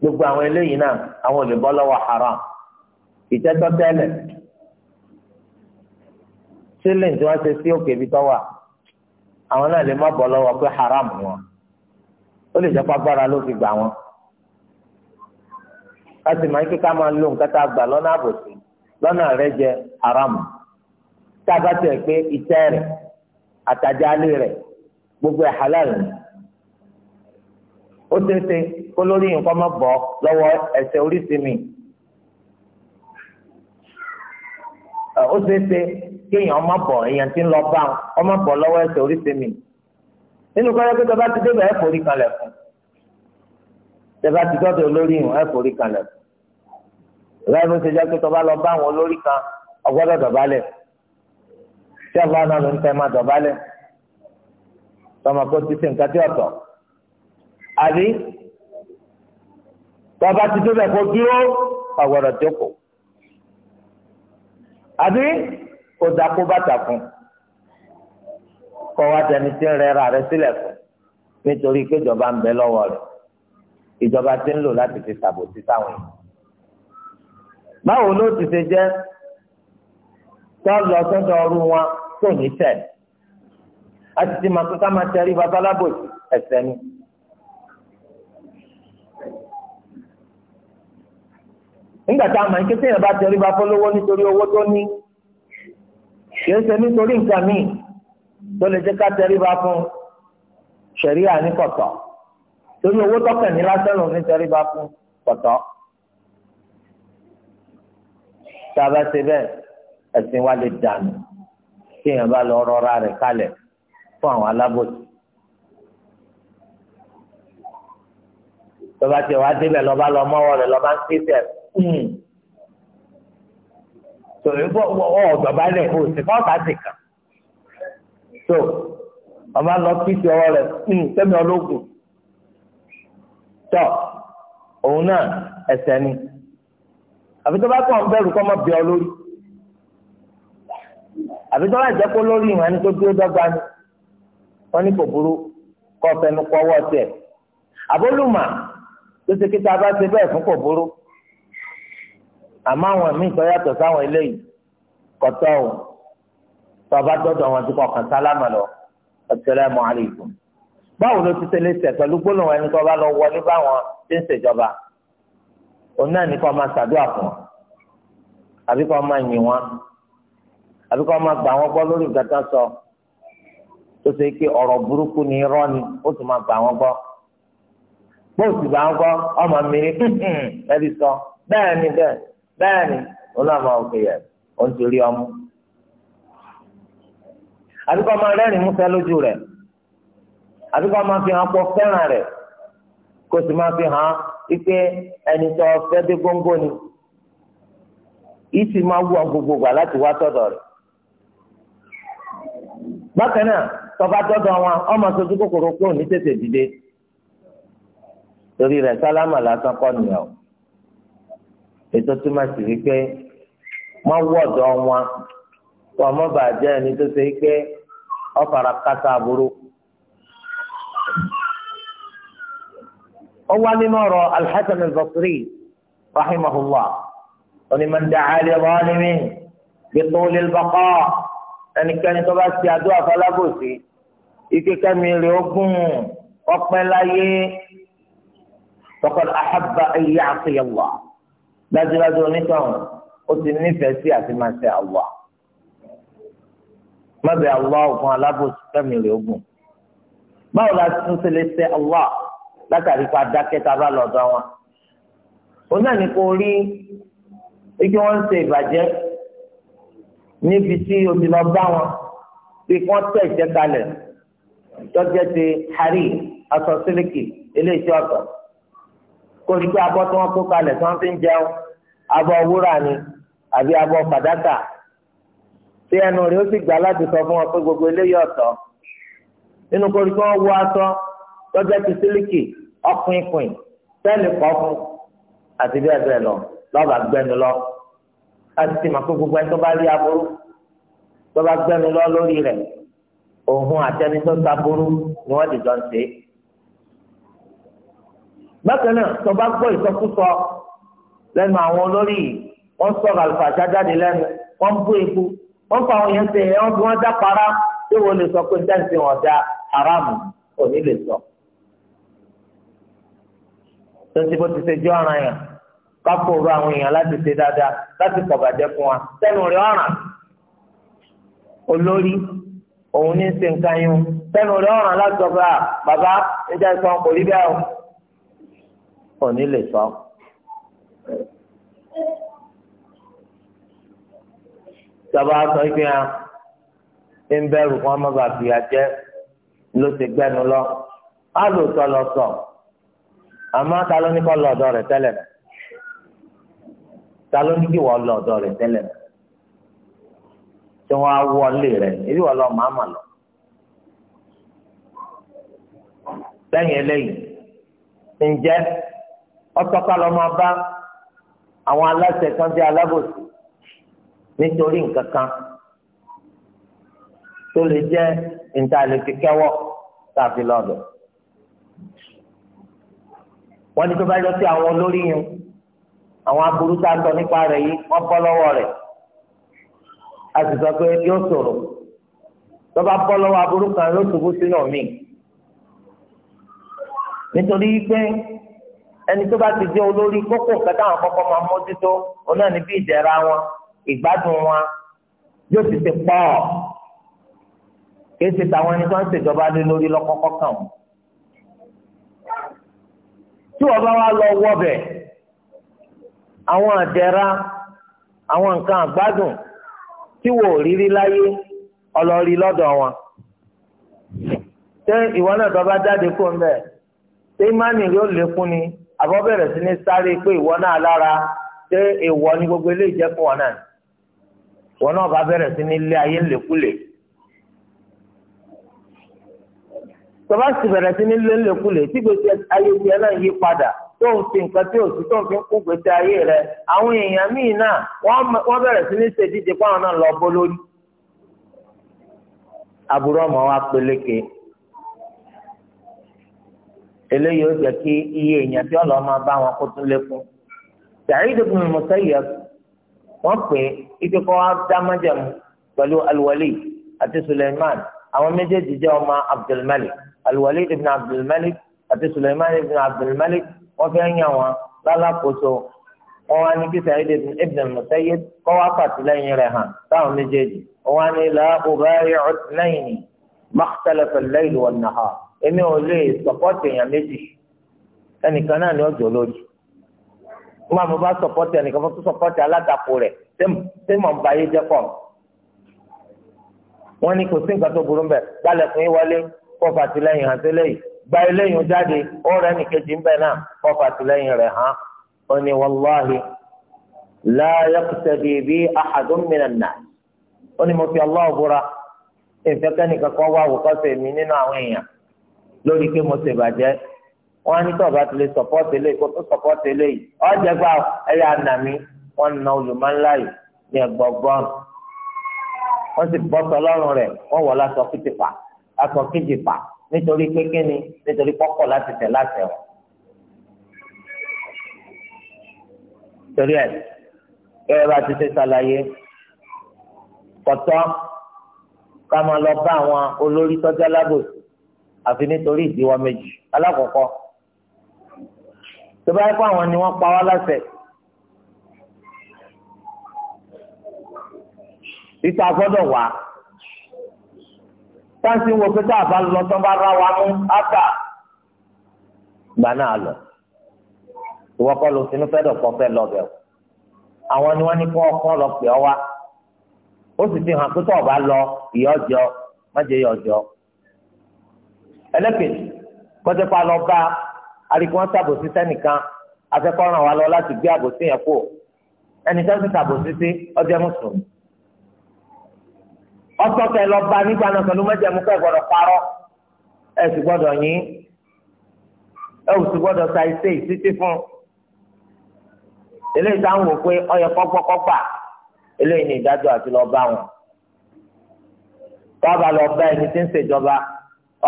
gbogbo àwọn eléyìí náà àwọn olè bọ́ lọ́wọ́ haram ìtẹ́tọ́ tẹ́lẹ̀ sílẹ̀ tí wọ́n ṣe sí òkè ibi tó wà àwọn náà lè má bọ́ lọ́wọ́ pé haram wọn ó lè jẹ́ pàgbára ló fi gbà wọn a máa ń kíkà máa lo nǹkan tá a gbà lọ́nà àbòsí lọ́nà rẹ̀ jẹ́ haram tá a bá tẹ̀ pé ìtẹ́ rẹ̀ àtàjálé rẹ̀ gbogbo ẹ̀ halal ni ó ṣeéṣe kó lórí nǹkan má bọ́ lọ́wọ́ ẹ̀ṣẹ̀ oríṣi mi ó ṣeéṣe kéèyàn má bọ̀ èèyàn ti ń lọ bá ọ má bọ̀ lọ́wọ́ ẹ̀ṣẹ̀ oríṣi mi nínú kọ́lá pé tọ́ba ti débẹ̀ ẹ̀ forí kanlẹ̀ fún tọ́ba ti dọ́dọ̀ olórí ìhùn ẹ̀ forí kanlẹ̀ fún ìwé ẹ̀ ló ṣe jẹ́ pé tọ́ba lọ bá àwọn olórí kan ọgbọ́dọ̀ dọ̀bálẹ̀ fún tí ọba náà ló ń tẹ máa dọ̀bálẹ̀ tọmọ kó ti ṣe nǹkan tí ọ̀tọ̀ àbí tọba ti débẹ̀ kó dúró ọ̀gbọ̀dọ̀ jókòó àbí kó da kó bàtà fún kó wá tẹni tí ń rẹra rẹ sílẹ̀ fún nítorí pé ìjọba ń bẹ lọ́wọ́ rẹ̀ ìjọba ti ń lò láti fi ṣàbòsí sáwọn yìí báwo ló ti ṣe jẹ́ tó lọ sọ́dọ̀ ọrú wọn tó ní tẹ̀lé àtìtì màtó ká máa tẹ̀lé babalábòsì ẹ̀sẹ̀ ni. nígbà tá a mọ̀ ike téèyàn bá tẹ̀lé bá fọlọ́wọ́ nítorí owó tó ní kì í ṣe nítorí nǹkan míì tó lè jẹ́ ká tẹ̀lé bá fún ṣẹ̀ríà ní kọ̀tọ̀ torí owó tọkàn ní lásán lòun ní tẹ̀lé bá fún kọ̀tọ̀. tá ṣe bẹ́ẹ̀ ẹ̀sìn wa lè dànù kí èèyàn bá lọ rọra rẹ̀ kalẹ̀ fún àwọn alábòsí. lọ́ba tí wàá débẹ̀ lọ́ba lọ mọ́wọ́ rẹ̀ lọ́ba ń kíkẹ́ tòun bọ́ ọ̀dọ̀ba lẹ̀ kó sì fọ́ ọ̀tá sì kàn tó ọba lọ kíkẹ́ ọwọ́ rẹ̀ hmm, sẹ́mi ológun tọ́ òun náà ẹsẹ̀ ni àfi tó bá kàn bẹ̀rù kọ́ mọ́ bí ọ lórí àbí tó bá jẹ́ kó lórí ìwọ̀n ẹni tó dúró dọ́gba ni wọ́n ní kò burú kọ́ fẹnu kọ́ ọwọ́ tiẹ̀ àbólùmọ̀ tó ṣe kí tá a bá ṣe bẹ́ẹ̀ fún kò burú àmọ́ àwọn míì tó yàtọ̀ sáwọn eléyìí kọ̀tọ́ ò tó a bá dọ́dọ̀ wọn tó kọkàn sálámà lọ assalamu alaikum báwo ló ti tẹ́lẹ̀ sẹ̀ pẹ̀lú gbólóhùn ẹni tó bá lọ àbí kọ́ máa gbà wọ́n gbọ́ lórí nǹkan tán sọ tó ṣe pé ọ̀rọ̀ burúkú ni irọ́ ni ó sì máa gbà wọ́n gbọ́ bóòsì gbà wọ́n gbọ́ ọmọ mi rí hmm, hmm, ẹbí sọ bẹ́ẹ̀ ni bẹ́ẹ̀ bẹ́ẹ̀ ni olóòmọ òkè yẹ òun ti rí ọmú àbí kọ́ máa rẹ́rìn músẹ́ lójú rẹ̀ àbí kọ́ máa fi hàn pọ̀ fẹ́ràn rẹ̀ kó sì máa fi hàn wípé ẹni tó fẹ́ dé góńgó ni ìsì máa wú ọ gbogbo láti wá sọ́dọ̀ rẹ̀ bákan náà tọba tọdọ wọn ọmọ sojú kòkòrò kúrò ní tètè dìde torí rẹ̀ sálámà lásán kọ́ nìyàwó ètò tó máa sì wípé wọn wọdọ wọn kó ọmọ bàjẹ́ ẹni tó ṣe pé ọfara kásá aburú. ó wá nínú ọ̀rọ̀ alḥasan al-basri rahimahullah onímọ̀ ndàcálẹ̀ wọ́n mi bí tó lè bàkọ́ ẹnikẹ́ni tó bá ti adó àfalábòsí ike kẹ́mi rẹ̀ ogún ọpẹ́ láyé faqad ahabba an ya'siya Allah dájúdájú onítọ̀hún ó ti nífẹ̀ẹ́ sí àti máa ṣe Allah mọ́bẹ̀ Allah òkun alábòsí kẹ́mi rẹ̀ ogún báwo la tún ṣe lè ṣe Allah látàrí pa dákẹ́ta bá lọ́dọ̀ wọn. òun ní kò rí ike wọ́n ń ṣe ìbàjẹ́ níbi tí omi lọ bá wọn bí wọ́n tẹ̀ ìjẹ́ kalẹ̀ tọ́jẹ́ ti hari aṣọ sílíkì eléyìí ọ̀tọ̀ kó o ní pé abọ́ tí wọ́n kó kalẹ̀ tí wọ́n fi ń jẹun abọ́ wúrà ni àbí abọ́ fàdákà tí ẹnu rẹ̀ ó sì gbà láti sọ fún wọn pé gbogbo eléyìí ọ̀tọ̀ nínú kó o ní pé wọ́n wọ aṣọ tọ́jẹ́ ti sílíkì ọkùnkùn tẹ́lẹ̀ kọ́ fún àti bẹ́ẹ̀ bẹ́ẹ̀ lọ lọ́ba gbẹ́nu lọ láti mọ̀ pé gbogbo ẹni tó bá rí aburú tó bá gbẹ́nu lọ lórí rẹ̀ òun àtẹni tó saburú ni wọ́n dìjọ ń ṣe. bákan náà tó bá gbọ́ ìsọkúsọ lẹ́nu àwọn olórí yìí wọ́n sọ̀rọ̀ àlùfàṣà jáde lẹ́nu wọ́n bú eku wọ́n fa àwọn yẹn ṣe ẹ̀ wọ́n fi wọ́n dá para tí wọ́n lè sọ pé tẹ́ǹsì wọn da haramu òní lè sọ. tó ń ṣe bó ti ṣe jẹ́ ọ̀ràn yẹn kápò ro àwọn èèyàn láti ṣe dáadáa láti kọ̀bàjẹ́ fún wa sẹ́nu rẹ̀ ọ̀ràn olórí òun ní ṣe nǹkan yín sẹ́nu rẹ̀ ọ̀ràn láti sọ pé bàbá ìjà ìsọ̀ kò rí bẹ́ẹ̀ o kò ní lè sọ. ìjọba sọ pé a ń bẹ̀rù kí wọ́n má ló ti gbẹ́nu lọ á lò àmọ́ ta ló ní kọ́ lọ́dọ̀ rẹ̀ tẹ́lẹ̀ náà ta ló ní kí wọ́n lọ ọ̀dọ̀ rẹ̀ tẹ́lẹ̀ náà tí wọ́n á wọlé rẹ̀ èyí wọ́n lọ màmá lọ. lẹ́yìn eléyìí ǹjẹ́ ọtọ́ka lọ máa bá àwọn aláṣẹ kan jẹ́ alábòsí nítorí nǹkan kan tó lè jẹ́ ìntàlẹ́fi kẹ́wọ́ tàbí lọ́dọ̀. wọ́n ní tó bá yọ sí àwọn olórí yẹn àwọn aburú tá a sọ nípa rẹ̀ yìí wọ́n bọ́ lọ́wọ́ rẹ̀ a sì sọ pé yóò sòrò tó bá bọ́ lọ́wọ́ aburú kan yóò ṣubú sínú mi nítorí pé ẹni tó bá ti jẹ́ olórí kókó nǹkan táwọn kọ́kọ́ máa mójútó òun náà ní bí ìdẹ̀ra wọn ìgbádùn wọn yóò ti ti pọ̀ kìí ṣe tàwọn ẹni tó ń ṣèjọba lé lórí lọ́kọ́kọ́ kàn tí wọ́n bá wá lọ wọ́ àwọn àdẹ̀ra àwọn nǹkan àgbádùn tí wò rírí láyé ọlọ́rí lọ́dọ̀ wọn. ṣé ìwọ náà tó bá jáde kó mbẹ ṣé imáni yóò lékún ni àbọ̀ bẹ̀rẹ̀ sí ní sáré pé ìwọ náà lára ṣé ìwọ ni gbogbo eléyìí jẹ́ fún wọn náà ìwọ náà bá bẹ̀rẹ̀ sí ní ilé ayé ńlẹ̀kulè. tó bá sì bẹ̀rẹ̀ sí ní ilé ńlẹ̀kulè tí gbèsè ayé tiẹ̀ náà yí padà tó ń fi nǹkan tí òsì tó ń fi ń kó gbèsè ayé rẹ àwọn èèyàn míì náà wọ́n bẹ̀rẹ̀ sí ní ṣèdíje fáwọn náà lọ bó lórí. aburú ọmọ wa peléke eléyìí ó jẹ́ kí iye èèyàn tí ọlọ́ọ̀ máa bá wọn kó tún lékún. Sa'id ibn Musayyab wọ́n pè é ibi kọ́ wá dá májàmú pẹ̀lú Al-Walid àti Suleiman àwọn méjèèjì jẹ́ ọmọ Abdulmalik al ibn Abdulmalik àti Suleiman ibn Abdulmalik wọ́n fẹ́ yàn wọn lálákòóso wọn wá ní kí Sa'id ibn al-Musayyib kọ́ wá pàtìlẹ́yìn rẹ̀ hàn táwọn méjèèjì wọn wá ní la ubāyi'u ithnayni ma ikhtalafa al-layl wan-nahār èmi ò lè sọ̀pọ̀tì èèyàn méjì ẹnìkan náà ni ó jọ lójú wọn àmọ́ bá sọ̀pọ̀tì ẹnìkan fún sọ̀pọ̀tì alátakò rẹ̀ tẹ́mọ̀ ń ba ayé jẹ́ pọ̀ wọn ní kò sí nǹkan tó burú bẹ́ẹ̀ gbálẹ̀ fún yín wọlé kó pàtìlẹ́yìn hàn sílẹ̀ gba eléyìí jáde ọ̀rẹ́ nìkejì ń bẹ náà kọfà tìlẹ́yìn rẹ̀ hàn ó ní wàláhi láyé bí ahadun ó ní mo fi aláwọ̀ búra ìfẹ́kẹ́ kan wá àwòkọ́sẹ̀ mi nínú àwọn èèyàn lórí pé mo ṣe wọn á ní lè na olùmọ̀ńlá yìí ní wọn sì nítorí pé kíni nítorí pọ́kọ̀ láti tẹ̀ láti ọ̀. torí ẹ̀ kẹ́rẹ́ bá ti ṣe ṣàlàyé kọ̀tọ́ ká máa lọ bá àwọn olórí tọ́jú alábòsí àfi nítorí ìdíwọ́ méjì alákọ̀ọ́kọ́ tó bá yẹ kó àwọn ni wọ́n pa wá láṣẹ. títà gbọ́dọ̀ wà. táǹsì wo pé táà bá lọ tán bá ra wa mú áta gbà náà lọ ìwọ kọ́ ló fẹ́ lọ bẹ̀rù àwọn ni ní lọ wá ó sì fi hàn tó ọba lọ ẹlẹ́kẹ̀ẹ́ lọ bá sẹ́nìkan afẹ́kọ́ ràn wá lọ láti gbé àbòsí yẹn kú ẹnìkan sì sí ọjọ́ mùsùlùmí ọtọkẹ lọ bá nígbà náà pẹ̀lú mẹjẹmú kẹ gbọ́dọ̀ parọ́ ẹ sì gbọ́dọ̀ yín ẹ ò sì gbọ́dọ̀ sa iṣẹ́ ìsítí fún eléyìí táwọn wò pé ọyọ kọgbọkọgbà eléyìí ní ìdájọ́ àti lọ bá wọn tọ́ba lọ bá ẹni tí ń ṣèjọba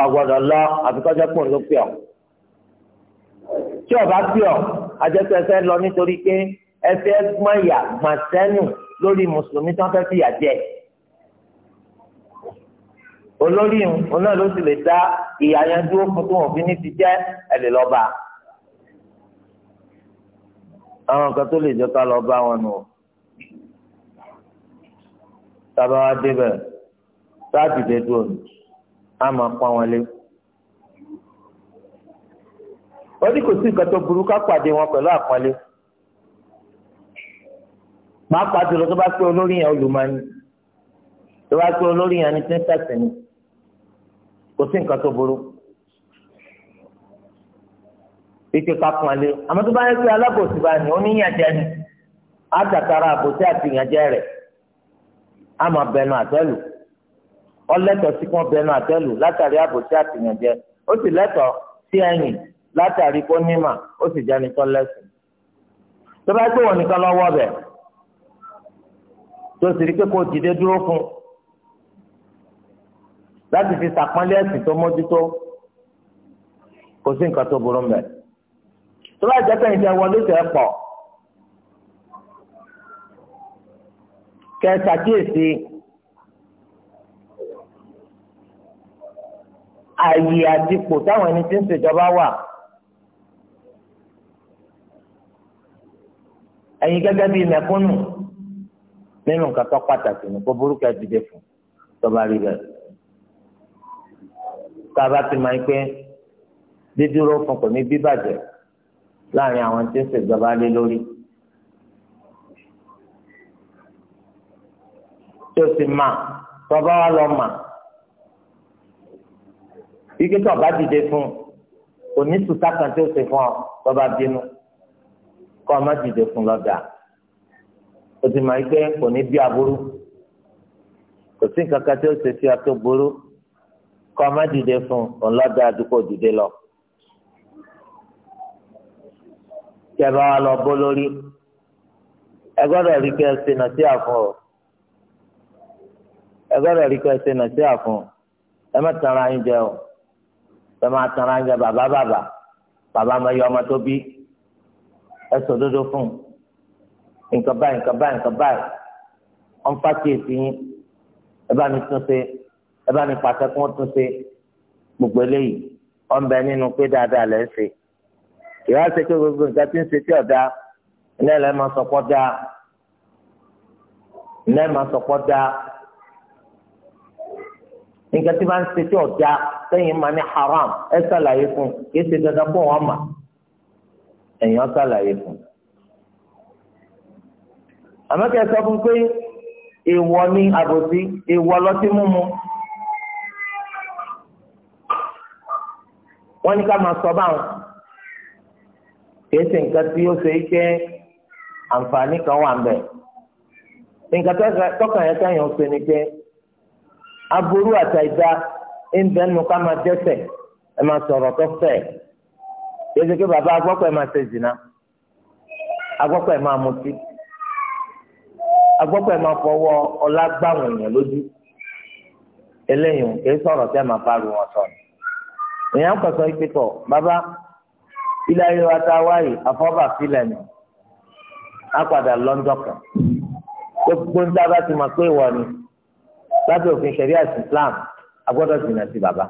ọ̀gbọ́dọ̀ lọ àfikọ́jọ́ pò ń ló pè ọ́ tí ọba pè ọ́ ajẹ́pẹ́ ẹsẹ̀ lọ nítorí pé ẹsẹ̀ gbọ́n ìyà gbọ̀n sẹ́nu lórí mùsùlùmí tí wọ́n fẹ́ fìyà jẹ ẹ̀ olórí ìhun onáà ló sì lè dá ìyá yẹn dúró fún tó wọn fi ní ti jẹ ẹlẹ lọba àwọn nǹkan tó lè jọ ká lọ bá wọn nù tábà wá débẹ̀ sáàtì dédú òní á máa pọ́n wọn lé wọ́n ní kò sí nǹkan tó burú ká pàdé wọn pẹ̀lú àpọ́nlé pàápàá jùlọ tó bá pé olórí yẹn olùmọ̀ọ́ni tó bá pé olórí yẹn ni tí ń ni kò sí nǹkan tó burú ike ká pọn alẹ àmọ́ tó bá yẹ pé alábòsí bá ní oníyànjẹ ni àtàkàrà àbòsí àti ìyànjẹ rẹ àmọ́ bẹnu àtẹlù ọlẹ́tọ̀ọ́ sí kan bẹnu àtẹlù látàrí àbòsí àti ìyànjẹ ó sì lẹ́tọ̀ọ́ sí ẹ̀yìn látàrí kó nímà ó sì jẹni tó lẹ́sìn tó bá yẹ pé wọn nìkan lọ wọ tó sì rí pé kó dìde dúró fún un láti fi sàpọ́nlé ẹ̀sìn tó mójútó kò sí nǹkan tó burú mẹ́. tó bá jẹ́ kẹ́yìn tẹ́ wọlé tẹ́ pọ̀ kẹ́ ṣàkíyèsí ààyè àdìpọ̀ táwọn ẹni tí ń ṣèjọba wà. ẹ̀yin gẹ́gẹ́ bíi mẹ̀kúnnù nínú nǹkan tó pàtàkì ní kó burúkú ẹ dìde fún tó bá rí bẹ́ẹ̀ tá a bá ti máa ń pé dídúró fún kò ní bíbàjẹ́ láàrin àwọn tí ń ṣèjọba lé lórí. tó sì máa tọ́ba wa lọ mà ike tó ọba dìde fún òní sùtá kan tó ṣe fún ọ tọ́ba bínú kọ́ ọ má dìde fún o sì máa ń pé kò ní kò sí nǹkan kan tó ṣe sí ọ burú kọ́ ọ má dìde fún òun lọ́dọ̀ àdúgbò dìde lọ. kí ẹ bá wa lọ bó lórí ẹ gbọ́dọ̀ rí kí ẹ ṣe nà sí àfún o ẹ gbọ́dọ̀ rí kí ẹ ṣe nà sí àfún o ẹ má tanra yín jẹ o ẹ má tanra yín jẹ bàbá bàbá bàbá máa yọ ọmọ tó bí ẹ sọ òdodo fún nǹkan báyìí nǹkan báyìí nǹkan báyìí ọ̀n pàkíyèsí yín ẹ bá mi tún ṣe ẹ bá mi pàṣẹ kí wọ́n tún ṣe gbogbo eléyìí ọ̀nbẹ nínú pé dáadáa lẹ́ ń ṣe ìyá ṣe pé gbogbo nǹkan tí ń ṣe tí ọ̀dà ilé ẹ̀ máa sọ̀pọ̀ dá ilé ẹ̀ máa sọ̀pọ̀ dá nǹkan tí bá ṣe tí ọ̀dà sẹ́yìn máa ní haram ẹ̀ ṣàlàyé fún kìí ṣe dandan fún wọn mà ẹ̀yìn ṣàlàyé fún. àmọ́ kí ẹ sọ fún pé èèwọ̀ ni àbòsí èèwọ̀ lọ́tí mímu wọ́n ní ká máa sọ báwọn kìí ṣe nǹkan tí ó ṣe pé àǹfààní kan wà ń bẹ nǹkan tọ́kàn yẹn káyọ̀ ń ṣe ni pé aburú àtàìdá ń bẹ nínú ká máa dẹ́ṣẹ̀ ẹ máa sọ̀rọ̀ tó fẹ̀ kìí ṣe pé bàbá agbọ́pọ̀ ẹ máa ṣe zìnà agbọ́pọ̀ ẹ máa mutí agbọ́pọ̀ ẹ máa fọwọ́ ọlá gbàwọ̀n èèyàn lójú eléyìí kìí sọ̀rọ̀ tẹ́ máa bá ru wọn sọ̀rọ̀ èèyàn kọ̀sọ́ ipe tọ̀ bàbá ilé ayé wa ta wáyé àfọ́bà sílẹ̀ nù á padà lọ́njọ́ kan gbogbo ńlá bá ti mọ̀ pé ìwọ ni lábẹ́ òfin ṣẹ̀ríà Islam a gbọ́dọ̀ jìnnà sí bàbá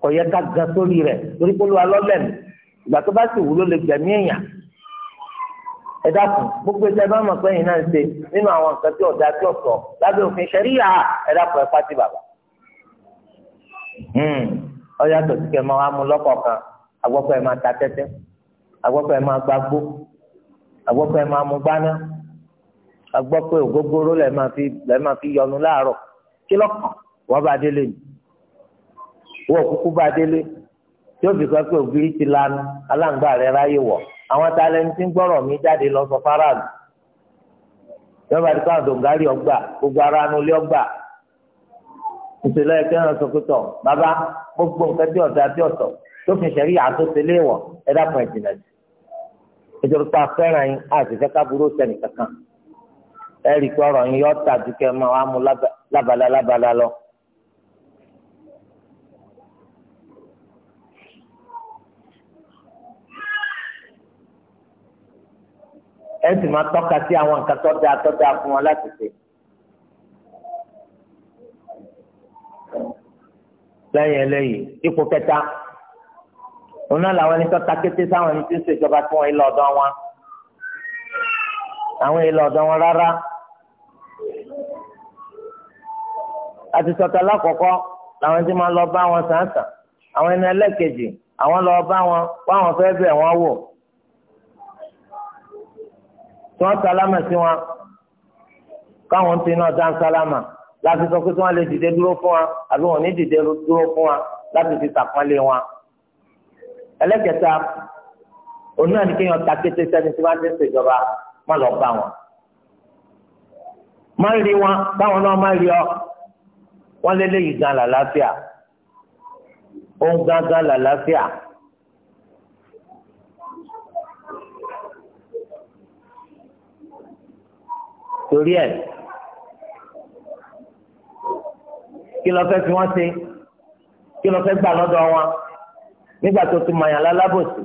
kò yẹ ká gan sórí rẹ̀ torí pé olúwa lọ́lẹ́nu ìgbà tó bá sì wúlò lè gbẹ̀mí èèyàn ẹ dákun gbogbo ẹsẹ bá mọ̀ pé ẹ̀yin náà ń ṣe nínú àwọn nǹkan tí ọ̀dà tí ọ̀sọ̀ lábẹ́ òfin ṣẹ̀ríà ẹ dákun ẹ pátì bàbá ọ hmm. yàtọ̀ sí kẹ́ máa wá mú lọ́kọ̀ọ̀kan agbọ́pọ̀ ẹ̀ máa ta tẹ́tẹ́ agbọ́pọ̀ ẹ̀ máa máa fi yọnụ máa fi yọnu láàárọ̀ kí lọ́kàn wọ́n bá délé ni wọ́n kúkú bá délé tí ó fi sọ pé ti lanu aláǹgbá rẹ̀ ráyè wọ̀ àwọn gbọ́rọ̀ mi jáde lọ ara ọgbà ìṣẹ̀lẹ̀ ẹ̀kẹ́ náà sọ pé tọ̀ bàbá gbogbo nǹkan tí ọ̀dà tí ọ̀tọ̀ tó fi ṣẹ̀rí àtúnṣe léèwọ̀ ẹ dákun ẹ̀ jìnà sí. nítorí pé afẹ́ràn yín àti ìfẹ́ kábúrò sẹ́ni kankan ẹ rí i pé ọ̀rọ̀ yín yọ tà ju kẹ́ máa wá mú lábala lábala lọ. ẹ sì máa tọ́ka sí àwọn nǹkan tó dáa tó dáa fún wọn láti ṣe. lẹ́yìn eléyìí ipò kẹta òun náà làwọn ẹni tó ta kété sáwọn ẹni tí ń ṣèjọba tí wọ́n ilé ọ̀dọ́ wọn àwọn ilé ọ̀dọ́ wọn rárá àti sọ̀tà lákọ̀ọ́kọ́ làwọn ẹni tí máa lọ bá wọn sàǹsàn àwọn ẹni ẹlẹ́kejì àwọn lọ bá wọn báwọn fẹ́ bẹ̀ wọ́n wò tí wọ́n sálámà sí wọn káwọn ti náà dá sálámà láti sọ pé kí wọ́n lè dìde dúró fún wa àbí wọ́n ní dìde dúró fún wa láti fi sàpọ́nlé wọn. ẹlẹ́kẹta òun náà ní kéèyàn ta kété sẹ́ni tí wọ́n ti ń ṣèjọba má lọ bá wọn. má rí wọn báwọn náà má rí ọ wọ́n lé léyìí gan làlàáfíà òun gangan làlàáfíà. torí ẹ̀. kí lọ fẹ́ fi wọ́n ṣe kí lọ fẹ́ gbà lọ́dọ̀ wọn nígbà tó ti mọ̀yàn lálábòsí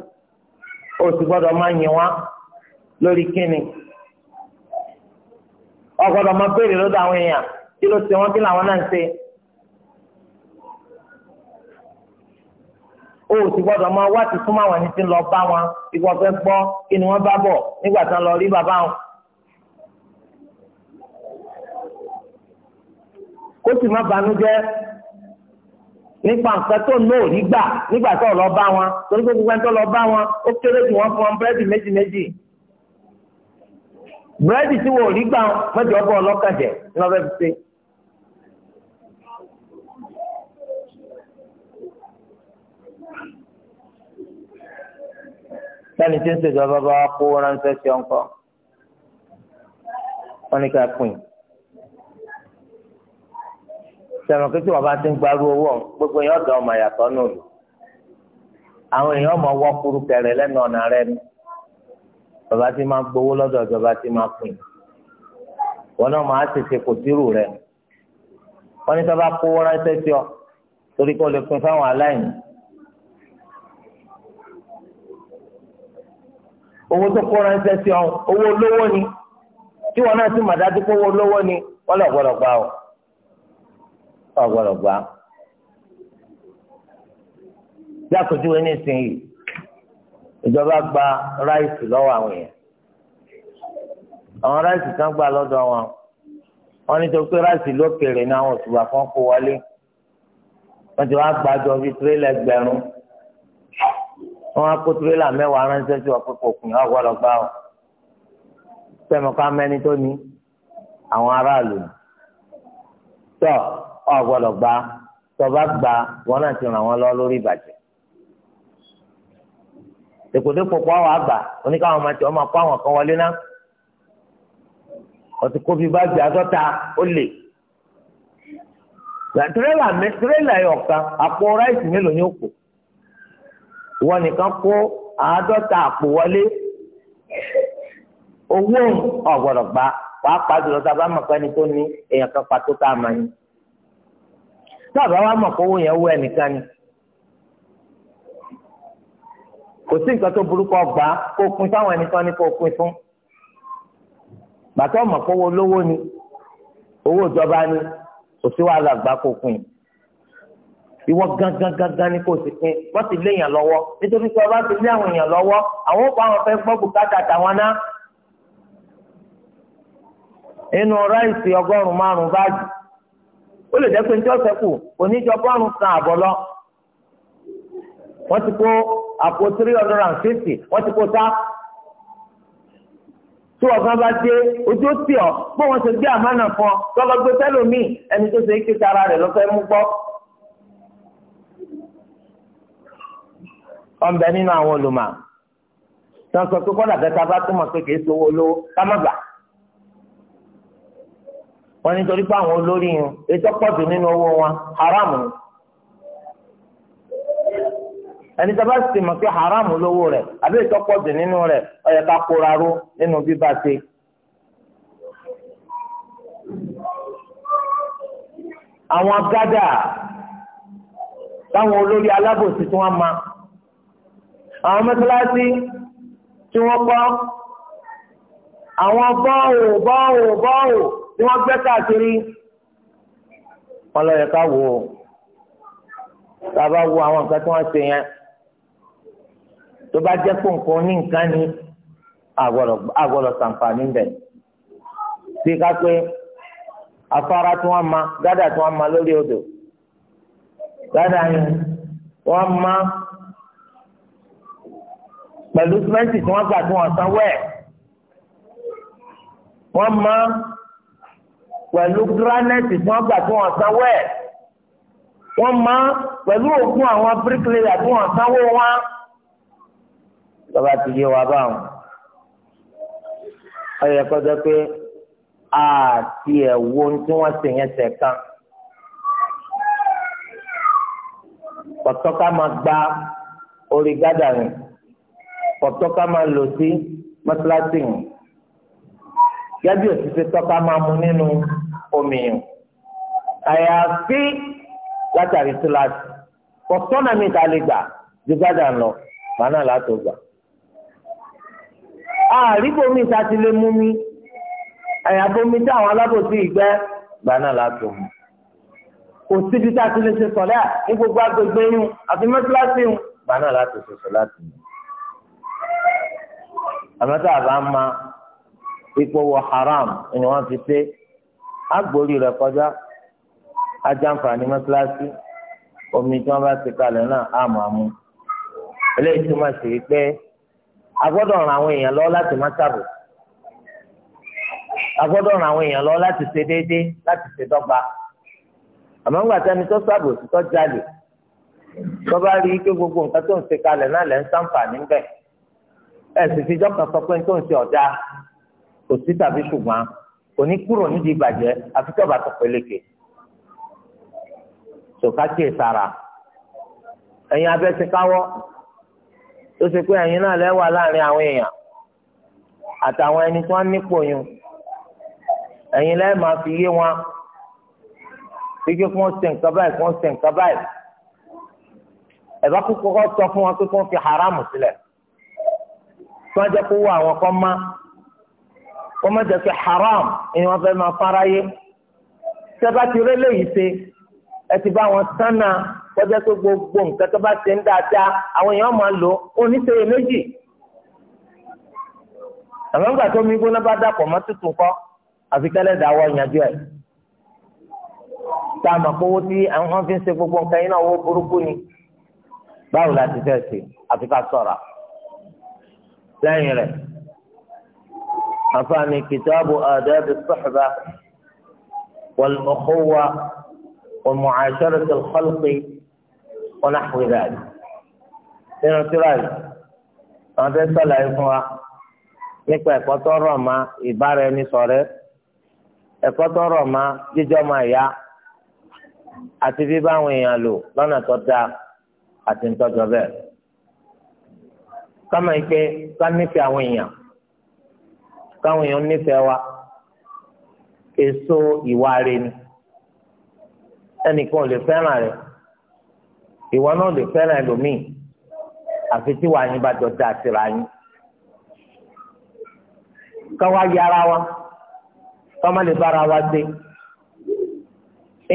o sì gbọ́dọ̀ máa yìn wọ́n lórí kíni ọgbọ́dọ̀ máa béèrè lọ́dọ̀ àwọn èèyàn kí ló ṣe wọ́n kí làwọn náà ń ṣe. o sì gbọ́dọ̀ máa wá ti súnmọ́ àwọn ẹni tí ń lọ bá wọn ìwọ fẹ́ gbọ́ kí ni wọ́n bá bọ̀ nígbà tí wọ́n lọ rí bàbá wọn. kó sì má banújẹ́ nípa nǹkan tó ní òrí gbà nígbà tó lọ bá wọn torí pé gbogbo ẹni tó lọ bá wọn ó kéré jù wọn fún wọn búrẹ́dì méjì méjì búrẹ́dì tí wọn ò rí gbà mọ́jọ ọgbọ́ ọlọ́kàjẹ́ ní wọ́n fẹ́ fi ṣe. sani tí ń ṣèjọba bá kó ránṣẹ́ sí ọ̀nkọ́ wọn ni ká pín in sẹ̀rọ̀ kí tí wọ́n bá ti ń gbarú owó gbogbo yẹn ọ̀dọ́ ọmọ yàtọ̀ nù lù àwọn èèyàn ọmọ wọ́n kúrú kẹrẹ lẹ́nu ọ̀nà rẹ ni bàbá ti máa gbowó lọ́dọ̀ ìjọba ti máa pín wọn náà máa tètè kò tírù rẹ wọn ní sábà kówó ránṣẹ́ sí ọ torí kó lè pín fáwọn aláìní. owó tó kó ránṣẹ́ sí ọ owó olówó ni tí wọn náà sì mà dájú pé owó olówó ni wọn lọ gbọ́dọ̀ gbà ọ ọ̀gbọ́dọ̀ gbà. bí àpèjúwe nísìnyí ìjọba gba ráìsì lọ́wọ́ àwọn èèyàn àwọn ráìsì kan gbà lọ́dọ̀ wọn wọn ní tó pé ráìsì lókèrè ní àwọn òṣùwà kan kó wọlé wọn ti wá gbàjọ bíi tírélà ẹgbẹ̀rún wọn á kó tírélà mẹ́wàá ránṣẹ́ sí ọ̀pọ̀ òkùn ọ̀gbọ́dọ̀ gbà ọ́ sẹ́mi ká mẹ́ni tó ní àwọn aráàlú tọ́ ọ gbọ́dọ̀ gba tọba gba wọn náà ti ràn wọn lọ lórí ìbàjẹ́ dèkòdèkò kó àwọn àgbà oníkàwọn ọmọ àwọn kan wọlé náà ọtí kófí báàgì àádọ́ta ó lè tírélà mi àpò ráìsì mélòó ni ó kù nìkan kó àádọ́ta àpò wọlé owó ọ̀gbọ̀dọ̀ pàápàá jùlọ tá a bá mọ̀ pé ẹni tó sábà wàá mọ̀ kówó yẹn wú ẹnìkan ni kò sí nǹkan tó burúkú ọgbà kó pin sáwọn ẹnìkan ní kó pin fún bàtà ọmọ kówó lówó ni owó ìjọba ni kò sí wàhálà gbà kó pin ìwọ gangan gangan ni kò sì pin wọn ti lé èèyàn lọ́wọ́ nítorí pé ọba ti lé àwọn èèyàn lọ́wọ́ àwọn òkú àwọn fẹẹ gbọ́ bùkátà tàwọn náà inú ráìsì ọgọ́rùn márùn báàgì ó lè jẹ́ pé njọ́ sẹ́kù oníjọ bọ́ọ̀rùn kan àbọ̀ lọ. wọ́n ti kó àpò three hundred and fifty wọ́n ti kó sá. tí ọ̀gá bá dé ojú ó tì ọ́ pé wọ́n ti gbé àmánà fún ọ lọ́lọ́ gbé sẹ́lòmíì ẹni tó ṣe é ké tara rẹ̀ lọ́fẹ́ mú gbọ́. ọ̀nbẹ nínú àwọn olùmọ̀ sọ sọ pé kọ́dà kẹta bá túmọ̀ pé kì í sọ owó olówó ká má gbà wọ́n nítorí pé àwọn olórí yẹn ètò pọ̀jù nínú owó wọn haram ni ẹni tí a bá sì mọ̀ pé haram lówó rẹ̀ àbí ètò pọ̀jù nínú rẹ̀ ó yẹ ká kóra ró nínú bíbá ṣe. àwọn gádà táwọn olórí alábòsí tí wọ́n ma àwọn mẹ́tíláṣí tí wọ́n kọ́ àwọn bọ́ọ̀ bọ́ọ̀ bọ́ọ̀ tí wọ́n gbẹ́ káàkiri wọ́n lọ yẹ ká wò ó tá a bá wo àwọn nǹkan tí wọ́n ṣe yẹn tó bá jẹ́ kó nǹkan ní nǹkan ni àgbọ̀dọ̀ sàǹfààní bẹ̀. bí ká pé afárá tí wọ́n ma gádà tí wọ́n ma lórí odò gádà yẹn wọ́n ma pẹ̀lú sìmẹ́ǹtì tí wọ́n gbà tí wọ́n sanwó ẹ̀ wọ́n ma pẹ̀lú granite tí wọ́n gbà tí wọ́n sanwó ẹ̀ wọ́n máa pẹ̀lú òògùn àwọn bíríkìlẹ̀yà tí wọ́n sanwó wọn. ìjọba ti yé wa báwọn ọyẹ kọjá pé àti ẹ̀wò tí wọ́n sì yẹn sẹ̀ kan. kọ̀tọ́ká máa gba orí gádà rìn kọ̀tọ́ká máa lò sí mọ́tíláṣí rìn gẹ́gẹ́ bí òṣìṣẹ́ tọ́ka máa mu nínú omi yìí àyàfi látàrí síláàsì kọ̀tọ́nà mi ta lè gbà ju gbàdà lọ màánà látò gbà. àrígbó mi ta ti lè mú mi àyàfó mi tí àwọn alábòsí ìgbẹ́ gbàánà látò mu. kò síbi tá a ti lè ṣe sọ̀lẹ́ à ní gbogbo agbègbè yín àfi mẹ́tíláṣí yín gbàánà látò ṣe sọ̀lá tì àmọ́ tá a bá ń ma ipò wọ haram ni wọ́n fi pé agbórí rẹ̀ kọjá ajánfààní mọ́sálásí omi tí wọ́n bá ti kalẹ̀ náà á máa mú eléyìí túmọ̀ sí pé a gbọ́dọ̀ ran àwọn èèyàn lọ láti má sàbò a gbọ́dọ̀ ran àwọn èèyàn lọ láti ṣe déédéé láti ṣe dọ́gba àmọ́ ńgbà tẹ́ni tó sàbò sí tó jalè tó bá rí i pé gbogbo nǹkan tó ń ṣe kalẹ̀ náà lẹ́ ń sàǹfààní bẹ́ẹ̀ ẹ̀ sì fi jọ́kàn sọ pé tó ń ṣe ọ̀dà kò sí tàbí ṣùgbọ́n kò ní kúrò nídìí ìbàjẹ́ àfi tó bá tó peléke sòkátì ìsara ẹ̀yin abẹ́síkáwọ́ tó ṣe pé ẹ̀yin náà lẹ́wà láàrin àwọn èèyàn àtàwọn ẹni tí wọ́n nípò yun ẹ̀yin lẹ́ẹ̀ máa fi yé wọn fíjì kí wọ́n ṣe nǹkan báyìí kí wọ́n ṣe nǹkan báyìí ẹ kúkọ́ sọ fún wọn kí wọ́n fi haramu sílẹ̀ tí wọ́n jẹ́ kó wọ àwọn kan máa wọ́n má jẹ́ pé haram ni wọ́n fẹ́ máa fara yé sẹ́bà ti rí eléyìí ṣe ẹ ti bá wọn sánà kọjá pé gbogbo nǹkan tó bá ṣe ń dáadáa àwọn èèyàn máa lò ó oníṣẹ́yẹ méjì àmọ́ nígbà tó mi gbóná bá dàpọ̀ mọ́ tuntun kọ́ àfi kẹ́lẹ́ dà wọ́ ìyànjú ẹ̀ tá a mọ̀ pé owó tí àwọn fi ń ṣe gbogbo nǹkan yín náà owó burúkú ni báwo la ti fẹ́ ṣe àfi ká ṣọ́ra lẹ́yìn rẹ̀ àfààní كتاب آداب الصحبة wàlmọ̀kọ́wà ومعاشرة الخلق wọn àpèrè àdì. nínú tíráyì àwọn الله. sọ̀làyé fún wa nípa ẹ̀kọ́ tó rọ̀ mọ́ ìbára ẹni ṣọ̀rẹ́ ẹ̀kọ́ tó rọ̀ mọ́ jíjọ́ máa yá àti bíbá àwọn èèyàn lò lọ́nà tó dáa àti ntọ́jọ́ bẹ́ẹ̀. ká máa ń àwọn èèyàn káwọn èèyàn nífẹ̀ẹ́ wa èso ìwà rẹ ni ẹnìkan ò lè fẹ́ràn rẹ ìwọ náà lè fẹ́ràn ẹlòmíì àfi tí wàá yín bá jọ da síra yín káwa yára wa káwa lè bára wa dé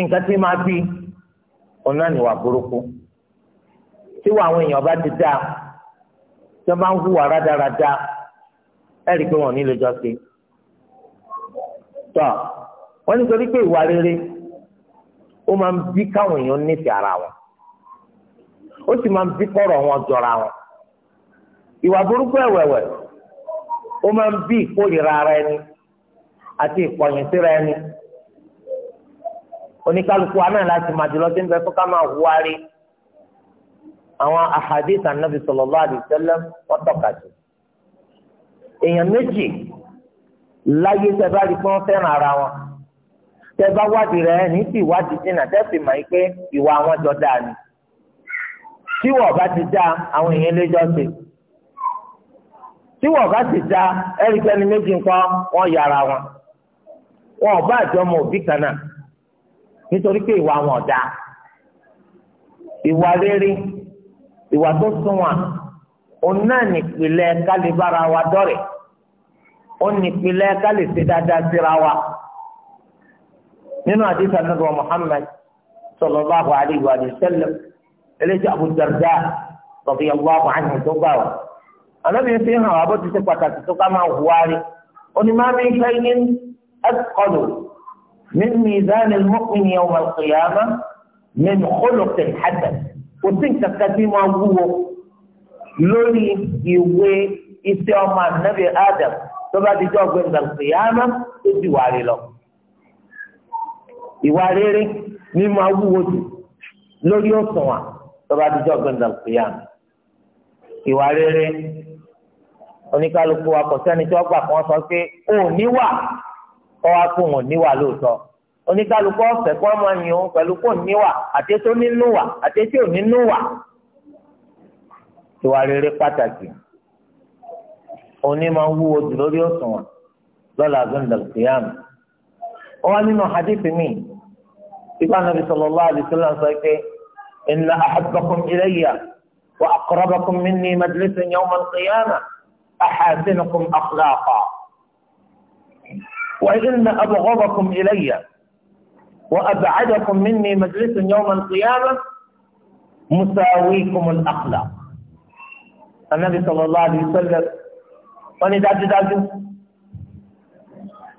nǹkan tí máa bí ọ̀nà níwà burúkú tí wàá àwọn èèyàn bá ti dáa tí wọ́n bá ń hùwà rádaràda. Rada ẹ̀rí pé wọn ò ní lè jọ ṣe. tọ́ wọ́n nítorí pé ìwà rere ó máa ń bí káwọn èèyàn nífẹ̀ẹ́ ara wọn ó sì máa ń bí kọ́rọ̀ wọn jọra wọn. ìwà burúkú ẹ̀wẹ̀wẹ̀ ó máa ń bí ìkórìíra ara ẹni àti ìkọ̀yìn síra ẹni oníkálukú wa láti máa jùlọ sí ń ká máa huwari àwọn ahadith anabi sallallahu alaihi wasallam wọn tọ́ka sí èèyàn méjì láyé tẹ rí pé wọ́n fẹ́ràn ara wọn tẹ wádìí rẹ̀ ní ti ìwádìí dínà tẹ fi mọ̀ pé ìwà wọn jọ dáa ni tí wọ́n bá ti dá àwọn èèyàn léjọ́ sí tí wọ́n bá ti dá ẹ̀ríkẹ́ni méjì nǹkan wọ́n yára wọn wọn ò bá àjọmọ òbí kan náà nítorí pé ìwà wọn ọ̀dà ìwà rere ìwà tó sunwọ̀n òun náà nìpìlẹ̀ kálíbára wa dọ́rẹ̀ẹ́ ó ní ìpìlẹ̀ ká lè ṣe dáadáa síra wa nínú àdìsá nàbà Muhammad sallallahu alayhi wa sallam eléjì Abu Darda radiyallahu anhu tó gbà wá anábìyẹn fi hàn wá bó ti ṣe pàtàkì tó ká máa hùwà rí onímọ̀mí ṣẹ́yìn ẹ̀kọ́lù min mizan al-mu'min yawm al-qiyamah min kò sí nǹkan kan tí wúwo lórí ìwé iṣẹ́ ọmọ ànábì Adam tó bá di jọ́ gbẹ̀ndà kìyàmá tó di wà rí lọ. ìwà rere ní máa wúwo jù lórí òṣùwọ̀n tó bá di jọ́ gbẹ̀ndà kìyàmá. ìwà rere oníkálukú akọ̀sẹ́ni tí wọ́n gbà kàn sọ pé ó níwà kọ́ wa kó wọn níwà lóòótọ́ oníkálukú ọ̀fẹ́ kọ́ máa yàn òun pẹ̀lú kó níwà àtẹ́tí ó nínú wà àtẹ́tí ò nínú wà. ìwà rere pàtàkì òní máa ń wúwo jù lórí òṣùwọ̀n lọ́la gbẹ̀ndàlù kìyàmù. ó wá nínú hadith mi ìgbà nàbì sallallahu alaihi wasallam sọ pé inna ahabbakum ilayya wa aqrabakum minni majlisan yawma al-qiyamah ahasinukum akhlaqa. wa inna abghadakum ilayya wa ab'adakum minni majlisan yawma al-qiyamah musawikum al-akhlaq. النبي صلى الله عليه وسلم wọ́n ní dájúdájú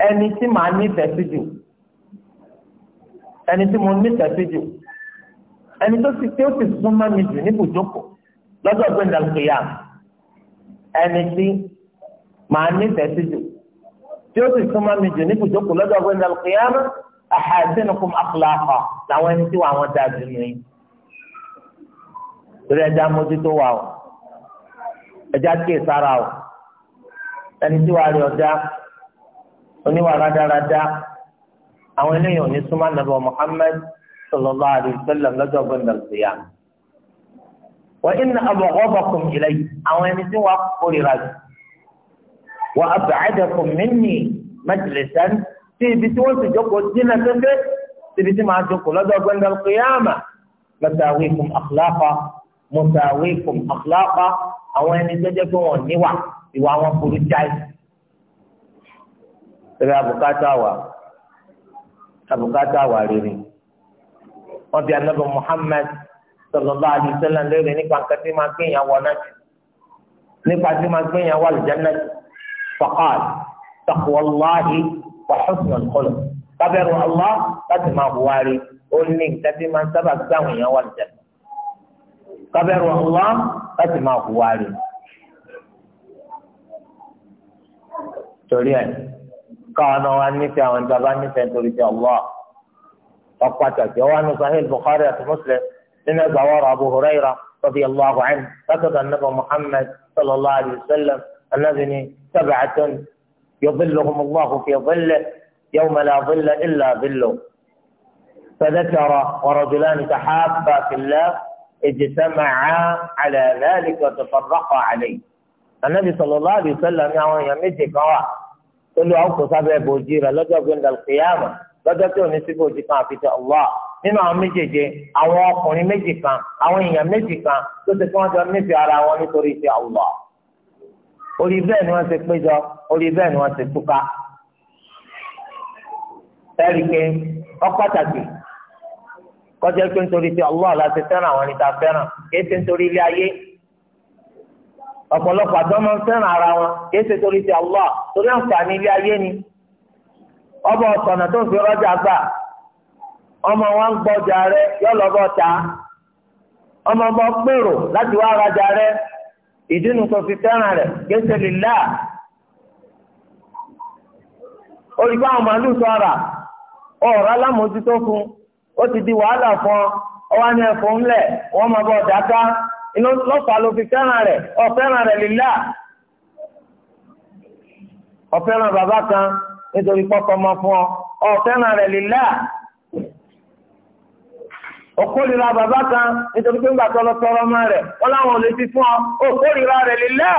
ẹni tí màá nífẹ̀ẹ́ sí jù ẹni tí mo nífẹ̀ẹ́ sí jù ẹni tó ti tí ó ti sún mọ́ mi jù níbùjókòó lọ́jọ́ gbẹ̀ndà kìyà ẹni tí màá nífẹ̀ẹ́ sí jù tí ó sì súnmọ́ mi jù ní lọ́jọ́ ọgbẹ́ ní alùpùpù àhàdínkùn làwọn ẹni tí wà wọ́n da jù ní. torí ẹja mójútó wà o ẹja kíyè sára o ẹni tí wàá rí ọjà oníwà rádaràda àwọn eléyìí ò ní súnmọ́ nàbọ̀ Muhammad sallallahu alaihi wasallam lọ́jọ́ gbọ́dọ̀ síyà. wọ́n iná abghadakum ilayya àwọn ẹni tí wàá kórìíra jù wọ́n ab'adakum minni majlisan tí ibi tí wọ́n sì jókòó dínà tẹ́tẹ́ síbi tí màá jókòó lọ́jọ́ gbọ́dọ̀ kíyàmà mọ̀tàwíkùm akhlaqa mọ̀tàwíkùm akhlaqa àwọn ẹni jẹ́jẹ́ pé wọ́n níwà ìwà wọn burú jáì tẹ̀lé abùkátà wà abùkátà wà rere wọ́n bí anábọ̀ Muhammad sallallahu alaihi wasallam lórí nípa kẹtí máa gbéyàn wọ náà nípa tí máa gbéyàn wọ àlùjáná faqal taqwallahi wa husnul khuluq kábẹ́rù Allah láti máa hùwà ó ní kẹtí máa sábà gbáwọn èèyàn wọ àlùjáná kábẹ́rù láti máa hùwà torí ẹ̀ káwọn náà wá nífẹ̀ẹ́ àwọn ìjọba nífẹ̀ẹ́ torí ti Allah ọ̀pàtàkì ọwọ́ àánú sahel Bukhari àti Muslim nínú ẹgbà wọ́ọ̀rọ̀ Abu Hurayra radiyallahu anhu látọ̀dọ̀ anábọ̀ Muhammad sallallahu alayhi wa sallam anábì ní sab'atun yudhilluhumullahu fi dhillihi yawma la dhilla illa dhilluhu فذكر ورجلان تحابا في الله اجتمعا على ذلك وتفرقا عليه النبي صلى الله عليه وسلم يعني يمد كوا olú àwọn kò sábẹ́ bòjì rẹ̀ lọ́jọ́ gbẹ̀ndàl kìyàmù lọ́jọ́ tí ò ní sí bòjì kan àfi ti Allah nínú àwọn méjèèjì àwọn ọkùnrin méjì kan àwọn èèyàn méjì kan tó ti kí wọ́n jọ nífẹ̀ẹ́ ara wọn nítorí ti Allah orí bẹ́ẹ̀ ni wọ́n ti péjọ orí bẹ́ẹ̀ ni wọ́n ti túká ẹ̀rí pé kọjá pé nítorí ti Allah láti fẹ́ràn àwọn ẹni tá a fẹ́ràn kì í ṣe nítorí ilé ayé ọ̀pọ̀lọpọ̀ àti ọmọ fẹ́ràn ara wọn torí ti torí àǹfààní ilé ayé ni ọba tó ń gbà ọmọ wa ń gbọ́jà rẹ yọlọ́bọ̀ ta ọmọ bọ́ pèrò láti wá rajà rẹ ìdínú tó fi fẹ́ràn rẹ kì í ṣe olùkọ́ àwọn sọ̀rọ̀ ọ̀rọ̀ fún ó ti di wàhálà fún ọ ní ẹ̀fọ́ ńlẹ̀ iná lọ́fà ló fi fẹ́ràn rẹ̀ ọ̀fẹ́ràn rẹ̀ lílá ọ̀fẹ́ràn bàbá kan nítorí pọ́kọ́ máa fún ọ ọ̀fẹ́ràn rẹ̀ lílá òkórìíra bàbá kan nítorí pé ńgbà tọrọ tọrọ ọmọ rẹ̀ wọn láwọn ò lè fi fún ọ òkórìíra rẹ̀ lílá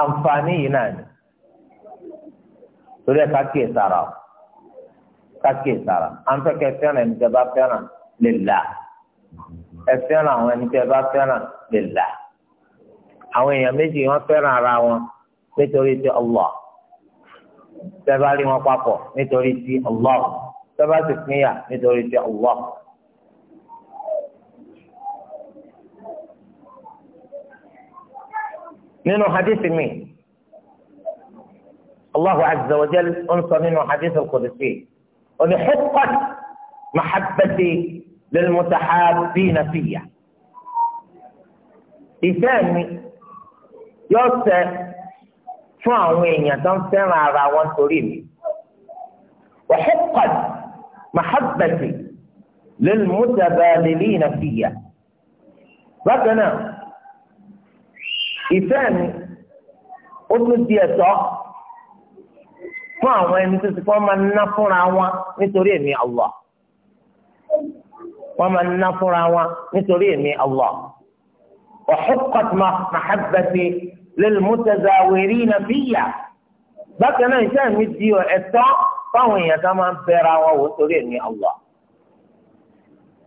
àǹfààní yìí náà ni torí ẹ ká kíyè sára ká kíyè sára à ń fẹ́ kẹ́ fẹ́ràn ẹni tẹ́ bá fẹ́ràn lílá ẹ fẹ́ràn àwọn ẹni tí ẹ bá fẹ́ràn lèlà àwọn èèyàn méjì wọ́n fẹ́ràn ara wọn nítorí ti Allah tẹ́ bá rí wọn papọ̀ nítorí ti Allah tẹ́ bá sì pínyà nítorí ti Allah. nínú hadith mi Allahu azza wa jalla ń sọ nínú hadith al-Qudsi ó للمتحابين فيا ìfẹ́ mi yóò ṣe fún àwọn èèyàn tó ń fẹ́ràn ara wọn torí mi وحقا محبتي للمتبادلين فيا bákan náà ìfẹ́ mi ó tún di ẹ̀tọ́ fún àwọn ẹni tó ti fọ́ máa ná fúnra wọn nítorí èmi Allah wọ́n máa ná fúnra wọn nítorí èmi Allah wa huqqat mahabbati lil mutazawirina fiyya bákan náà iṣẹ́ mi di ẹ̀tọ́ fáwọn èèyàn ká máa ń bẹ̀rẹ̀ wọn wò nítorí èmi Allah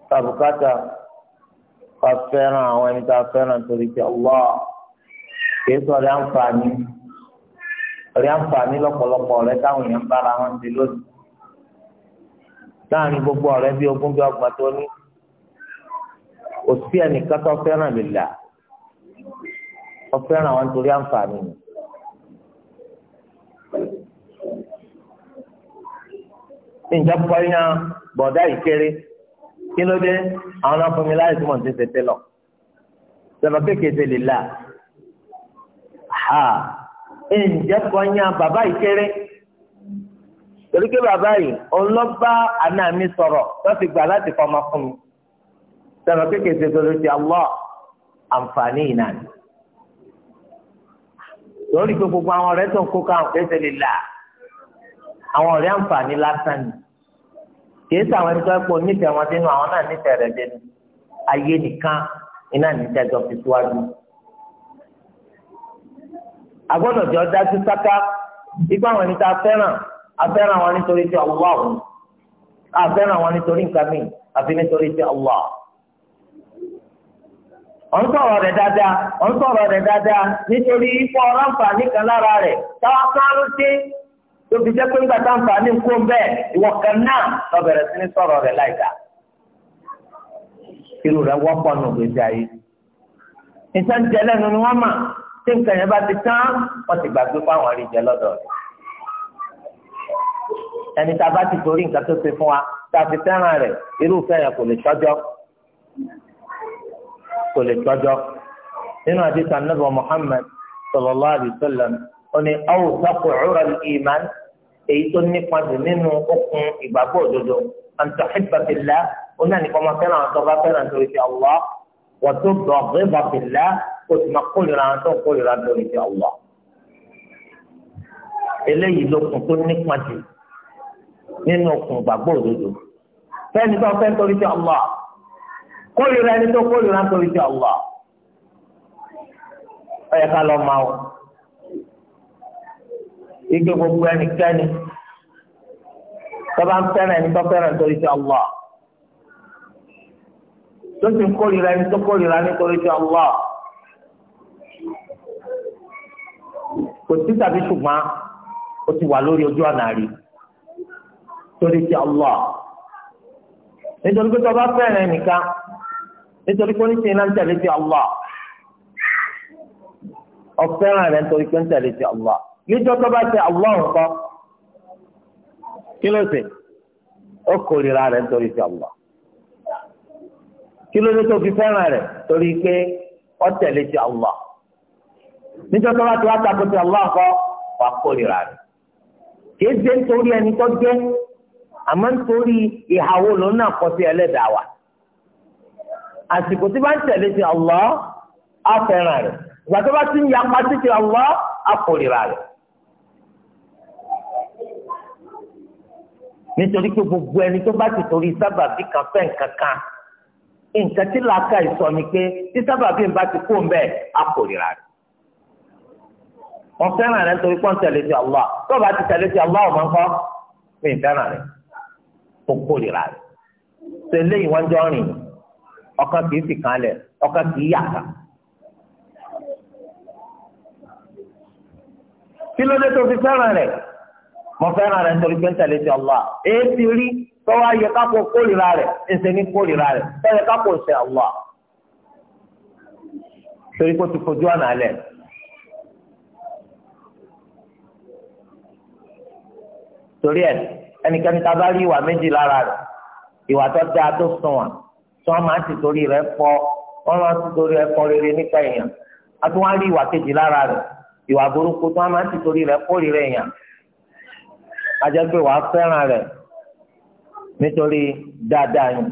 tàbùkátà ká fẹ́ràn àwọn ẹni tá a fẹ́ràn torí ti Allah kìí sọ ọ̀rẹ́ àǹfààní ọ̀rẹ́ àǹfààní lọ́pọ̀lọpọ̀ ọ̀rẹ́ táwọn èèyàn ń bára wọn ti lónìí láàrin gbogbo ọ̀rẹ́ bíi ogún bíi ọgbọ̀n tó ní kò sí ẹnìkan tó fẹ́ràn lèlà ó fẹ́ràn wọn torí àǹfààní ni. ǹjẹ́ pọ́nyá bọ̀dá ìkéré kí ló dé àwọn afọmi láyé tí mo ti ṣe tẹ́lọ̀ sọ̀rọ̀ kékeré lèlà ǹjẹ́ pọ́nyá bàbá ìkéré torí pé bàbá yìí òun àná mi sọ̀rọ̀ tó ti gbà láti fọmọ fún mi sọ̀rọ̀ kékeré tó ti Allah àǹfààní ìnà ni. lórí pé gbogbo àwọn ọ̀rẹ́ tó ń kó káwọn kéṣe lè là àwọn ọ̀rẹ́ àǹfààní lásán ni. kìí sàwọn ẹni tó ń pọ̀ nífẹ̀ẹ́ wọn dínú àwọn náà nífẹ̀ẹ́ rẹ̀ dínú ayé nìkan iná nífẹ̀ẹ́ jọ fi síwájú. àgbọ̀dọ̀ jọ dájú sáká ipá àwọn ẹni tá a fẹ́ràn a fẹ́ràn wọn nítorí ti Allah a fẹ́ràn wọn nítorí nǹkan mìíràn àfi nítorí ti Allah. ọ̀ ń sọ̀rọ̀ rẹ̀ dáadáa ọ̀ ń sọ̀rọ̀ rẹ̀ dáadáa nítorí ikú ọlọ́ǹfà nìkan lára rẹ̀ táwa kan ló dé tó fi jẹ́ pé nígbà tá àǹfààní ń kó bẹ́ẹ̀ ìwọ náà lọ bẹ̀rẹ̀ sí ní sọ̀rọ̀ rẹ̀ láìka. irú rẹ̀ wọ́pọ̀ nù gbèsè ayé. nǹkan jẹ lẹ́nu ni wọ́n mà tí nǹkan yẹn bá ti tán wọ́n ti gbàgbé fáwọn lọ́dọ̀ rẹ̀. ẹni tá a bá ti torí nǹkan tó ṣe fún wa tá a fi fẹ́ràn rẹ̀ irúfẹ́ yẹn kò lè ṣọ́jọ́. kò lè tọ́jọ́ nínú àdìsí anábọ̀ Muhammad sallallahu alaihi wasallam ó ní awo sako cura iman èyí tó nípa jù nínú okùn ìgbàgbọ́ òdodo antahibafilá ó náà nípa ọmọ fẹ́ràn àwọn tó bá fẹ́ràn torí ti Allah wọ́n tó dọ̀gbẹ́bàfilá kó sì máa kórìíra àwọn tó ń kórìíra torí ti Allah eléyìí lókun tó nípa jù nínú okùn ìgbàgbọ́ òdodo fẹ́ni tó fẹ́ torí ti Allah kórìíra ẹni tó kórìíra ń torí ti Allah ó yẹ ká lọ máa wọ igi gbogbo ẹnikẹ́ni tọ́ba ń fẹ́ràn ẹni tó fẹ́ràn nítorí ti Allah tó ti ń kórìíra ẹni tó kórìíra nítorí ti Allah kò sí tàbí ṣùgbọ́n ó ti wà lórí ojú ọ̀nà rí torí ti Allah nítorí pé tọ́ba fẹ́ràn ẹnìkan nítorí pé oníṣẹ́ iná ń tẹ̀lé ti Allah ọ̀fẹ́ràn rẹ̀ nítorí pé ń tẹ̀lé ti Allah níjọ́ tó bá tẹ Allah nǹkan kí ló ṣe ó kórìíra rẹ̀ nítorí ti Allah kí ló dé tó fi fẹ́ràn rẹ̀ torí pé ó tẹ̀lé ti Allah níjọ́ tó bá tẹ wá tako ti Allah nǹkan wà kórìíra rẹ̀ kì í ṣe nítorí ẹni tó jẹ́ àmọ́ nítorí ìhàwó lòun náà kọ́ sí ẹlẹ́dàá wa àsìkò tí bá ń tẹ̀lé ti Allah á fẹ́ràn rẹ̀ ìgbà tó bá ti ń yapa sí ti Allah á kórìíra rẹ̀. nítorí pé gbogbo ẹni tó bá ti torí sábàbí kan fẹ́ nǹkan kan nǹkan tí làákà ìsọ ni pé tí sábàbí ń bá ti kó ń bẹ́ẹ̀ á rẹ̀. wọ́n fẹ́ràn rẹ̀ nítorí pọ́n tẹ̀lé ti Allah tó bá ti tẹ̀lé ti Allah ọ̀mọ́ ńkọ́ fẹ́ràn rẹ̀ ó kórìíra rẹ̀ tẹ̀lé ìwọ́njọ́ yìí ọkàn kìí sì kanlẹ̀ ọkàn kìí yàtà. kí ló dé tó fi fẹ́ràn rẹ̀ mo fẹ́ràn rẹ̀ nítorí pé ń tẹ̀lé ti Allah èyí ti rí tọ́wọ́ ayẹ kápò kórìíra rẹ̀ ẹsẹ̀ ní kórìíra rẹ̀ tẹ́lẹ̀ kápò ṣe Allah torí kó ti fojú ọ̀nà alẹ̀. torí ẹ ẹnikẹ́ni tá a bá rí ìwà méjì lára rẹ̀ ìwà tó dáa tó sunwọ̀n tí wọ́n máa ti torí rẹ̀ pọ̀ wọ́n máa ti torí rẹ̀ pọ̀ rere nípa èèyàn àti wọ́n á rí ìwà kejì lára rẹ̀ ìwà burúkú tí wọ́n máa ti torí rẹ̀ pọ̀ rere èèyàn ajẹ́gbé wàá fẹ́ràn rẹ̀ nítorí dáadáa yìí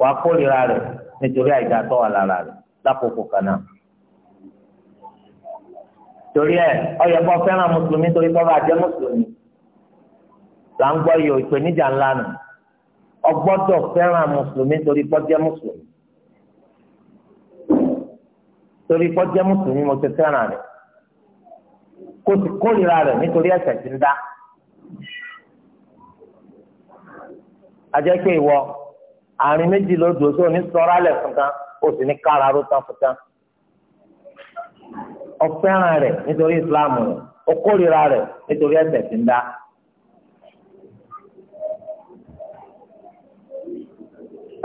wàá kórìíra rẹ̀ nítorí àìdàtọ̀ wà lára rẹ̀ lákòókò kan torí ẹ ọyọ bọ fẹ́ràn mùsùlùmí torí bọba jẹ mùsùlùmí là ń gbọ́ yòó ìpèníjà ńlá nù ọgbọ́dọ̀ fẹ́ràn mùsùlùmí torí pọ́jẹ́ mùsùlùmí torí pọ́jẹ́ mùsùlùmí mo ti fẹ́ràn rẹ̀ kó sì kórìíra rẹ̀ nítorí ẹ̀ṣẹ̀ tí ń dá. ajẹ́ pé ìwọ àárín méjì ló dùn sí òní sọ́ra lẹ̀ fún kan ó sì ní kára ló tán fún kan. ọ̀fẹ́ràn nítorí ìsìláàmù rẹ̀ ó kórìíra rẹ̀ nítorí ẹ̀ṣẹ̀ tí ń dá.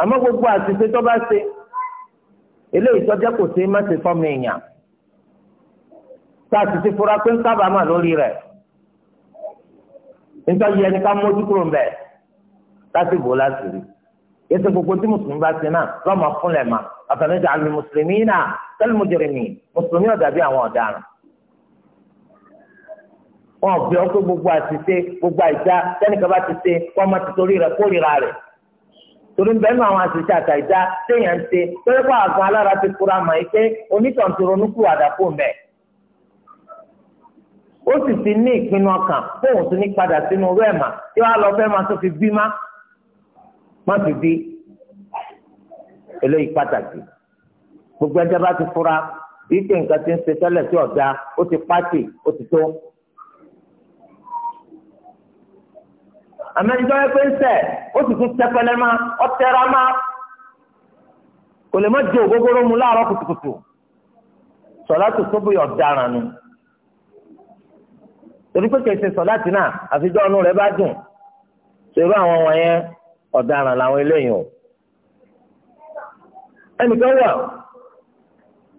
àmọ́ gbogbo àṣìṣe tó bá ṣe eléyìí tó jẹ́ kò ṣe má ṣe fọ́mọ èèyàn tá a ti ti fura pé ń kábàámà lórí rẹ̀ nítorí yẹ ni ká mójú kúrò mbẹ láti bò láti rí yẹtọ gbogbo tí mùsùlùmí bá ti náà lọ́mọ fúnlẹ̀ ma àfẹnujọ àmì mùsùlùmí náà tẹ́lẹ̀ mùjẹ̀rẹ̀mì mùsùlùmí ọ̀dà bí àwọn ọ̀daràn wọn ò bí ọ pé gbogbo àṣìṣe gbogbo àìjá sẹ́nìkan bá ti ṣe wọ́n má ti torí rẹ̀ kórìíra rẹ̀ torí bẹ́ẹ̀ náà àwọn àṣìṣe àtàìdá téèyàn ń ṣe pé kó àgbọn alára ti fura mọ̀ ẹ́ pé onítàn ti ronú kú àdàpọ̀ mẹ́. ó sì ti ní ìpinnu ọkàn fóun tún ní padà sínú owó ẹ̀mà tí wàá lọ fẹ́ máa tó fi bí má má fi bí eléyìí pàtàkì gbogbo ẹjẹ bá ti fura bí pé nǹkan ti ń ṣe tẹ́lẹ̀ sí ọ̀dà ó ti pàtì ó ti tó. àmẹ́nidọ́ yẹ pé ń sẹ̀ ó sì tún tẹpẹlẹ ma ọ tẹra ma kò lè má jẹ ògógóró mu láàárọ̀ kùtùkùtù sọlá tó tóbi ọ̀daràn ni torí pé kèsì sọlá tì náà àfijọ́ ọ̀nù rẹ̀ bá dùn ṣerú àwọn wọ̀nyẹn ọ̀daràn làwọn eléyìí o ẹnìkan wà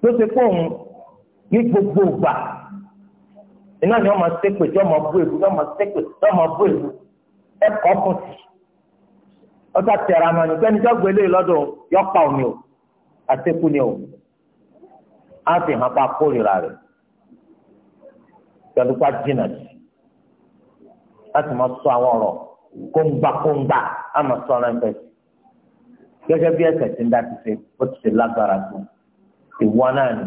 tó ti fún un ní gbogbo ìgbà iná ni wọ́n máa ṣépè tí wọ́n máa bú èlú tí wọ́n máa ṣépè tí wọ́n máa bú èlú ẹ̀kọ́ kùn ọjà tẹ̀ra mọ́ ni sẹ́ni jọ́gbé lé lọ́dọ̀ yọ́pà òní o àtẹ́kù ni o á fi hàn pa kórìíra rẹ̀ pẹ̀lú pa jìnnà sí láti máa sọ àwọn ọ̀rọ̀ kóńgbàkóńgbà á máa sọ ọ̀rọ̀ ẹ̀fẹ̀ sí gẹ́gẹ́ bí ẹ̀sẹ̀ tí ń dá ti ṣe ó ti ṣe lágbára tó ìwọ náà ni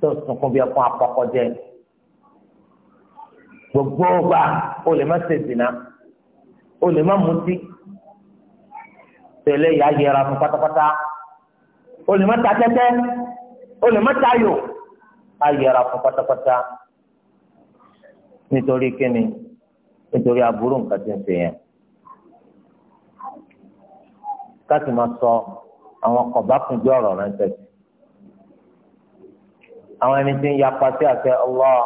tó sunkún bí ẹkún apọ́kọ́ jẹ́ gbogbo ọgbà o lè má ṣe zina o lè má mutí tẹ́lẹ̀ ìyá yẹra fún pátápátá o lè má ta tẹ́tẹ́ o lè má tayò a yẹra fún pátápátá nítorí kíni nítorí aburú nǹkan tí ń ṣe yẹn káàsì máa sọ àwọn kọba kùnjú ọ̀rọ̀ rẹ̀ ń tẹsí àwọn ẹni tí ń yapa sí àṣẹ Allah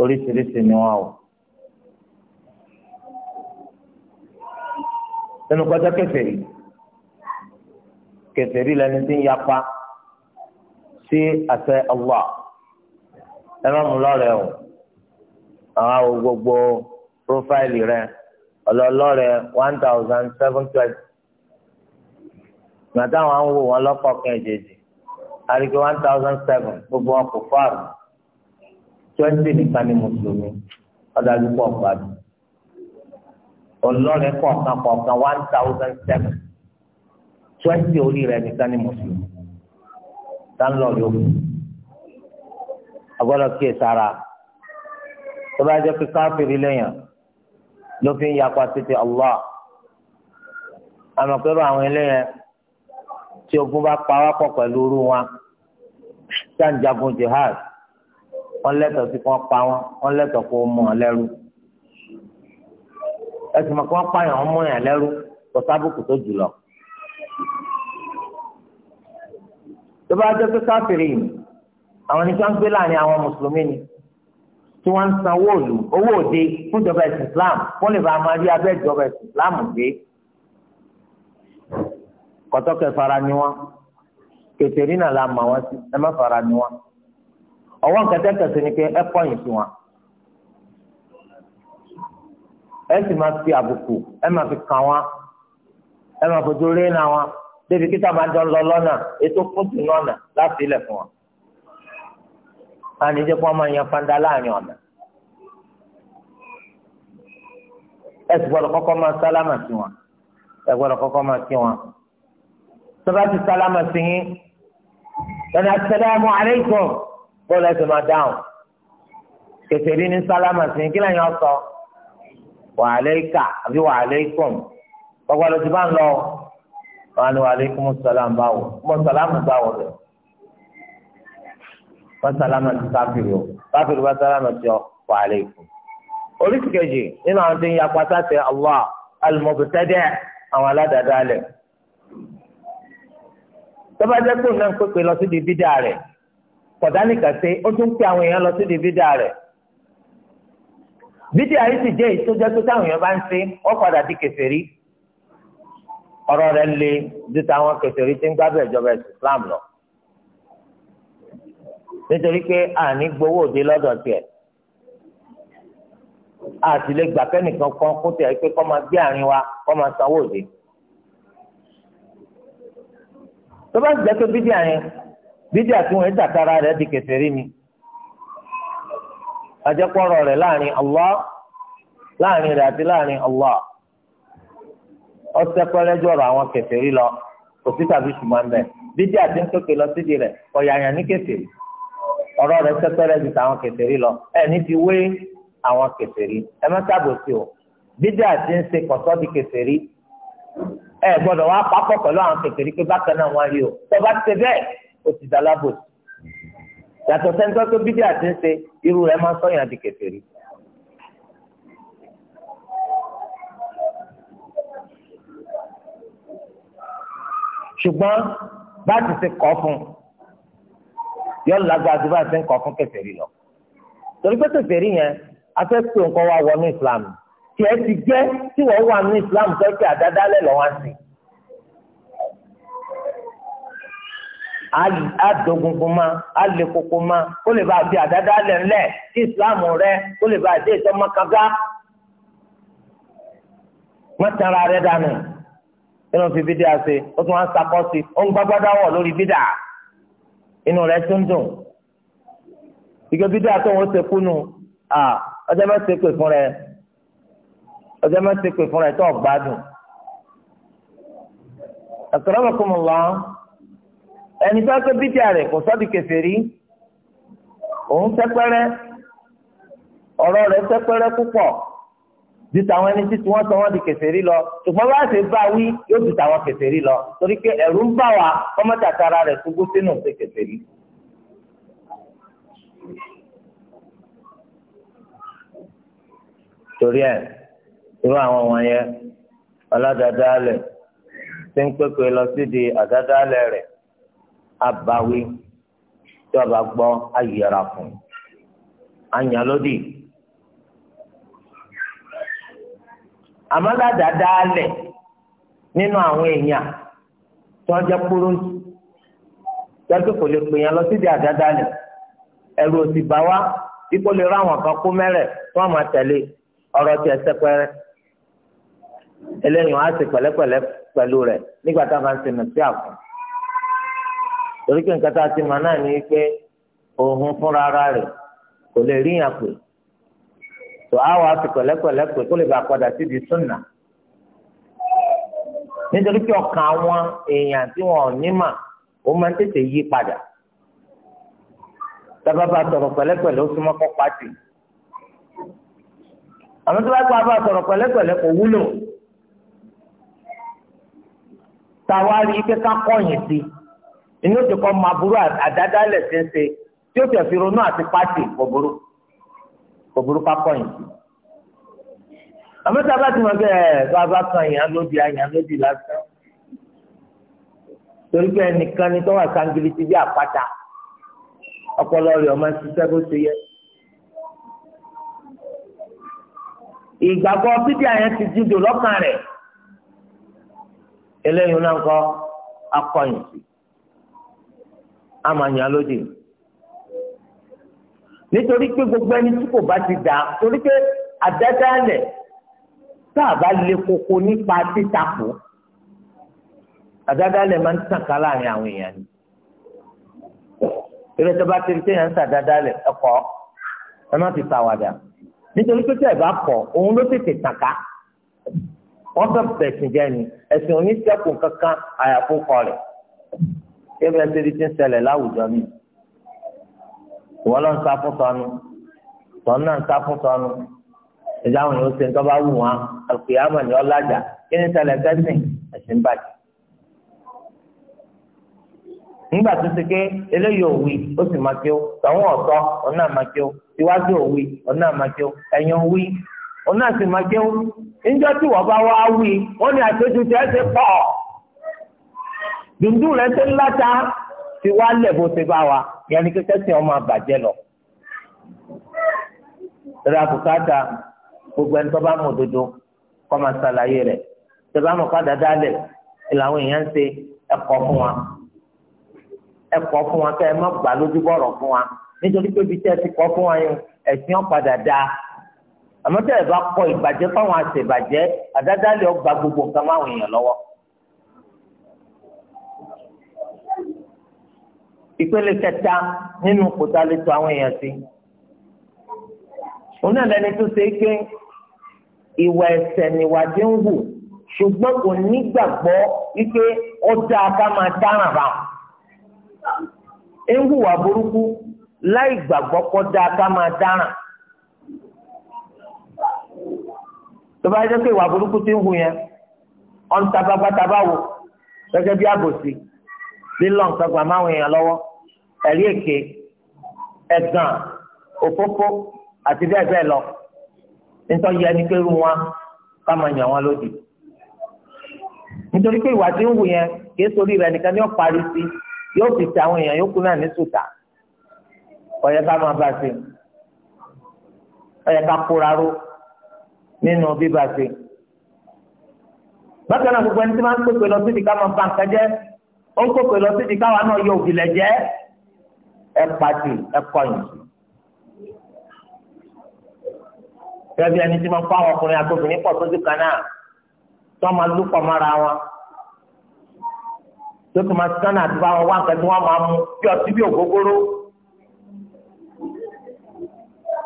oríṣiríṣi ni wọn o. nínú kọjá kèfèrí kèfèrí lẹni tí ń yapa sí àṣẹ Allah ẹ má mú lọ́rẹ̀ o àwọn gbogbo prófáìlì rẹ ọlọlọrẹ one thousand seven twenty gbàtà wọn wò wọn lọkọ kẹjẹjì àríkè one thousand seven gbogbo wọn kò fáàrù twenty nìkan ni mùsùlùmí ọ̀dà lùpọ̀ gbádùn ọlọ́rin kọ̀ọ̀kan kọ̀ọ̀kan one thousand seven twenty orí rẹ̀ nìkan ni mùsùlùmí táńlọ́ọ̀rì òkú agbọ́dọ̀ kí esara tó bá jẹ́ pé káfíìrì lẹ́yìn ló fi ń yapa títí Allah àmọ́ pé bá àwọn eléyẹn tí ogun bá pa wá pọ̀ pẹ̀lú irú wọn sáà jihad wọ́n lẹ́tọ̀ọ́ sí kó pa wọ́n wọ́n lẹ́tọ̀ọ́ kó mú ọ lẹ́rú ẹsùn mọ̀ kí wọ́n pààyàn ọmọ yàn lẹ́rú kò sábùkù tó jùlọ. tó bá jẹ́ pé káfíìrì yìí àwọn ẹni tí wọ́n ń gbé láàrin àwọn mùsùlùmí ni tí wọ́n ń san owó òlù owó òde fún ìjọba ẹ̀sìn Islam wọ́n lè bá máa rí abẹ́ ìjọba ẹ̀sìn Islam gbé. kọ́tọ́kẹ́ fara ni wọ́n kètèrínà la mọ̀ wọ́n sí ẹ má fara ni wọ́n ọwọ́ nǹkan tẹ́ tẹ̀sí ni pé ẹ kọ́yìn sí wọn ẹ sì máa fi àbùkù ẹ máa fi kàn wọn ẹ máa fojú rí náà wọn débi kí táwọn àjọ lọ lọ́nà ètò fúnjù lọ́nà láti ilẹ̀ fún wọn. àní jẹ́ kí wọ́n máa yan fanda láàrin ọ̀nà. ẹ sì gbọ́dọ̀ kọ́kọ́ máa sálámà sí wọn ẹ gbọ́dọ̀ kọ́kọ́ máa sí wọn. tó bá ti sálámà sí yín lọ́nà assalamu alaikum bọ́ọ̀lù ẹsẹ̀ máa dáhùn kẹsẹ̀rí ní sálámà sí kí lẹ́yìn ọ̀sọ́ wa alayka àbí wa alaykum gbogbo àlọ́ ti bá ń lọ wọn ni wa alaykum sàlámù báwò mọ sàlámù báwò rẹ wọn sàlámù ti káfíìrì o káfíìrì wọn ti ọ wa alaykum. oríṣi kejì nínú àwọn tí ń ya pátá tẹ Allah al-mubtadi' àwọn aládàáda lẹ tọ́bajẹ́ kó náà ń pèpè lọ sí ibi bídà rẹ̀ kọ̀dánìkà ṣe ó tún pé àwọn èèyàn lọ sí di bídà rẹ̀ bídà yìí sì jẹ́ èyí tó jẹ́ tó táwọn èèyàn bá ń ṣe ó padà di kèfèrí ọ̀rọ̀ rẹ̀ le ju táwọn kèfèrí tí ń gbábẹ́ ìjọba Islam lọ nítorí pé àní gbowó òde lọ́dọ̀ tiẹ̀ àti lè gbà kẹ́nìkan kan kó tẹ̀ pé kọ́ máa gbé àárín wa kọ́ máa sanwó òde tó bá jẹ́ pé bídà yẹn bídíà tí wọ́n ń dàtara rẹ̀ di kèfèrí ni ajẹ́pọ̀rọ̀ rẹ̀ láàrin Allah láàrin rẹ̀ àti láàrin Allah ọ̀sẹ̀ pẹ́rẹ́jọ́rọ̀ àwọn kèfèrí lọ kò sí tàbí ṣùgbọ́n bẹ́ẹ̀ bídíà tí ń pèpè lọ sídìí rẹ̀ ọ̀yàyàn ní kèfèrí ọ̀rọ̀ rẹ̀ sẹ́pẹ́rẹ́ ju tàwọn kèfèrí lọ ẹ̀ ní ti wé àwọn kèfèrí ẹ má sábòsí o bídíà tí ń ṣe di kèfèrí ẹ gbọ́dọ̀ wá pápọ̀ pẹ̀lú àwọn kèfèrí pé bákan náà wọ́n rí o tó bá ti bẹ́ẹ̀ ó ti da lábòsí yàtọ̀ sẹ́ńtọ́ tó bídí àti ń ṣe irú rẹ̀ máa ń sọ̀yàn di kèfèrí. ṣùgbọ́n bá ti ṣe kọ́ fún yọ lágbára tó bá ti ń kọ́ fún kèfèrí lọ. torí pé kèfèrí yẹn afẹ́ pé nǹkan wá wọnú ìsìlámù tí ẹ ti jẹ́ tí wọ́n wà ní ìsìlámù tó ṣe àdádálẹ̀ lọ́wọ́ sí i. àdógungun ma àlékoko ma kó lè bá a fi àdáda lẹ̀ ńlẹ̀ kí ìsìláàmù rẹ kó lè bá a dé ìtọ́mọ́kágá wọ́n tara rẹ dànù inú fi bídíà ṣe ó tún wá ń sakọ́ sí ó ń gbágbádá wọ̀ lórí bídà inú rẹ tó ń dùn ìgbẹ́ bídíà tó ń ṣe kúnnù ọjọ́ bá ṣe pè fún rẹ ọjọ́ bá ṣe pè fún rẹ tó ọ̀gbádùn. akramakumullah ẹni tó ké bídíà rẹ̀ kò sọ́dí kèfèrí òun sẹ́pẹ́rẹ́ ọ̀rọ̀ rẹ̀ sẹ́pẹ́rẹ́ púpọ̀ ju tàwọn ẹni tí wọ́n sọ wọ́n di kèfèrí lọ ṣùgbọ́n bá ṣe bá wí yóò ju tàwọn kèfèrí lọ torí pé ẹ̀rù ń bà wá kọ́mọ́tàtara rẹ̀ ṣubú sínú ṣe kèfèrí. torí ẹ irú àwọn wọ̀nyẹn aládàáda alẹ tí ń pépè lọ sídìí àdáda alẹ rẹ̀ abawí tí ọba gbọ́ ayẹra fún anyalódì amagada dálẹ̀ nínú àwọn èèyàn tí wọ́n jẹ́ kúrú jẹ́kí kò lè pè yẹn lọ síbi àdáda lẹ̀ ẹ̀rù òsì bá wá ipò lè rá àwọn kan kú mẹ́rẹ̀ tí wọ́n máa tẹ̀lé ọ̀rọ̀ tiẹ̀ sẹ́pẹ́rẹ́ eléyìí wọ́n á sì pẹ̀lẹ́pẹ̀lẹ́ pẹ̀lú rẹ̀ nígbà tá a bá ń sinmi sí àkùn torí pé nǹkan tá a ti mọ̀ náà ni pé òun fúnra ara rẹ̀ kò lè rí yàn pé tó a wà á ti pẹ̀lẹ́pẹ̀lẹ́ pé kó lè bá padà síbi súnà nítorí pé ọkàn àwọn èèyàn tí wọn ò ní mà ó máa ń tètè yí padà tábàbà sọ̀rọ̀ pẹ̀lẹ́pẹ̀lẹ́ ó súnmọ́ kọ́ pàtì àmọ́ tó bá gbọ́ abá sọ̀rọ̀ pẹ̀lẹ́pẹ̀lẹ́ kò wúlò táwa rí i pé ká kọ̀yìn sí i inú ti kọ́ máa burú àdádálẹ̀ ṣe ń ṣe tí ó tẹ̀ fi ronú àti pátì kò burú kò burú pápọ̀ yìí sí. àmọ́tá bá ti mọ̀ bẹ́ẹ̀ bá bá kan yàn lódì àyàn lódì lásán torí pé ẹnìkan ni tó wà sáńgìlì ti bí àpáta ọpọlọ rẹ̀ ọmọ ṣiṣẹ́ bó ṣe yẹ. ìgbàgbọ́ bíbí àyàn ti jíjò lọ́kàn rẹ̀ eléyìí náà kọ́ akọ̀yìn sí á máa yàn lódì nítorí pé gbogbo ẹni tí kò bá ti dà torí pé àdádálẹ̀ tá a bá lè koko nípa títakò àdádálẹ̀ máa ń tàn ká láàrin àwọn èèyàn ni ìrẹsẹ̀ bá ti rí téèyàn ń sàdádálẹ̀ ẹ̀kọ́ ẹ má ti sàwádà nítorí pé tí ẹ bá kọ̀ òun ló tètè tàn ká wọ́n fẹ́ bẹ̀sìn jẹ́ ni ẹ̀sìn oníṣẹ́kùn kankan àyàfó kọ rẹ̀ kébẹ̀ síbi tí ń ṣẹlẹ̀ láwùjọ mi ìwọ lọ ń sá fún sọnù sọnù náà ń sá fún sọnù ìjà àwọn èèyàn ṣe ń tọ́ wù wọn àlùkìyàmọ̀ ni ọlájà kí ni ṣẹlẹ̀ tẹ́sìn ẹ̀sìn bàjẹ́ nígbà tó ṣe pé eléyìí òwi ó sì máa kíó tàwọn ọ̀tọ̀ òun náà máa kíó iwájú òwi òun náà máa kíó ẹ̀yìn òwi òun náà sì máa kíó níjọ́ tí wọ́n bá wá wí wọ́n ní àtẹ́jú tí ẹ ṣe pọ̀ dundun rẹ̀ ṣe ńlá ti wá lẹ̀ bó ṣe bá wa yẹn ni kẹ́kẹ́ sìn ọmọ àbàjẹ́ lọ. rẹ̀ àbùkátà gbogbo ẹni tó bá mọ̀ òdodo kọ́ máa ṣàlàyé rẹ̀ tó bá mọ̀ padà dálẹ̀ ìlànà èèyàn ń ṣe ẹ̀kọ́ fún wa ẹ̀kọ́ fún wa kẹ́ ẹ má gbà lójú bọ̀rọ̀ fún wa nítorí pé ibi tí ẹ ti kọ́ fún wa yẹn ẹ̀sìn ọ̀padà dáa àmọ́ tẹ́ bá kọ ìbàjẹ́ fáwọn àṣebàjẹ́ àdádálẹ̀ ọgbà gbogbo nǹkan máa wọ̀nyàn lọ́wọ́. ìpele kẹta nínú kòtà lè tó àwọn èèyàn sí òun náà lẹni tó ṣe é pé ìwà ẹ̀ṣẹ̀ níwájú ń wù ṣùgbọ́n kò nígbàgbọ́ wípé ọjà ká máa dáràn bá ń hùwà burúkú láì gbàgbọ́ kọjá ká máa dáràn. tó bá jẹ́ pé ìwà burúkú ti ń hù yẹn ọ̀n tabagbátabá wò gẹ́gẹ́ bí àbòsí lílọ̀ nǹkan gbà máwọn èèyàn lọ́wọ́ ẹ̀rí èké ẹ̀gàn òfófó àti bẹ́ẹ̀ bẹ́ẹ̀ lọ nítorí ẹni pé irú wọn ká máa yàn wọn lódì nítorí pé ìwà tí ń wù yẹn kì í sórí rẹ nìkan ní ó parí sí yóò fi ti àwọn èèyàn yòókù náà ní sùtà ọ̀yẹ ká máa bá sí ọ̀yẹ ká kóra ró nínú bíbá sí bákan náà gbogbo ẹni tí wọ́n ń pèpè lọ sí ìdíkà máa bá nǹkan jẹ́ ó ń pèpè lọ sí ìdíkà wa náà yọ òbílẹ̀ jẹ́ ẹ pàtì ẹ kọ̀yìn tẹ́bí ẹni tí wọ́n kọ́ àwọn ọkùnrin àti obìnrin pọ̀ sójú kan náà tí wọ́n máa lúpọ̀ mọ́ra wọn tó tó máa sọ́nà àti báwọn wá nǹkan tí wọ́n máa mú bí ọtí bí ògógóró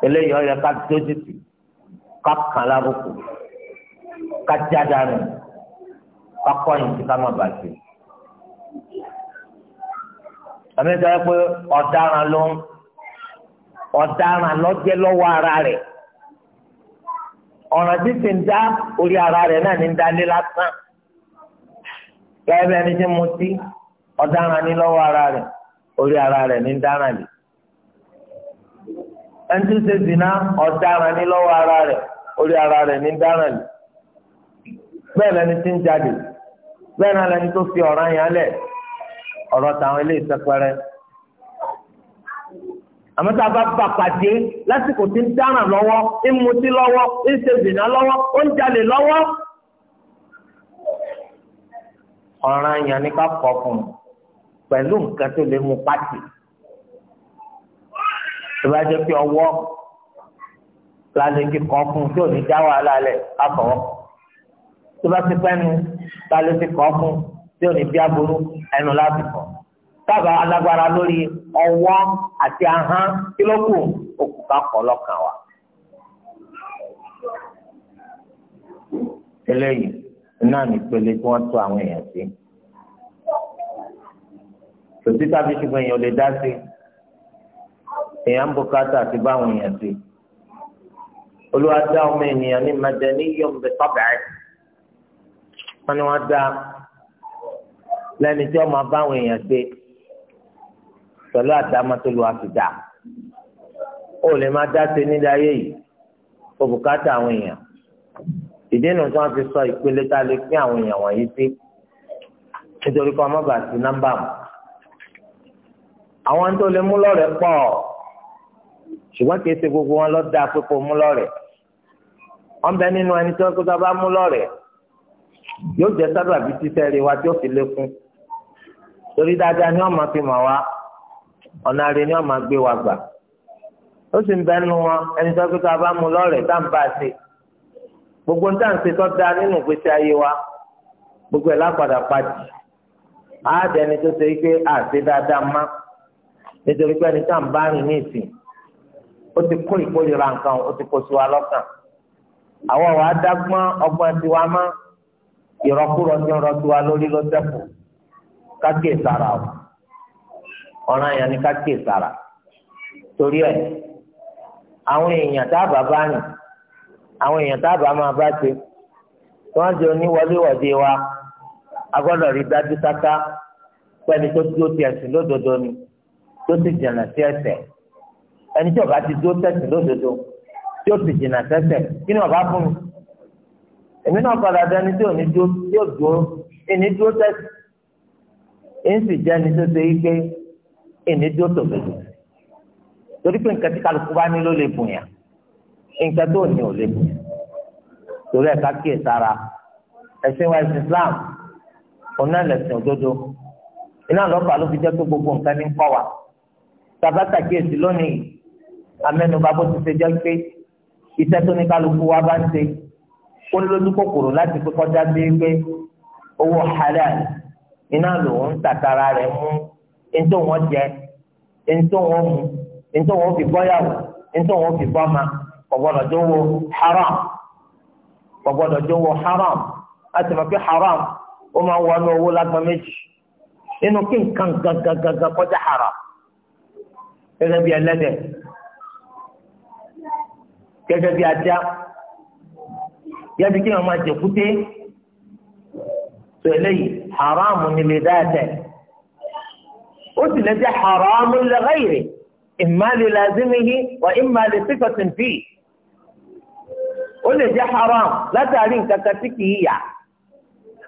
eléyìí ọyọ ká dójú tì ká kàn lábùkù ká jáde àná ká kọ́ ẹ̀yìn ká má bàjẹ́ àmì sọ pé ọ̀daràn ló ń ọ̀daràn lọ́jẹ́ lọ́wọ́ ara rẹ̀ ọ̀ràn títí ń dá orí ara rẹ̀ náà ní ń dálé lásán láìpẹ́ ẹni tí mo ti ọ̀daràn ní lọ́wọ́ ara rẹ̀ orí ara rẹ̀ ní ń dáràn lè ẹni tí ń ṣe zina ọ̀daràn ní lọ́wọ́ ara rẹ̀ orí ara rẹ̀ ní ń dáràn lè bẹ́ẹ̀ lẹni tí ń jáde bẹ́ẹ̀ náà lẹni tó fi ọ̀ràn yẹn lẹ̀ ọ̀rọ̀ táwọn ilé ìsẹpẹrẹ àmọ́ tá a bá bá pàdé lásìkò tí ń dáràn lọ́wọ́ ń mutí lọ́wọ́ ń ṣe zìnà lọ́wọ́ ó ń jalè lọ́wọ́ ọ̀ràn yẹn ni ká kọ́ fún un pẹ̀lú nǹkan tó lè mú pàtì tó bá jẹ́ pé ọwọ́ la lè fi kọ́ fún un tí ò ní dá wàhálà lẹ̀ ká fọwọ́ tó bá ti pẹ́nu la lè fi fún tí ò ní bí aburú ẹnu láti kọ sábà alágbára lórí ọwọ́ àti ahọ́n kí ló kù òkú ká kọ́ lọ́kàn wa. eléyìí náà nípele tí wọ́n tó àwọn èèyàn sí. tòsí tàbí ṣùgbọ́n èèyàn lè dá sí èèyàn ń bùkátà àti bá èèyàn sí. olúwa dá ọmọ ènìyàn ní madaniyum bi tab'i ẹ̀ wọ́n ní wọ́n dá lẹ́ni tí wọ́n máa bá àwọn èèyàn ṣe pẹ̀lú àdámọ́tòlù àfìdá ó lè máa dá ṣe nílé ayé yìí kó bùkátà àwọn èèyàn ìdí nu tí wọ́n fi sọ ìpele tá a lè pín àwọn èèyàn wọ̀nyí sí nítorí kó ọmọ bàá sí nọ́mbà mu àwọn tó lè mú lọ́rẹ̀ẹ́ pọ̀ ṣùgbọ́n kì í ṣe gbogbo wọn lọ da pípò mú lọ́rẹ̀ẹ́ wọ́n bẹ nínú ẹni tó kó tó mú lọ́rẹ̀ẹ́ yóò jẹ́ sábàbí títẹ́ rí wa tí ó fi lékún torí dáadáa ni wọ́n máa fi mọ̀ wá ọ̀nà rẹ̀ ni wọ́n máa gbé wa gbà ó sì ń bẹ́ nu wọn ẹni tó fi ká bá mu lọ́rẹ̀ẹ́ tá à ń bá a ṣe gbogbo níta ń ṣe tó dáa nínú ìgbésí ayé wa gbogbo ẹ̀ lápadà pàjì á dẹni tó ṣe pé àṣe dáadáa má nítorí pé ẹni tá à ń bá rìn ní ìsìn ó ti kó ìkórìíra nǹkan ó ti kó sí wa lọ́kàn àwọn wàá dágbọ́n ọgbọ́n tiwa mọ́ ìrọ́kúrọ́ tí ń rọ́ tiwa lórí ló dẹ́kun kákè sára o ọ̀ràn yẹn ni kákè sára torí ẹ̀ àwọn èèyàn tá a bá bá nì àwọn èèyàn tá a bá máa bá ṣe tí wọ́n jẹ́ oníwọléwọ̀de wa a gbọ́dọ̀ rí dájú sáká pẹ́ni tó dúró ti ẹ̀sìn lódodo ni tó sì jìnnà sí ẹ̀ṣẹ̀ ẹni tí ó bá ti dúró tẹ̀sìn lódodo tí ó sì jìnnà sẹ́ṣẹ̀ kí ni ọba fún mi èmi náà padà dání tí ò ní dúró tí ò dúró ìní dúró tẹ̀sìn èsì jẹ́ ni tó ṣe wípé èmi dúró tó bẹ̀rù torí pé nǹkan tí kálukú bá ní ló lè bùn yàn nǹkan tó ní ò lè bùn yàn torí ẹ̀ka kíyè sára ẹ̀sìn wa ẹ̀sìn Islam òun náà lẹ̀sìn òdodo iná lọ́pàá ló fi jẹ́ pé gbogbo nǹkan ní ń kọ́ wa tabata kíyèsí lónìí amẹ́nuba bó ti ṣe jẹ́ pé iṣẹ́ tó ní kálukú wa bá ń ṣe ó lójú kòkòrò láti pé kọjá sí pé owó halal iná lòun tàkàrà rẹ̀ mú ntó wọn jẹ ntó wọn mu ntó wọn fi bọ́yàwó wọn fi ọ̀gbọ́dọ̀ tó haram ọ̀gbọ́dọ̀ tó haram láti mọ̀ haram ó máa owó lágbọ́n méjì nínú kí kọjá haram gẹ́gẹ́ bí ẹlẹ́dẹ̀ gẹ́gẹ́ bí ajá kí wọ́n máa tẹ̀lé yìí haramu ni lè dáadáa ó sì lè jẹ́ haramu li ghayri imma li lazimihi wa imma li sifatin fi ó lè jẹ́ haram látàrí nǹkan kan tí kìí yà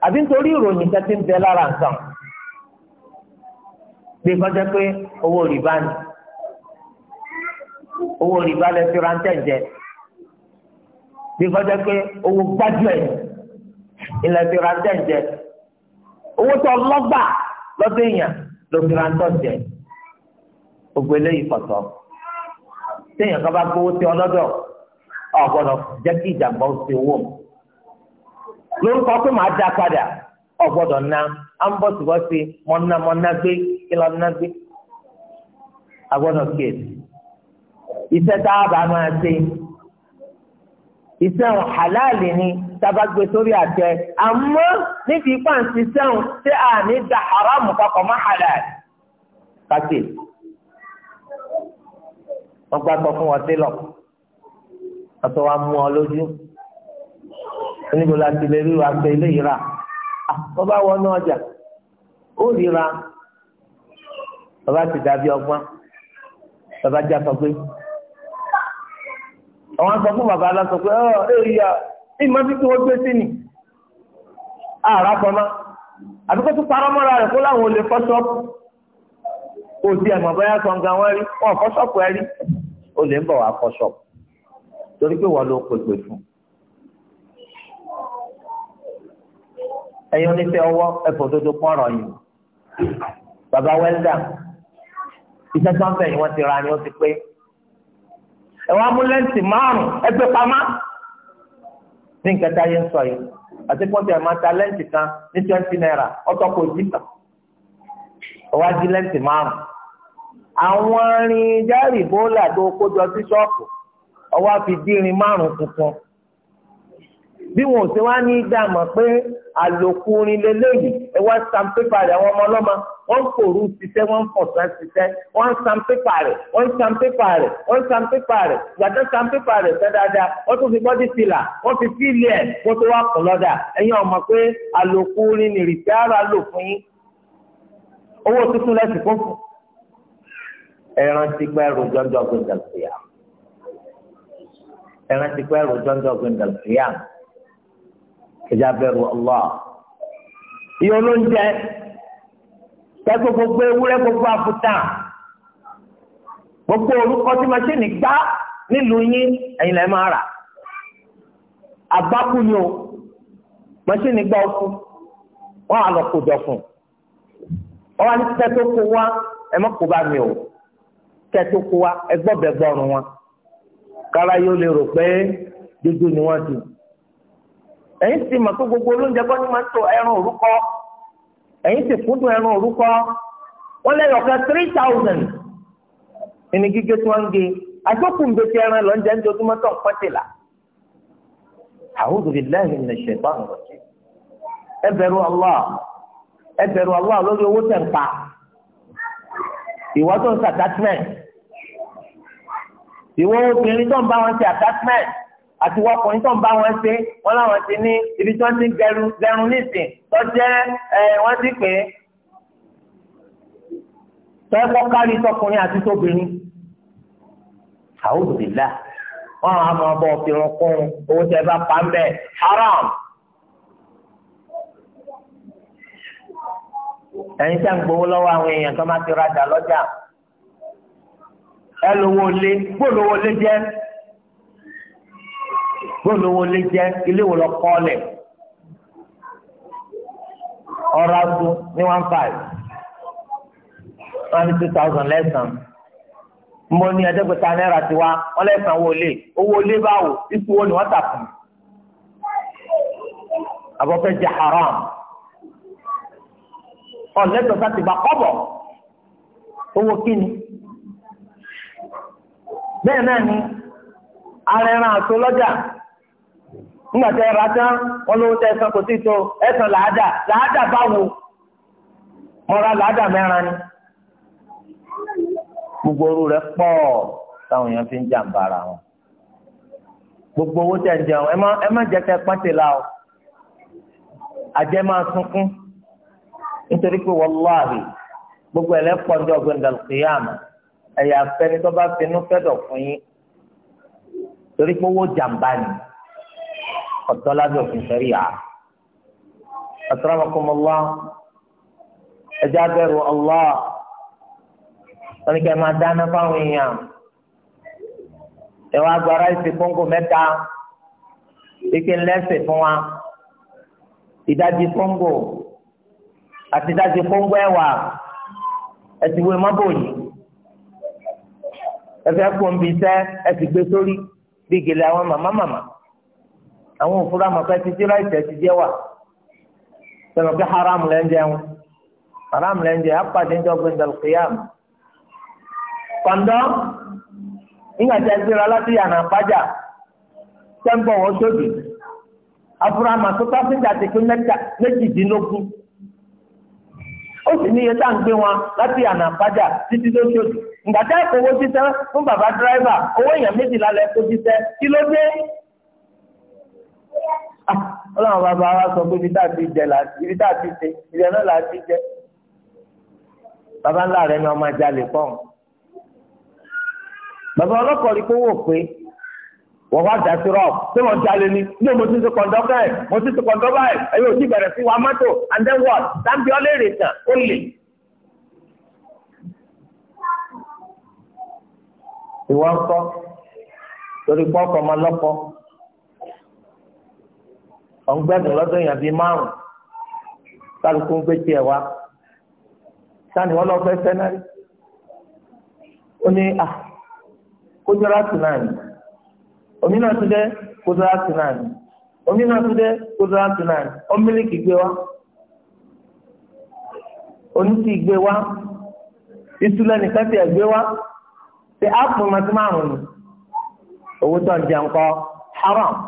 àbí nítorí ìròyìn kan tí ń bẹ lára nǹkan bí kọjá pé owó rìbá ni owó rìbá lè fi rántẹ̀ jẹ bí kọjá pé owó gbájú ẹ̀ ni ilẹ̀ fi rántẹ̀ jẹ. owó tó lọ́gbà lọ́dọ̀ èèyàn ló fi rántọ́ jẹ gbogbo eléyìí pọ̀tọ́ téèyàn kan bá gbowó tí ọlọ́dọ̀ ọ̀gbọ́dọ̀ jẹ́ kí ìjàmbá ó ti wò lórúkọ pé màá dá padà ọ̀gbọ́dọ̀ ná à ń bọ̀ síbọ̀ sí mọ́ná mọ́ná gbé kí lọ́ ná gbé agbọ́dọ̀ kéèdì iṣẹ́ tá a bá máa ṣe iṣẹ́ wọn ni. tàbá gbé sórí àtẹ àmọ́ níbi ipá ń ṣiṣẹ́ òun ṣé à ní da haramu kakọ̀ má halal kàtì wọ́n gbá tọ́ fún wọn sílọ̀ ọ̀tọ̀ wa mú ọ lójú níbo la ti lè ríra pé eléyìí rà wọ́n bá wọnú ọjà ó ríra bàbá ti dàbí ọgbọ́n bàbá já sọ pé àwọn sọ fún bàbá lọ sọ pé ọ ẹ yà ìmọ̀ bí kí wọ́n gbé sí ni ààrá fọmá àbí kó tún parọ́ mọ́ra rẹ̀ kó láwọn olè fọ́ṣọ́ọ̀pù kò sí ẹ̀mọ̀ bóyá sọ̀ǹgà wọn rí wọn fọ́ṣọ́ọ̀pù ẹ rí olè ń bọ̀ wá fọ́ṣọ́ọ̀pù torí pé wọ́n ló pèpè fún. ẹ̀yin oníṣẹ́ ọwọ́ ẹ̀fọ́ dodo pọ́nrọ̀ yìí bàbá wẹ́ndà iṣẹ́ sọ́ńfẹ̀ ni wọ́n ti ra ni ó ti pé ẹ̀wọ̀n amúlẹ́ǹtì márùn-ún ẹgbẹ́ pamá. ní nǹkan tá a yẹ ń sọ yìí ta lẹ́ǹtì kan ní twenty naira ọ̀tọ̀ kò jí kan ọwá jí lẹ́ǹtì márùn. àwọn arìnrìn járe bóòlà kójọ sí ṣọ́ọ̀kù fi dín irin márùn tuntun bí wọn ò ṣe wá ní dá mọ̀ pé àlòkù orin lélẹ́yìí ẹ wá sanpépà rẹ̀ àwọn ọmọ ọlọ́mọ wọ́n fòru ṣiṣẹ́ wọ́n fọ̀sán ṣiṣẹ́ wọ́n sanpépà rẹ̀ wọ́n sanpépà rẹ̀ wọ́n sanpépà rẹ̀ gbàdá sanpépà rẹ̀ tẹ́ dáadáa wọ́n tún fi bọ́dí fìlà wọ́n fi fíìlì ẹ̀ wọ́n tó wá kọ̀ lọ́dà ẹ̀yin ọmọ pé àlòkù orin nìrìsẹ́ ara lò fún yín owó tuntun lẹ́sìn fún fún ẹran ti pẹ́ ro jọ́njọ́ gbẹ̀ngàn fìyà ẹran ti pẹ́ ro jọ́njọ́ gbẹ̀ngàn ẹja bẹ̀rù Allah iye olóúnjẹ tẹ́gbọ́ gbogbo ewúrẹ́ gbogbo àfúta gbogbo orúkọ tí màṣẹ́nì gbá nílùú yín ẹ̀yin lẹ́ẹ̀ máa rà gba ni o màṣẹ́nì gbá ọkù fún ní kó bá mi o kó wá wọn yóò lè rò pé ẹ̀yin sì mọ̀ pé gbogbo olóúnjẹ kọ́ ni máa ń to ẹran òrúkọ ẹ̀yin sì kúndùn ẹran òrúkọ wọ́n lẹ́yìn ọ̀kan three thousand ẹni gígé tí wọ́n ń gé àjọkùn bẹ́tẹ̀ ẹran lọ́njẹ́ ń dojúmọ́ tó ń pọ́tìlà a'udhu billahi minash shaitani rajim ẹ bẹ̀rù Allah ẹ bẹ̀rù Allah lórí owó tẹ̀ ń pa ìwọ tó ń ṣe attachment ìwọ obìnrin tó ń bá wọn ṣe attachment àti wọ́n ọkùnrin tó ń bá wọn ṣe wọ́n láwọn ti ní ibi tí wọ́n ti gẹrun nísìn tó jẹ́ wọ́n ti pè é tọ́ ẹ̀kọ́ kárí tọkùnrin àti tóbìnrin àwòdìlá wọn àwọn àmọ́ ọba ọ̀fìrún kún owó tẹ bá pa ń haram. ẹ̀yin tí a ń gbowó lọ́wọ́ àwọn èèyàn tó máa ti rajà lọ́jà ẹ lówó lé gbólówó lé jẹ́ bóòlówó lé jẹ́ ilé wo lọ kọ́ lẹ̀ ọ̀rọ̀ ọdún ní one five one two thousand lẹ́sàn-án mo ní ẹ̀ẹ́dẹ́gbẹ̀ta náírà ti wá wọ́n lẹ́sàn-án owó lé owó lé báwo ikú wo ni wọ́n tà fún mi àbọ̀fẹ́ haram ọ̀lẹ́tọ̀ sáti bá kọ́bọ̀ owó kíni bẹ́ẹ̀ náà ni arẹran àti ọlọ́jà nígbàtí ẹ bá tán wọn lówó tẹ ẹsan kò tíì tó ẹsan làádà làádà báwo mọ́ra làádà mẹ́ran ni gbogbo orú rẹ pọ̀ táwọn èèyàn fi ń jàǹbá ara wọn gbogbo owó tẹ̀ ń jẹun ẹ má jẹ́ kẹ́ pọ́ńtì la o àjẹ́ máa sunkún nítorí pé wàláhì gbogbo ẹ̀ lẹ́pọ̀ ní ọ̀gbìn dàlùkìyàmù ẹ̀yà afẹ́ni tó bá finú fẹ́dọ̀ fún yín torí pé owó jàǹbá ni ọ̀tọ̀ lábẹ́ òfin ṣẹ̀ríà akramakumullah ẹjẹ abẹrù Allah oníkẹ́ máa dáná fáwọn èèyàn ẹwà agbára ìsìn kóńgò mẹ́ta ike ńlẹ́sẹ̀ fún wa ìdajì kóńgò àti ìdajì kóńgò ẹ̀wà ẹ̀sìnwó mọ́bòyì ẹ̀fẹ́ kó ń bi iṣẹ́ ẹ̀sìn gbé sórí bí gèlè àwọn màmá màmá. àwọn òfurufú amọ̀pẹ́ ti jẹ́ láìsẹ̀ ti jẹ́ wà sọ̀rọ̀ pé haram lẹ́ ń jẹun haram lẹ́ ń jẹ apàdé ń jọgbìn dàlùkìyàm. kọ̀ńdọ́ láti yànnà àpájà tẹ́ńpọ̀ wọ́n sódì àfúrà àmà tó pásítà méjìdínlógún ó sì tá à ń gbé wọn láti àpájà títí tó owó fún ọlọ́run bàbá wa sọ pé ibi tá a ti jẹ láti ibi tá a ti ṣe ibi ẹ̀ náà là á ti jẹ bàbá ńlá rẹ̀ ni ọmọ ajalè pọ̀n bàbá ọlọ́kọ̀ rí kówó pé wọ́n wá dá sí rọ́ọ̀bù tí wọ́n jalè ni ní mo ti ti kọ̀ǹdọ́kọ̀ ẹ̀ mo ti ti kọ̀ǹdọ́kọ̀ ẹ̀ ẹ̀yìn òjì bẹ̀rẹ̀ sí wa mọ́tò and then what dáńbí ọlẹ́rìí tàn ó lè. ìwọ ń kọ́ torí pọ́ọ̀kọ̀ ọmọ lọ́kọ̀ọ́. ọ̀n gbẹ́dùn lọ́dọ̀ ya bíi márùn kálukú ń gbé tiẹ̀ wá sani wọn lọ fẹ́ sẹ́nárì ó ní à kójọ́ra náà ni omi náà tún náà ni omi náà tún náà ni ọmọlẹ́kì gbé wá oníṣì gbé wá nìkan tiẹ̀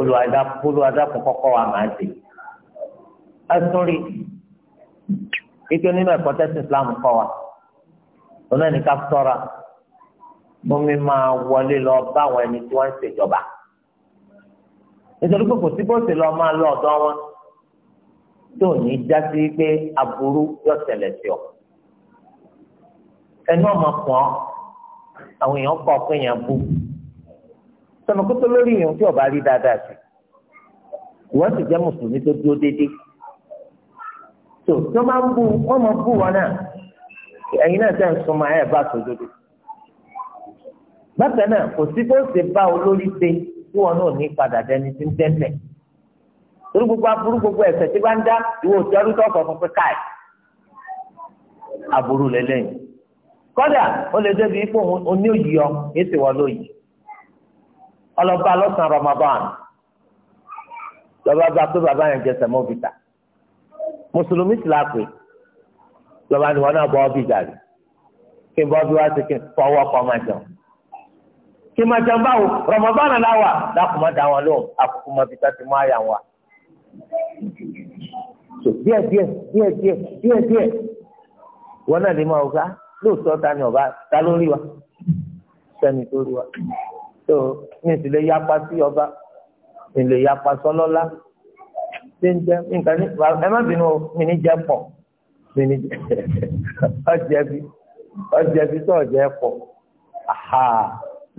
olùwàdàkùn kọ́kọ́ wa máa ṣe. ẹ̀sùnrí ike nínú ẹ̀kọ́ tẹ́sí Islam kọ́ wa ọ̀nà ní ká tọ́ra omi máa wọlé lọ báwọn ẹni tí wọ́n ń ṣèjọba. nítorí pé kò sí bó ṣe lọ máa lọ ọ̀dọ́ wọn tó ní já sí pé aburú yóò tẹ̀lẹ̀ sí ọ. ẹnu ọmọ kan àwọn èèyàn kọ̀ pé èèyàn bú sọmọkótó lórí ìyẹn tí ọba rí dáadáa sí ìwọ sì jẹ́ mùsùlùmí tó dúró déédéé tó tó máa ń bú wọn máa bú wọn náà ẹ̀yin náà sẹ ń súnmọ́ ẹ bá sòdodo bákan náà kò sí bó ṣe bá olórí ṣe tí wọn náà ní padà dẹni tí ń tẹ́tẹ̀ torí gbogbo aburú gbogbo ẹ̀ṣẹ̀ tí bá ń dá ìwọ òtí ọdún tó kọ̀ káì aburú lẹ́lẹ́yìn kódà ó lè débi ipò oní òyìí ọ èsì wọn lóyìí ọlọ́ba lọ́sàn Ramadan lọ́ba gba pé bàbá yẹn jẹ sẹ̀mọ́fìtà mùsùlùmí sì lápè lọ́ba ni wọn náà bọ́ ọ́bì gàrí kí n bọ́ bí wá sí kí n fọwọ́ kọ́ máa jẹun kí n máa jẹun báwo Ramadan náà wà lákùmọ́ da wọn lóhùn àkùkù mọ́fìtà ti mú àyà wa so díẹ̀ díẹ̀ díẹ̀ díẹ̀ díẹ̀ díẹ̀ wọn náà lè máa wò ká ah, lóòótọ́ ta ni ọba ta ló rí wa sẹ́ni tó rí wa tó mi sì lè yapa sí ọba mi lè yapa sọlọ́lá ṣé ń jẹ nǹkan ní ẹ má bínú mi ní jẹ pọ̀ mi ní ọjẹ bí ọjẹ bí tó ọjẹ pọ̀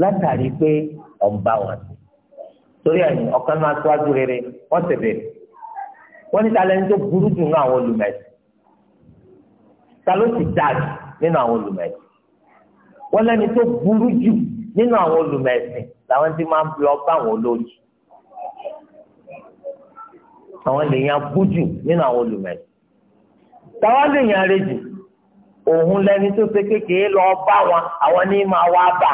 látàrí pé ọba wọn torí ẹ̀yìn ọ̀kan máa tọ́jú rere wọ́n ti bèrè wọ́n ní talẹ́ ní tó burú jù nínú àwọn olùmẹ̀sì ta ló ti dáa jù nínú àwọn olùmẹ̀sì wọ́n lẹ́ni tó burú jù nínú àwọn olùmẹ̀sìn làwọn ti máa ń lọ bá àwọn olórí àwọn lèèyàn bújù nínú àwọn olùmẹ̀sìn táwọn lèèyàn rejù òun lẹni tó ṣe kékeré lọ bá wọn àwọn ní máa wá bà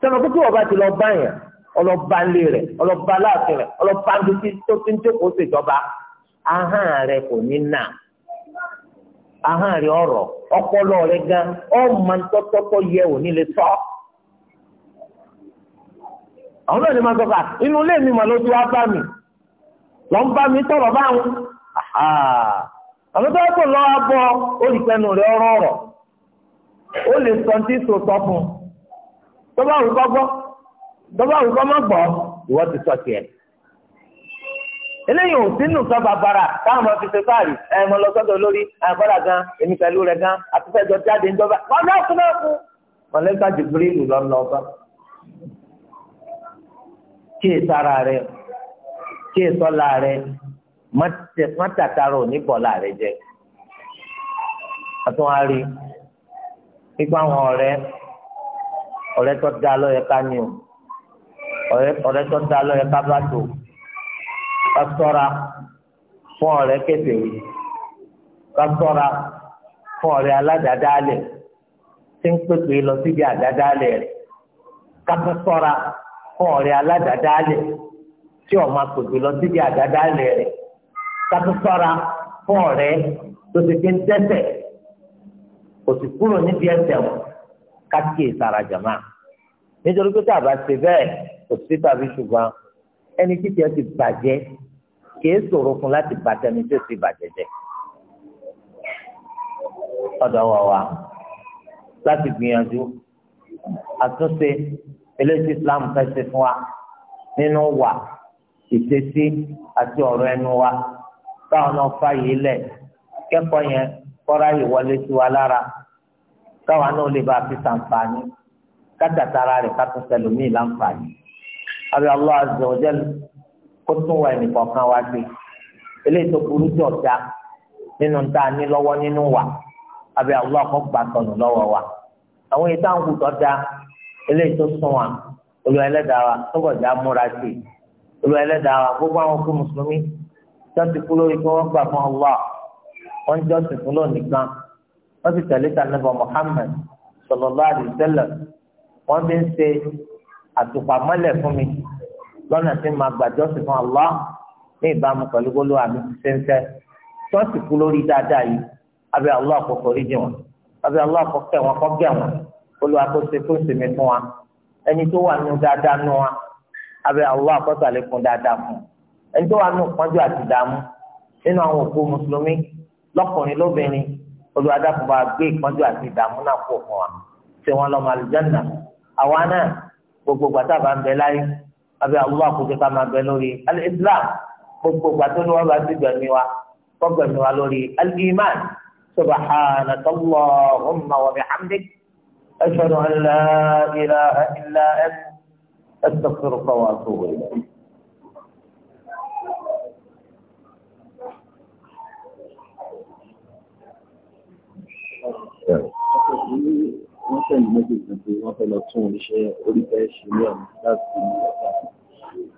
sọ̀rọ̀ kókó ọba ti lọ bá yẹn ọlọ́ba rẹ̀ ọlọ́ba rẹ̀ ọlọ́ba tó ti ń jókòó ṣèjọba ahọ́n rẹ̀ ahọ́n rẹ̀ ọrọ ọpọlọ rẹ̀ gan ọmọ tọ́tọ́tọ́ yẹ ò ní sọ. àwọn náà ni máa sọ́kà inú ilé mi mà ló ti wá bá mi lọ ń bá mi sọ̀rọ̀ báwọn. àwọn tó ó lè sọ tí so fún un gbọ́ eléyìí ò sínú sọ bàbàrà táwọn ọmọ fi ṣe fáàrí ẹ mọ lọ sọ́dọ̀ olórí ẹ bọlá gan èmi pẹ̀lú rẹ gan àtúfẹjọ jáde ńjọba wọn náà kú náà kú mọlẹka jibrilu lọlọ bá kíyè sára rẹ kíyè sọlá rẹ mọtàtàrà òní bọlá rẹ jẹ àtúwárí nípa àwọn ọ̀rẹ́ ọ̀rẹ́ tó dá lọ yẹ ká ní o ọ̀rẹ́ tó dá lọ yẹ ká bá tó o ká ṣọ́ra fún ọ̀rẹ́ kèfèrí ká ṣọ́ra fún ọ̀rẹ́ aládàádáálẹ̀ tí ń pèpè lọ síbi àdádáálẹ̀ rẹ̀ ká ṣọ́ra fún ọ̀rẹ́ aládàádáálẹ̀ tí ọmọ pèpè lọ síbi àdádáálẹ̀ rẹ̀ ká ṣọ́ra fún ọ̀rẹ́ tó ti fi ń tẹ́tẹ̀ kò sì kúrò nítorí pé tá a bá ṣe bẹ́ẹ̀ kò tàbí ṣùgbọ́n ẹni títí ẹ ti bàjẹ́ kìí ṣòro fún láti bàtẹ́ ni tó ti bàjẹ́ jẹ́ ọ̀dọ̀ wà wá láti gbìyànjú àtúnṣe eléyìí Islam fẹ́ ṣe fún wa nínú wà ìṣesí àti ọ̀rọ̀ ẹnu wa káwọn náà fààyè lẹ̀ kẹ́kọ̀ọ́ yẹn kọ́ra ìwọlé sí wa lára káwọn náà lè bá a fi ṣàǹfààní kátàtàrà rẹ̀ ká tún ṣẹlòmíì láǹfààní àbí Allah azza wa jal kó tún wà ẹnìkọ̀ọ̀kan wá gbé eléyìí tó burú jọ da nínú tá a ní nínú wa àbí Allah kó gbà tọ̀nù lọ́wọ́ wa àwọn èyí táwọn kùtọ̀ da eléyìí tó sún wa olú ẹlẹ́dàá wa tọ́gbọ̀ dá múra sí olú ẹlẹ́dàá wa gbogbo àwọn kú mùsùlùmí jọ́sìn kú lórí kí wọ́n gbà fún Allah wọ́n jọ́sìn fún lónìí kan wọ́n sì tẹ̀lé tànàbọ̀ Muhammad sallallahu alaihi wasallam wọ́n fi ń ṣe àtùpàmọ́lẹ̀ fún mi lọ́nà tí màá gbàjọ́ sí fún Allah ní ìbámu pẹ̀lú gbólóhùn àmì fẹ́ńfẹ́ tọ́sí kú lórí dáadáa yìí abẹ́ Allah kó foríjì wọn abẹ́ Allah kó kẹ́ wọn kó gẹ̀ wọn Olúwa kó ṣe fún fún wa ẹni tó wà nù dáadáa nù wa abẹ́ Allah kó ṣàlékún dáadáa fún ẹni tó wà nù pọ́njú àti dààmú nínú àwọn òkú mùsùlùmí lọ́kùnrin lóbìnrin Olúwa dákun bá gbé ìpọ́njú àti dààmú náà kó fún wa ṣe wọn lọ́mọ àlùjánnà àwa náà gbogbo gbàtà bá ń bẹ láyé abẹ́ àwọn àkójọ ká máa bẹ lórí al-islam gbogbo gbàtà ni wọ́n bá ti gbẹ̀mí wa kọ́ gbẹ̀mí wa lórí al-iman subhanaka allahumma wa bihamdik ashhadu an la ilaha illa anta astaghfiruka wa atubu ilayk. Yeah wọ́n sẹ̀lú méjì kan pé wọ́n fẹ́ lọ tún iṣẹ́ orí fẹ́ ṣe ní àmì láti ní ọ̀tá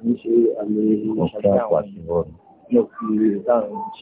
ní ṣe àmì ìṣàkóso àwọn àṣìwọ̀n náà fi